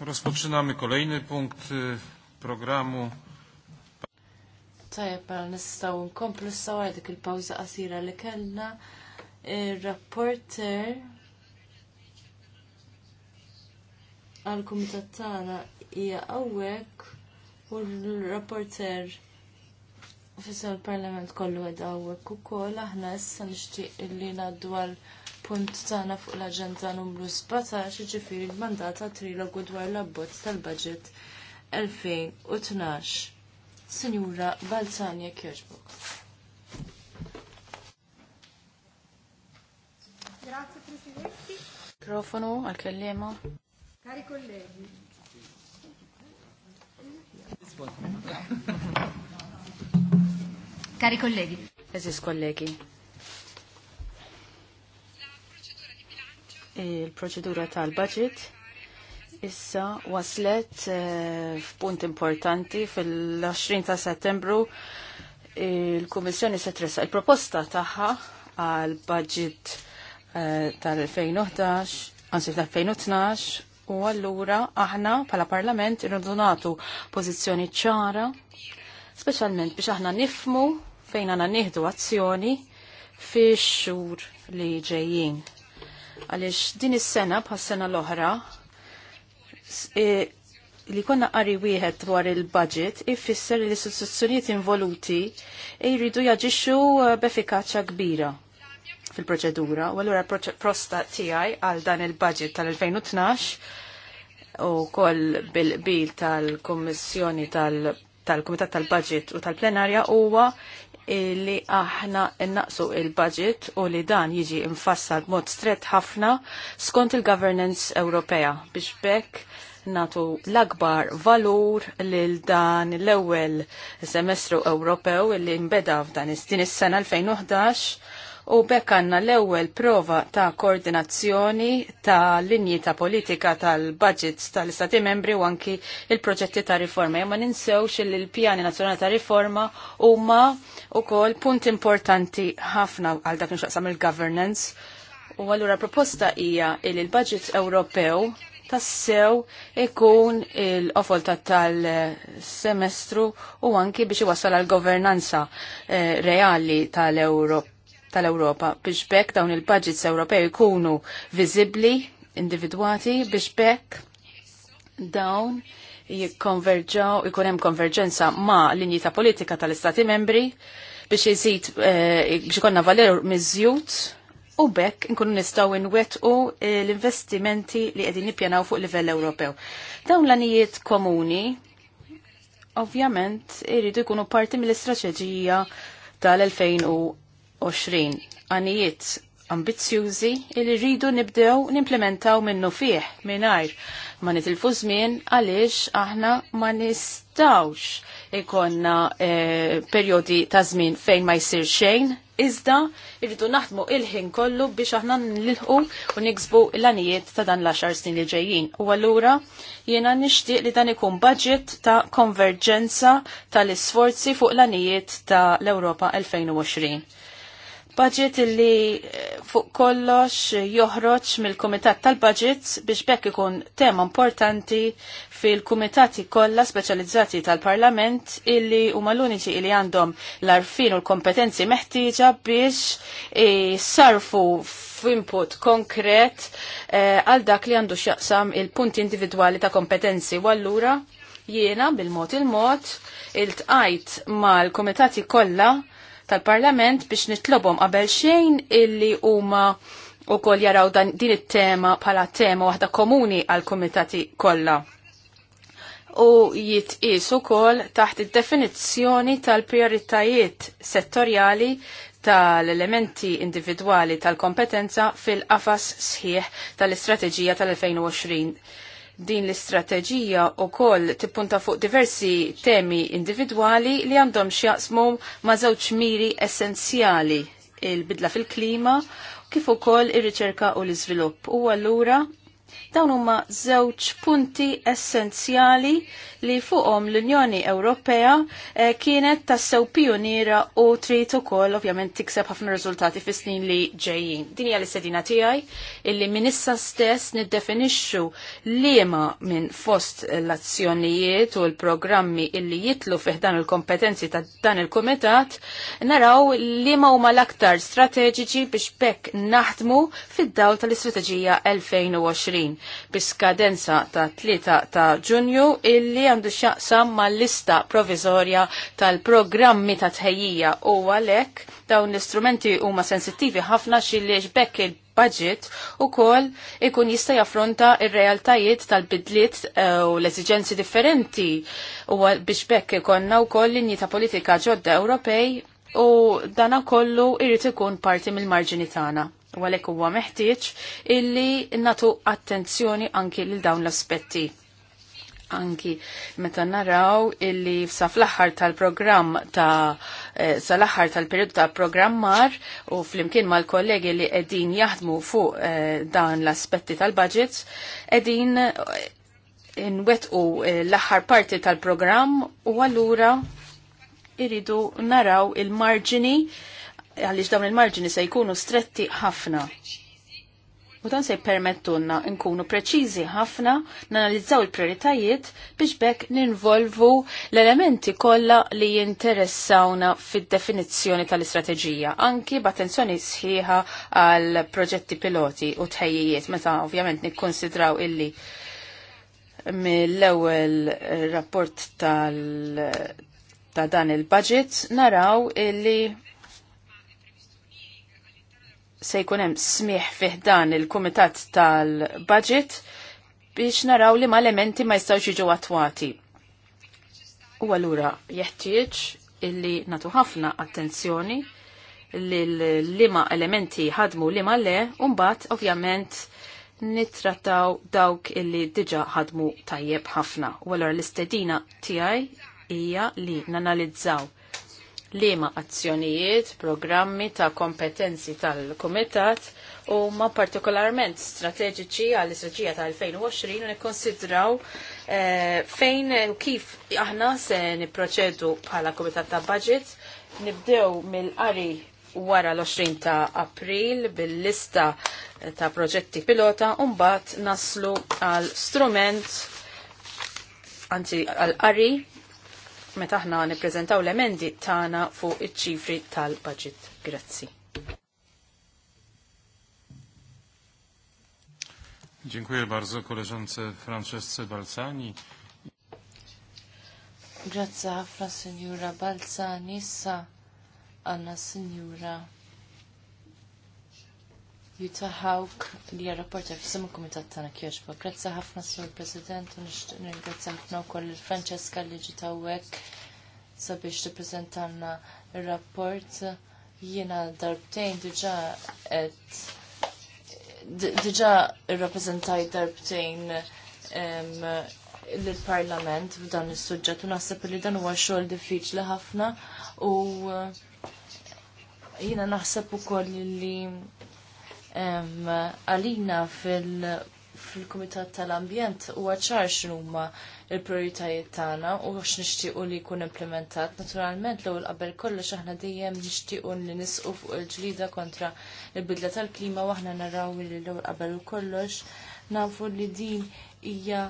Rozpoczynamy kolejny punkt programu. Tajab, nistaw nkomplu s-sawar dik il-pawza qasira li kellna. Il-rapporter għal-kumitat tagħna hija għawek u l-rapporter uffiċjal parlament kollu għed u ukoll aħna issa nixtieq illi ngħaddu għal punt tagħna fuq l-aġenda numru 17 ġifieri l mandata ta' trilogu dwar l-abbozz tal-budget 2012. Sinjura Balzania Kirchbuk. Grazie Presidenti. Mikrofonu għal kellema. Cari colleghi. Cari colleghi. Esis colleghi. il-proċedura tal-budget issa waslet eh, f'punt importanti fil-20 ta' settembru il-Kummissjoni se tressa il-proposta tagħha għal budget eh, tal-2011 anzi tal-2012 u allura aħna pala parlament irridu nagħtu pożizzjoni ċara speċjalment biex aħna nifmu fejn għana nieħdu azzjoni fi xhur li ġejjin għaliex din is-sena bħas-sena l-oħra e, li konna qari wieħed dwar il-budget ifisser li l-istituzzjonijiet involuti jridu jaġixxu e, b'effikaċċa kbira fil-proċedura. U allura prosta tiegħi għal dan il-budget tal-2012 u koll bil-bil tal-Kommissjoni tal-Komitat tal-Budget u tal-Plenarja huwa li aħna innaqsu il-budget u li dan jiġi infassal mod stret ħafna skont il-governance Ewropea biex bekk natu l-akbar valur lil dan l-ewwel semestru Ewropew li nbeda f'dan is-sena 2011 u bekk għanna l-ewwel prova ta' koordinazzjoni ta' linji ta' politika tal-budgets tal-Istati membri u anki il-proġetti ta' riforma. Jemma ninsewx il pjani Nazzjonali ta' Riforma huma wkoll punt importanti ħafna għal dak nxaqsam il-governance. U allura proposta hija li l-budget Ewropew tassew ikun il-qofol tal-semestru u anki biex iwassal għal governanza eh, reali tal-Europa tal-Ewropa biex bekk dawn il-budgets Ewropew jkunu viżibbli, individwati biex bekk dawn jikkonverġaw, ikun hemm konverġenza ma' linji ta' politika tal-Istati membri biex jizid eh, biex ikonna valer miżjut u bekk nkunu nistgħu nwettqu eh, l-investimenti li qegħdin nippjanaw fuq livell Ewropew. Dawn l-anijiet komuni ovvjament iridu jkunu parti mill-istraċeġija tal-2020 20 għanijiet ambizzjużi li rridu nibdew nimplementaw minnu fih mingħajr ma nitilfu żmien għaliex aħna ma nistawx ikonna e, perjodi ta' żmien fejn ma jsir xejn iżda irridu naħdmu il-ħin kollu biex aħna nilħu u niksbu l-anijiet ta' dan l-10 snin li ġejjin. U allura jiena nixtieq li dan ikun budget ta' konverġenza tal-isforzi fuq l-anijiet ta' l europa 2020. Budget li eh, fuq kollox joħroġ mill-Kumitat tal-Budget biex bekk ikun tema importanti fil-Kumitati kollha speċjalizzati tal-Parlament illi huma l-uniċi li għandhom l-arfin u l-kompetenzi meħtieġa biex eh, sarfu f'input konkret eh, għal dak li għandu x'jaqsam il-punti individwali ta' kompetenzi u allura jiena bil-mod il-mod il-tqajt mal kumitati kollha tal-Parlament biex nitlobhom qabel xejn illi huma u koll jaraw dan, din it-tema pala tema waħda komuni għal komitati kollha. U jitqis ukoll taħt id-definizzjoni tal-prioritajiet settorjali tal-elementi individwali tal-kompetenza fil-qafas sħiħ tal-istrateġija tal-2020 Din l-istrateġija u koll tippunta fuq diversi temi individuali li għandhom xjaqsmu ma' żewġ miri essenzjali il-bidla fil-klima kif ukoll ir-riċerka u l-iżvilupp. U allura Dawn huma żewġ punti essenzjali li fuqhom l-Unjoni Ewropea eh, kienet tassew pioniera u trid ukoll ovvjament tikseb ħafna riżultati fis-snin li ġejjin. Din hija l-istedina tiegħi illi min issa stess niddefinixxu liema minn fost l-azzjonijiet u l-programmi illi jitlu fih dan il-kompetenzi ta' dan il-komitat naraw liema huma l-aktar strateġiċi biex bekk naħdmu fid-dawl tal-istrateġija 2020 bi biskadenza ta' 3 ta' ġunju illi għandu xaqsam ma' lista provizorja tal-programmi ta' tħejjija u għalek dawn l-istrumenti huma sensittivi ħafna xilli bekk il budget u kol ikun jista jaffronta il-realtajiet tal-bidliet eh, u l-esigenzi differenti u biex bekk ikonna u kol linji ta' politika ġodda Ewropej u dana kollu irrit ikun parti mill-marġini tagħna u għalek huwa meħtieġ illi natu attenzjoni anki lil dawn l-aspetti. Anki meta naraw illi sa fl-aħħar tal-programm ta' eh, l aħħar tal-periodu ta' programmar u fl-imkien mal-kollegi li qegħdin jaħdmu fuq eh, dan l-aspetti tal-budgets qegħdin eh, inwetqu l-aħħar parti tal-programm u allura iridu naraw il-marġini għaliex dawn il-marġini se jkunu stretti ħafna. U dan se jpermettunna nkunu preċiżi ħafna nanalizzaw il-prioritajiet biex bekk ninvolvu l-elementi kollha li jinteressawna fid-definizzjoni tal-istrateġija, anki b'attenzjoni sħiħa għal proġetti piloti u tħejjijiet meta ovvjament nikkonsidraw illi mill-ewwel rapport tal ta' dan il-budget naraw illi se jkun hemm smieħ fih dan il-Kumitat tal-Budget biex naraw li ma elementi ma jistgħux jiġu attwati. U allura jeħtieġ illi natu ħafna attenzjoni li l-lima elementi ħadmu lima le, mbagħad ovvjament nittrattaw dawk illi diġa ħadmu tajjeb ħafna. U allura l-istedina tiegħi hija li nanalizzaw liema azzjonijiet, programmi ta' kompetenzi tal-Kumitat u ma partikolarment strateġiċi għall istraġija ta' 2020 u nikkonsidraw eh, fejn u kif aħna se niproċedu bħala Kumitat ta' Budget nibdew mill-qari wara l-20 ta' april bil-lista ta' proġetti pilota umbat naslu għal strument anzi għal qari meta aħna nippreżentaw l-emendi tagħna fuq iċ-ċifri tal-budget. Grazzi. Dziękuję bardzo koleżance Francesce Balzani. Grazie ħafna Signora Balzani, sa anna Signora Juta Hawk li rapporta fissam il-Komitat tana kjoġba. Grazzi ħafna sur President u nirgrazzi ħafna u koll il-Franceska li ġita għek sabiex t prezentanna il-rapport. Jiena darbtejn diġa et diġa rappresentaj darbtejn l-Parlament f'dan is-suġġett u naħseb li dan huwa xogħol diffiċli ħafna u jiena naħseb ukoll li għalina fil- fil-Kumitat tal-Ambjent u għacċar x'numa il-prioritajiet tagħna u għax li jkun implementat. Naturalment l-ewwel qabel kollox aħna dejjem nixtiequ li nisqu fuq il-ġlida kontra il-bidla tal-klima u aħna naraw li l-ewwel qabel kollox nafu li din hija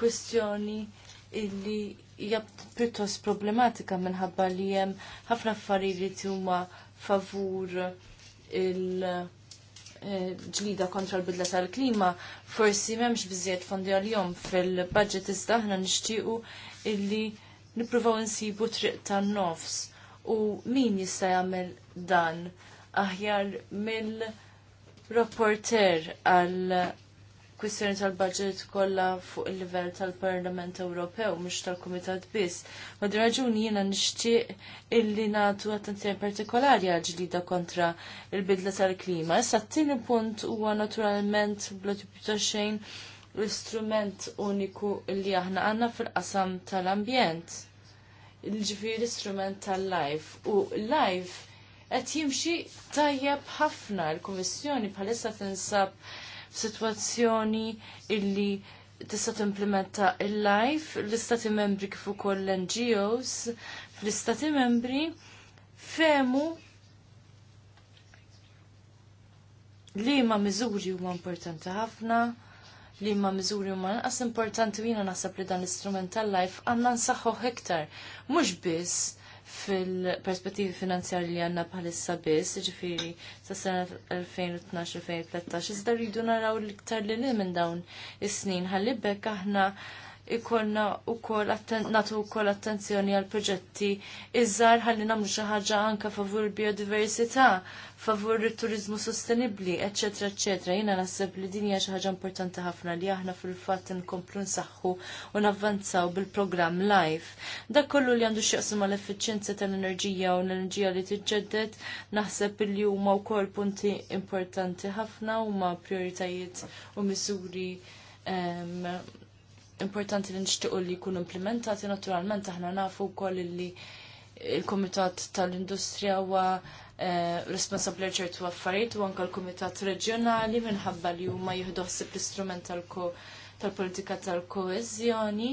kwestjoni illi hija pjuttost problematika minħabba li hemm ħafna affarijiet huma favur il- ġlida kontra l-bidla tal-klima, forsi memx bizziet fondi għal-jom fil-budget iżda ħna nishtiqu illi nipruvaw nsibu triq tan nofs u min jista' jagħmel dan aħjar mill-rapporter għal kwistjoni tal-budget kollha fuq il-livell tal-Parlament Ewropew mhux tal-Kumitat biss. Ma din raġuni jiena nixtieq illi nagħtu attenzjoni partikolari għal ġlida kontra il-bidla tal-klima. Issa t-tieni punt huwa naturalment bla ta' xejn l-istrument uniku li aħna għandna fil-qasam tal-ambjent. Ġifieri l-istrument tal-life u life qed jimxi tajjeb ħafna l komissjoni bħalissa tinsab situazzjoni illi tista' timplementa il-life, l-istati membri kif ukoll l-NGOs, fl-istati membri femu li ma miżuri huma importanti ħafna, li ma miżuri huma inqas importanti jiena naħseb li dan l-istrument tal-life għandna nsaħħu hektar Mhux biss fil-perspettivi finanzjarji li għanna bħalissa biss, ġifiri sa' sena 2012-2013, iżda rridu naraw l-iktar li minn dawn is-snin ħalli aħna Ikonna u kol natu u kol attenzjoni għal proġetti iżżar ħalli namlu xaħġa anka favur biodiversità, favur turizmu sostenibli, ecc. ecc. Jina nasib li dinja xaħġa importanti ħafna li aħna fil-fat nkomplu nsaxħu u navvanzaw bil-program live. Dak kollu li għandu xieqsum għal effiċenza tal-enerġija u l-enerġija li t-ġeddet, naħseb li huma wkoll punti importanti ħafna huma prioritajiet u misuri ehm, importanti li nixtiequ li jkunu implementati, naturalment aħna nafu wkoll li il-Kumitat tal-Industrija huwa eh, responsabbli ċertu affarijiet u anke l-Kumitat Reġjonali minħabba li huma jieħdu ħsieb l-istrument tal-politika tal-koeżjoni.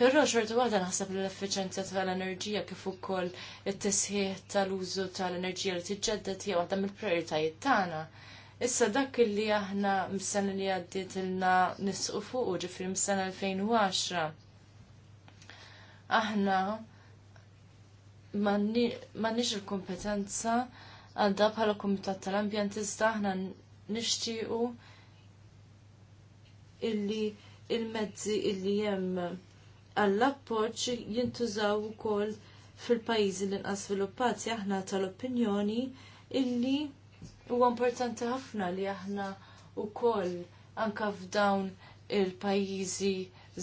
Però ċertu waħda naħseb li l effiċenzja tal-enerġija kif ukoll it-tisħiħ tal-użu tal-enerġija li tiġġedded hija waħda mill-prijoritajiet tagħna. Issa dak li aħna mis-sena li għaddiet ilna nisqu fuq ġifri mis-sena 2010. Aħna mannix il-kompetenza għadda bħala komitat tal ambjentista aħna nixtiequ illi il-mezzi illi hemm għall-appoġġ jintużaw ukoll fil-pajjiżi l-inqas sviluppati aħna tal-opinjoni illi huwa importanti ħafna li aħna wkoll anke f'dawn il-pajjiżi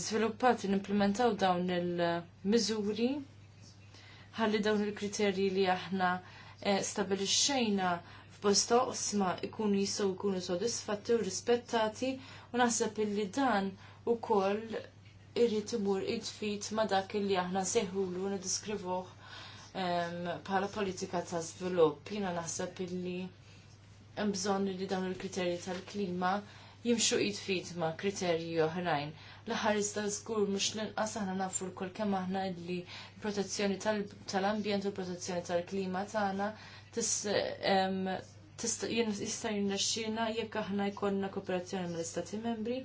żviluppati nimplementaw dawn il-miżuri ħalli dawn il-kriterji li aħna eh, stabilixxejna f'bosta oqsma ikunu jistgħu jkunu sodisfatti u rispettati u naħseb illi dan ukoll irrid imur id-fit ma dak illi aħna seħulu nidiskrivuh ehm, bħala politika ta' żvilupp. Jiena naħseb illi hemm bżonn li dawn il-kriterji tal-klima jimxu id ma' kriterji oħrajn. L-aħħar iżda żgur mhux l-inqas aħna nafu l kemm aħna li protezzjoni tal-ambjent u l-protezzjoni tal-klima tagħna jista' jirnexxina jekk aħna jkollna kooperazzjoni mill-Istati Membri,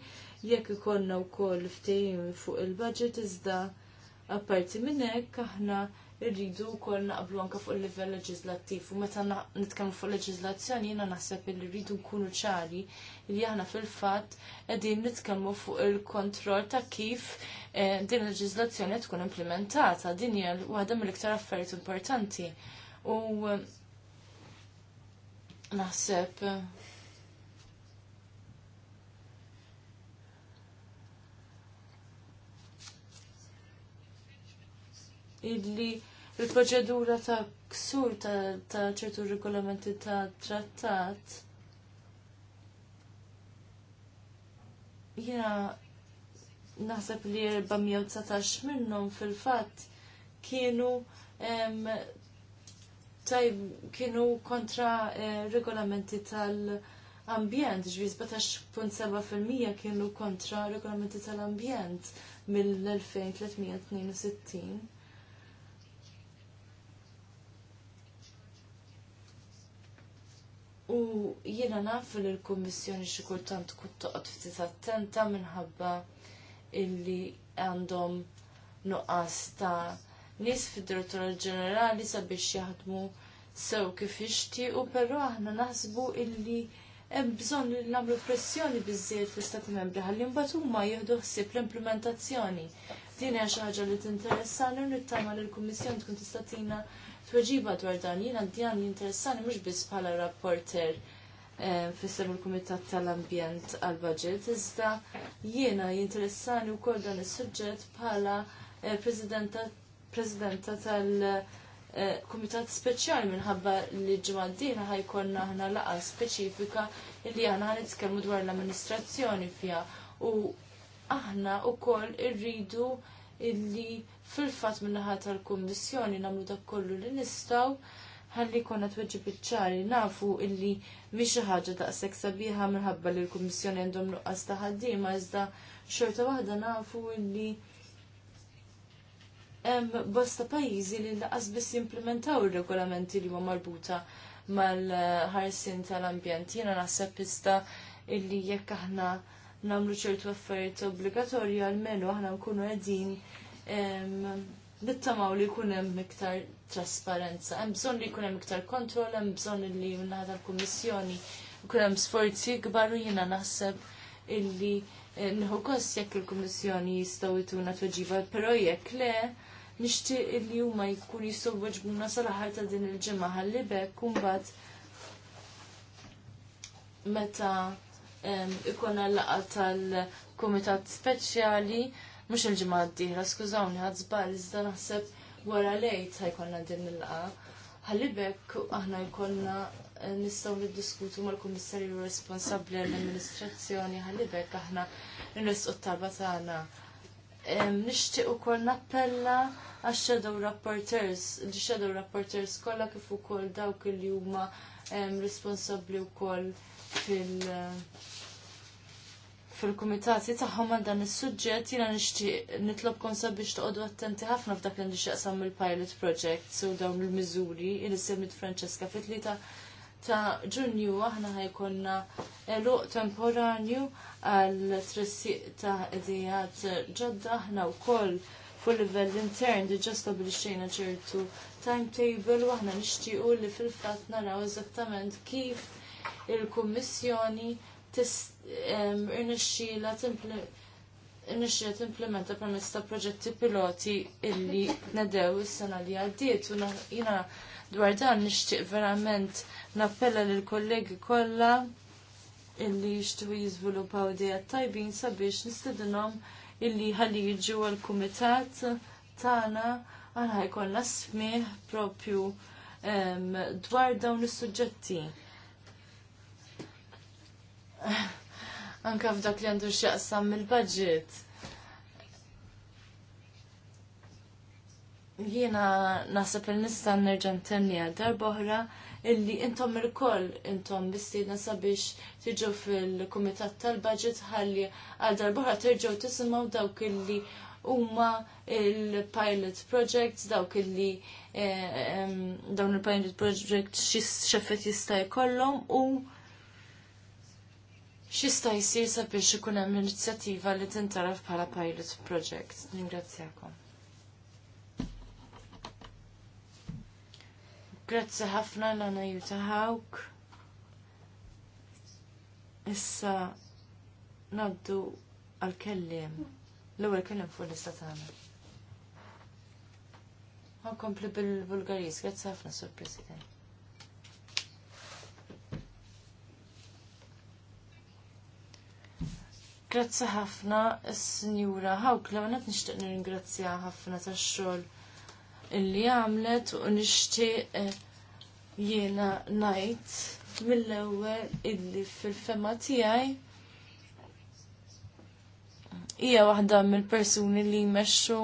jekk ikollna wkoll ftehim fuq il-budget iżda apparti minn hekk aħna irridu wkoll naqblu anke fuq il-livell leġislattiv. U meta nitkellmu fuq leġislazzjoni jiena naħseb li rridu nkunu ċari li aħna fil-fatt qegħdin nitkellmu fuq il-kontroll ta' kif eh, din il-leġislazzjoni tkun implementata. Din hija waħda mill-iktar affarijiet importanti. U eh, naħseb eh, illi il-proċedura ta' ksur ta' ċertu regolamenti ta' trattat. Jena naħseb li 419 minnhom fil-fatt kienu tajb eh, kienu kontra regolamenti tal-ambjent, ġviz 17.7% kienu kontra regolamenti tal-ambjent mill-2362. U jiena naf li l-Kummissjoni xi kultant tkun toqgħod ftit attenta minħabba illi għandhom nuqqas ta' nies fid-Direttura Ġenerali sabiex jaħdmu sew kif jixtiequ, però aħna naħsbu illi hemm bżonn li nagħmlu pressjoni biżżejjed fl-Istati Membri ħalli mbagħad huma jieħdu ħsieb l-implementazzjoni din hija xi ħaġa li tinteressani u nittama li l-Kummissjoni tkun tista' tina tweġiba dwar dan jien għandi għan jinteressani mhux biss bħala rapporter eh, fissem il-Kumitat tal-Ambjent għal-Budget, iżda jiena jinteressani wkoll dan is-suġġett bħala eh, presidenta tal- eh, kumitat speċjali minħabba li ġimaddina ħajkonna ħna laqa speċifika li ħana ħanitkellmu dwar l-amministrazzjoni fija u aħna u koll irridu illi fil-fatt minnaħat tal-Kummissjoni nagħmlu dak kollu li nistgħu ħalli konna tweġib iċ-ċari nafu illi mhix xi ħaġa daqshekk sabiħa minħabba li l-Kummissjoni għandhom nuqqas ta' ħaddiema iżda xorta waħda nafu illi hemm bosta pajjiżi li laqas biss jimplementaw ir-regolamenti li huma marbuta mal-ħarsin tal-ambjent. Jiena naħseb pista illi jekk aħna nagħmlu ċertu affarijiet obbligatorji għalmenu aħna nkunu qegħdin nittamaw li jkun hemm iktar trasparenza, hemm bżonn li jkun hemm iktar kontroll, hemm bżonn li minnaħda l-Kummissjoni jkun hemm sforzi kbar u jiena naħseb illi eh, nħu kost jekk il-Kummissjoni jistgħu jtuna tweġiba, però jekk le nixtieq illi huma jkun jistgħu weġbuna sal-aħħar ta' din il-ġimgħa ħalli bekk imbagħad meta ikun għallaqa tal-Kumitat Speċjali mhux il-ġimgħa d-dieħla, skużawni ħadd iżda naħseb wara lejt ħajkonna din il qa Għallibek, aħna jkollna eh, nistgħu niddiskutu mal-kummissarju responsabbli għall-amministrazzjoni ħalli aħna nresqu t-talba tagħna. Nixtieq ukoll nappella għax-shadow rapporteurs, shadow rapporteurs kollha kif ukoll dawk il-juma huma responsabbli wkoll fil- uh, fil-kumitati tagħhom għal dan is-suġġett jiena nixtieq nitlobkom sabiex toqgħodu attenti ħafna f'dak li nixtieqsam il-pilot project u dawn il-miżuri li semmit Francesca fit-tlieta ta' ġunju aħna ħajkonna eluq temporanju għal trissiq ta' idijat ġodda aħna u koll fuq livell intern diġa stabilixxejna ċertu timetable u aħna nixtiequ li fil-fatt naraw eżattament kif il-kummissjoni tista' irnexxila irnexxila implementa permess ta' proġetti piloti illi nedew is-sena li għaddiet u jina dwar dan nixtieq verament nappella lil kollegi kollha illi jixtiequ jiżviluppaw idejat tajbin sabiex nistedinhom illi ħalli jiġu għal-kumitat tagħna għana ħajkollna smih propju dwar dawn is-suġġetti anka f'dak li għandu x'jaqsam mill-budget. Jiena naħseb il nista' nerġa' ntenni għal darba illi intom il-koll intom bistiedna sabiex tiġu fil-kumitat tal-budget ħalli għal darba oħra terġgħu tisimgħu dawk illi huma il-pilot projects dawk illi dawn il-pilot project x'effett jista' jkollhom u xista jisir sabiex ikun hemm inizjattiva li tintaraf bħala pilot project. Ningrazzjakom. Grazzi ħafna l-għana juta Issa naddu għal-kellim. L-ewwel kellim fuq l istat tagħna. Ma kompli bil-Bulgarijs, grazzi ħafna, Sur President. Grazzi ħafna, s-Sinjura Hawkla, għanet nishtiq nir-ingrazzja ħafna ta' xol illi għamlet u nishtiq eh, jena najt mill-ewel illi fil-fema tijaj. Ija waħda mill-persuni li jmexxu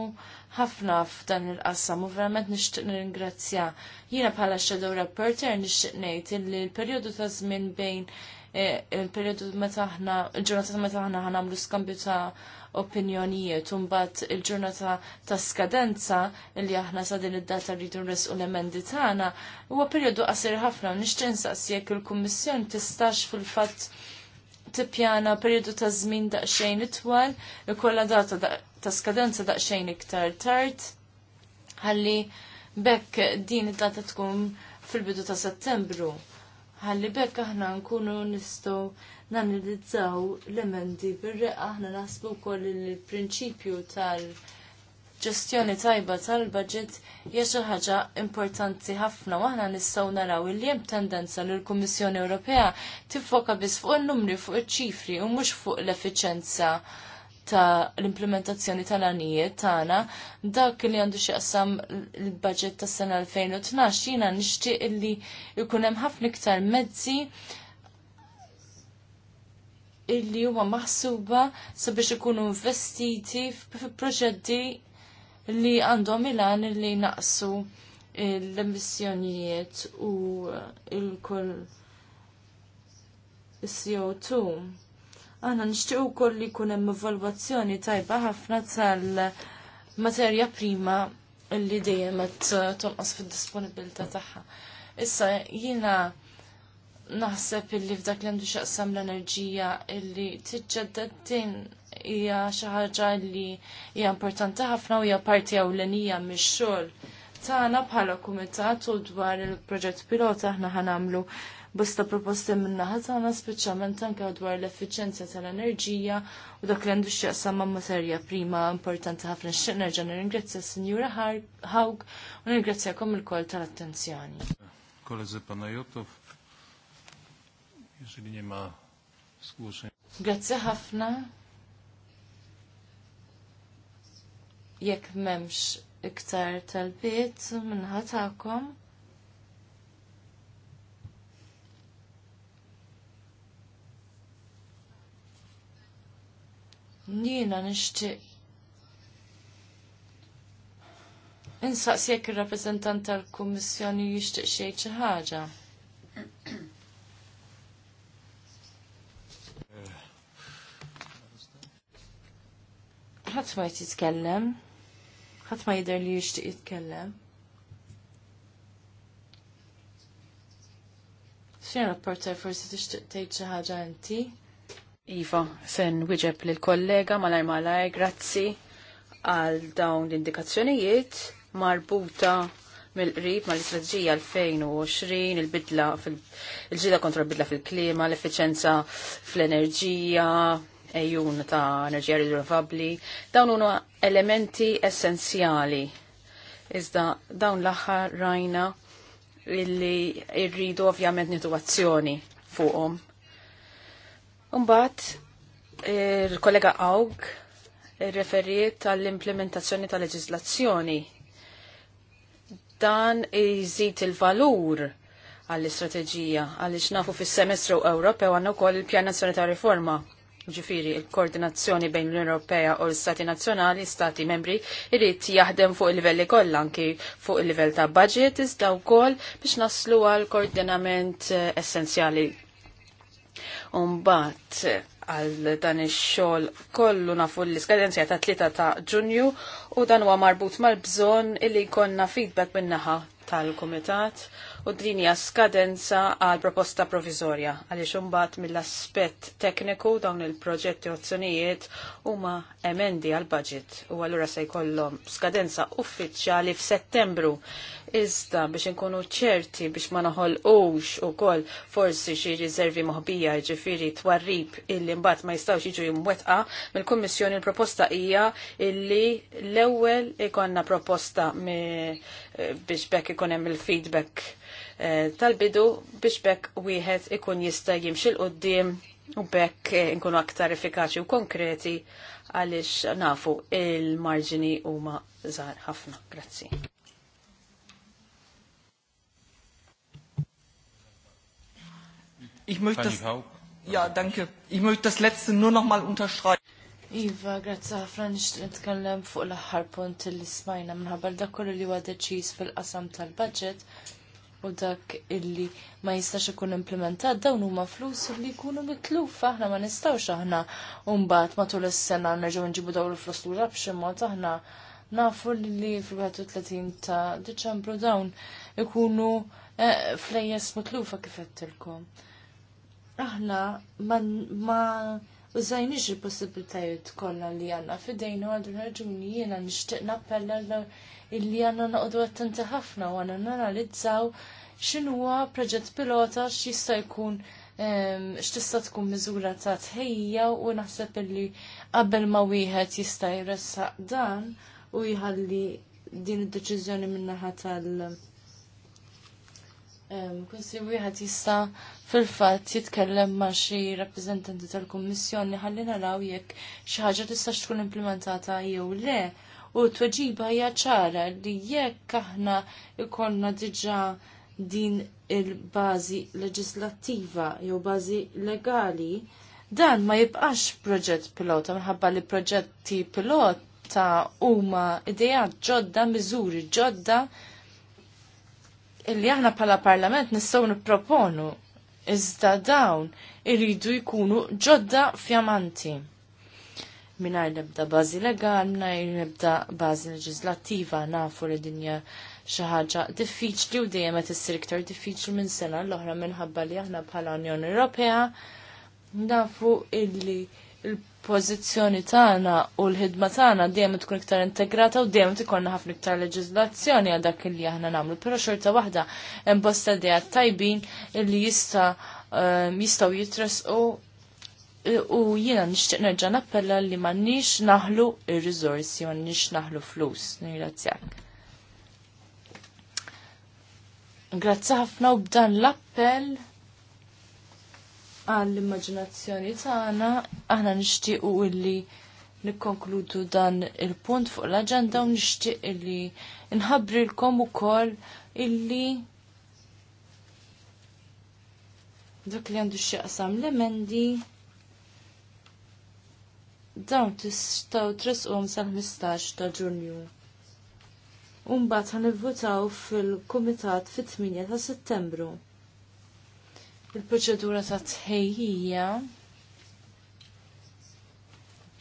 ħafna f'dan il-qassam u verament nixtieq nirringrazzja. Jiena bħala shadow rapporter nixtieq ngħid li l-perjodu ta' żmien bejn E, il-periodu meta il-ġurnata meta aħna ħanamlu skambju ta' opinjonijiet, unbat il-ġurnata ta' skadenza li aħna sa' din id-data rridu nresqu l-emendi tagħna, huwa periodu qasir ħafna u nixtieq nsaqs jekk il-Kummissjoni tistax fil-fatt tippjana periodu ta' żmien daqsxejn itwal, ikolla data ta' skadenza daqsxejn iktar tard. Ħalli bekk din id-data tkun fil-bidu ta' Settembru ħalli bekk aħna nkunu nistgħu nanalizzaw l-emendi bir-reqqa aħna naħsbu wkoll il-prinċipju tal-ġestjoni tajba tal-budget hija xi ħaġa importanti ħafna u aħna nistgħu naraw li hemm tendenza li l-Kummissjoni Ewropea tiffoka biss fuq il numri fuq iċ-ċifri u mhux fuq l-effiċenza ta' l-implementazzjoni tal-għanijiet tagħna dak li għandu xieqsam l-budget tas sena 2012 jiena nixtieq li jkun hemm ħafna iktar mezzi illi huma maħsuba sabiex ikunu investiti f'proġetti li għandhom il-għan li naqsu l-emissjonijiet u il-kull CO2 Aħna nixtieq ukoll li jkun hemm evalwazzjoni tajba ħafna tal-materja prima li dejjem qed tonqos fid-disponibilità tagħha. Issa jiena naħseb illi f'dak li għandu xaqsam l-enerġija illi tiġġedded din hija xi ħaġa li hija importanti ħafna u hija parti ewlenija mix-xogħol. Tagħna bħala kumitat u dwar il-proġett pilota aħna ħanamlu bosta proposti minna ħazana speċjalment anke dwar l-effiċenzja tal-enerġija u dak li għandu x'jaqsam ma' materja prima importanti ħafna x'tieq nerġa' nirringrazzja s-Sinjura Hawk u nirringrazzjakom il-kol tal-attenzjoni. Koledzy Panajotov, jeżeli nie ma zgłoszeń. Grazie ħafna. Jekk memx iktar tal-bit minnħatakom. Jiena nixtieq Insaqs jekk ir-rappreżentant tal-Kummissjoni jixtieq xej xi ħaġa. Ħadd ma jt jitkellem. Ħadd ma jidher li jixtieq jitkellem. Xejn rapporter forsi tixtieq tgħid xi ħaġa inti. Iva, sen wieġeb lil kollega malaj malaj, grazzi għal dawn l-indikazzjonijiet marbuta mill-qrib mal-istrateġija 2020, il-bidla il-ġida kontra l-bidla fil-klima, l-efficienza fl-enerġija, ejjun ta' enerġija rinnovabbli, dawn huma elementi essenzjali. Iżda dawn l-aħħar rajna illi rridu ovvjament nitwazzjoni fuqhom Umbat, il-kollega Aug referiet għall-implementazzjoni tal-leġizlazzjoni. Dan iżid il-valur għall-istrateġija għaliex nafu fis-semestru Ewropew għandna wkoll il-Pjan Nazzjoni ta' Riforma ġifiri il-koordinazzjoni bejn l-Unjoni Ewropea u l-Stati Nazzjonali, Stati Membri, irrid jaħdem fuq il-livelli kollha anki fuq il-livell ta' budget iżda wkoll biex naslu għal koordinament eh, essenzjali Umbat għal dan ix-xogħol kollu nafu l-iskadenzja ta' 3 ta' Ġunju u dan huwa marbut mal-bżonn illi jkollna feedback min-naħa tal-kumitat u din hija skadenza għal proposta provizorja għaliex imbagħad mill-aspett tekniku dawn il-proġetti ozzjonijiet huma emendi għal budget u allura se jkollhom skadenza uffiċjali f'Settembru. Iżda biex inkunu ċerti biex ma naħolqux ukoll forsi xi riservi moħbija jiġifieri twarrib illi mbagħad ma jistgħux jiġu jimwettqa mill-Kummissjoni l-proposta hija illi l-ewwel ikonna proposta biex bekk ikun hemm il-feedback Eh, tal-bidu biex bekk wieħed ikun jista' jimxil qudiem u bekk eh, nkunu aktar effikaċi u konkreti għaliex nafu il-marġini huma żgħar ħafna. Grazzi. Ich möchte das, ja, danke. Ich möchte das letzte nur noch mal unterstreichen. Iva, grazzi ħafna nixtieq nitkellem fuq l-aħħar punt li smajna minħabba dak kollu li huwa deċiż fil-qasam tal-budget u dak illi ma jistax ikun implementat dawn huma flus li jkunu mitluf aħna ma nistgħux aħna mbagħad matul is-sena nerġgħu nġibu dawn il-flus lura b'xi mod aħna nafu li fil-31 ta' Diċembru dawn ikunu eh, flejjes mitlufa kif qedtilkom. Aħna ma u zajni il-possibilitajiet kollha li għandna fidejna u għadru raġuni jiena nixtieq nappella illi għandna noqogħdu attenti ħafna u għandna nanalizzaw x'inhuwa proġett pilota x'ista' jkun ehm, x'tista' tkun miżura ta' tħejja u naħseb li qabel ma wieħed jista' jressaq dan u jħalli din id-deċiżjoni min-naħa tal- Kunsi wieħed jista' fil-fatt jitkellem ma' xi rappreżentanti tal-Kummissjoni ħalli naraw jekk xi ħaġa tistax tkun implementata jew le. U t-tweġiba hija ċara li jekk aħna ikollna diġà din il-bażi leġislattiva jew bażi legali, dan ma jibqax proġett pilota minħabba li proġetti pilota huma idejat ġodda, miżuri ġodda illi aħna pala parlament nistgħu nipproponu iżda dawn iridu jkunu ġodda fjamanti. Minar lebda bażi legal, minar lebda bażi leġislattiva nafu li dinja xi ħaġa diffiċli u dejjem qed issir iktar diffiċli minn sena l-oħra minħabba li aħna bħala Unjoni Ewropea nafu illi il-pożizzjoni tagħna u l-ħidma tagħna dejjem tkun iktar integrata u dejjem ikollna ħafna iktar leġiżlazzjoni għal dak li aħna nagħmlu. Però xorta waħda hemm bosta dejat tajbin li jista' ehm, jistgħu jitresqu e, u jiena nixtieq nerġa' nappella li m'għandniex naħlu ir-riżorsi, m'għandniex naħlu flus. Nirrazzjak. Grazzi ħafna u b'dan l-appell għall-immaġinazzjoni tagħna aħna nixtiequ illi nikkonkludu dan il-punt fuq l-aġenda u nixtieq illi nħabbrilkom ukoll illi dak li għandu x'jaqsam l-emendi dawn tistgħu trisqhom sal-15 ta' Ġunju. Umbagħad ħanivvutaw fil-Kumitat fit-8 ta' Settembru il-proċedura ta' tħejjija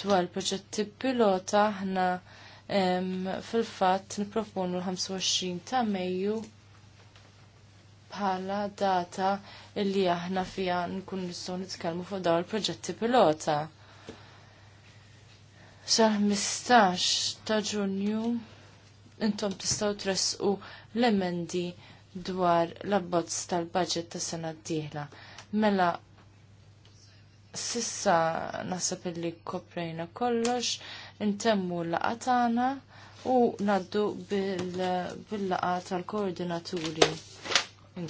dwar il proġetti pilota ħna fil-fatt niproponu l-25 ta' Mejju bħala data illi aħna fija nkun nistgħu nitkellmu fuq dawn il-proġetti pilota. Sar 15 ta' Ġunju intom tistgħu tressqu l-emendi dwar l-abbozz tal-budget ta' sena d-dieħla. Mela, sissa nasab li koprejna kollox, intemmu laqatana u naddu bil-laqa tal-koordinaturi in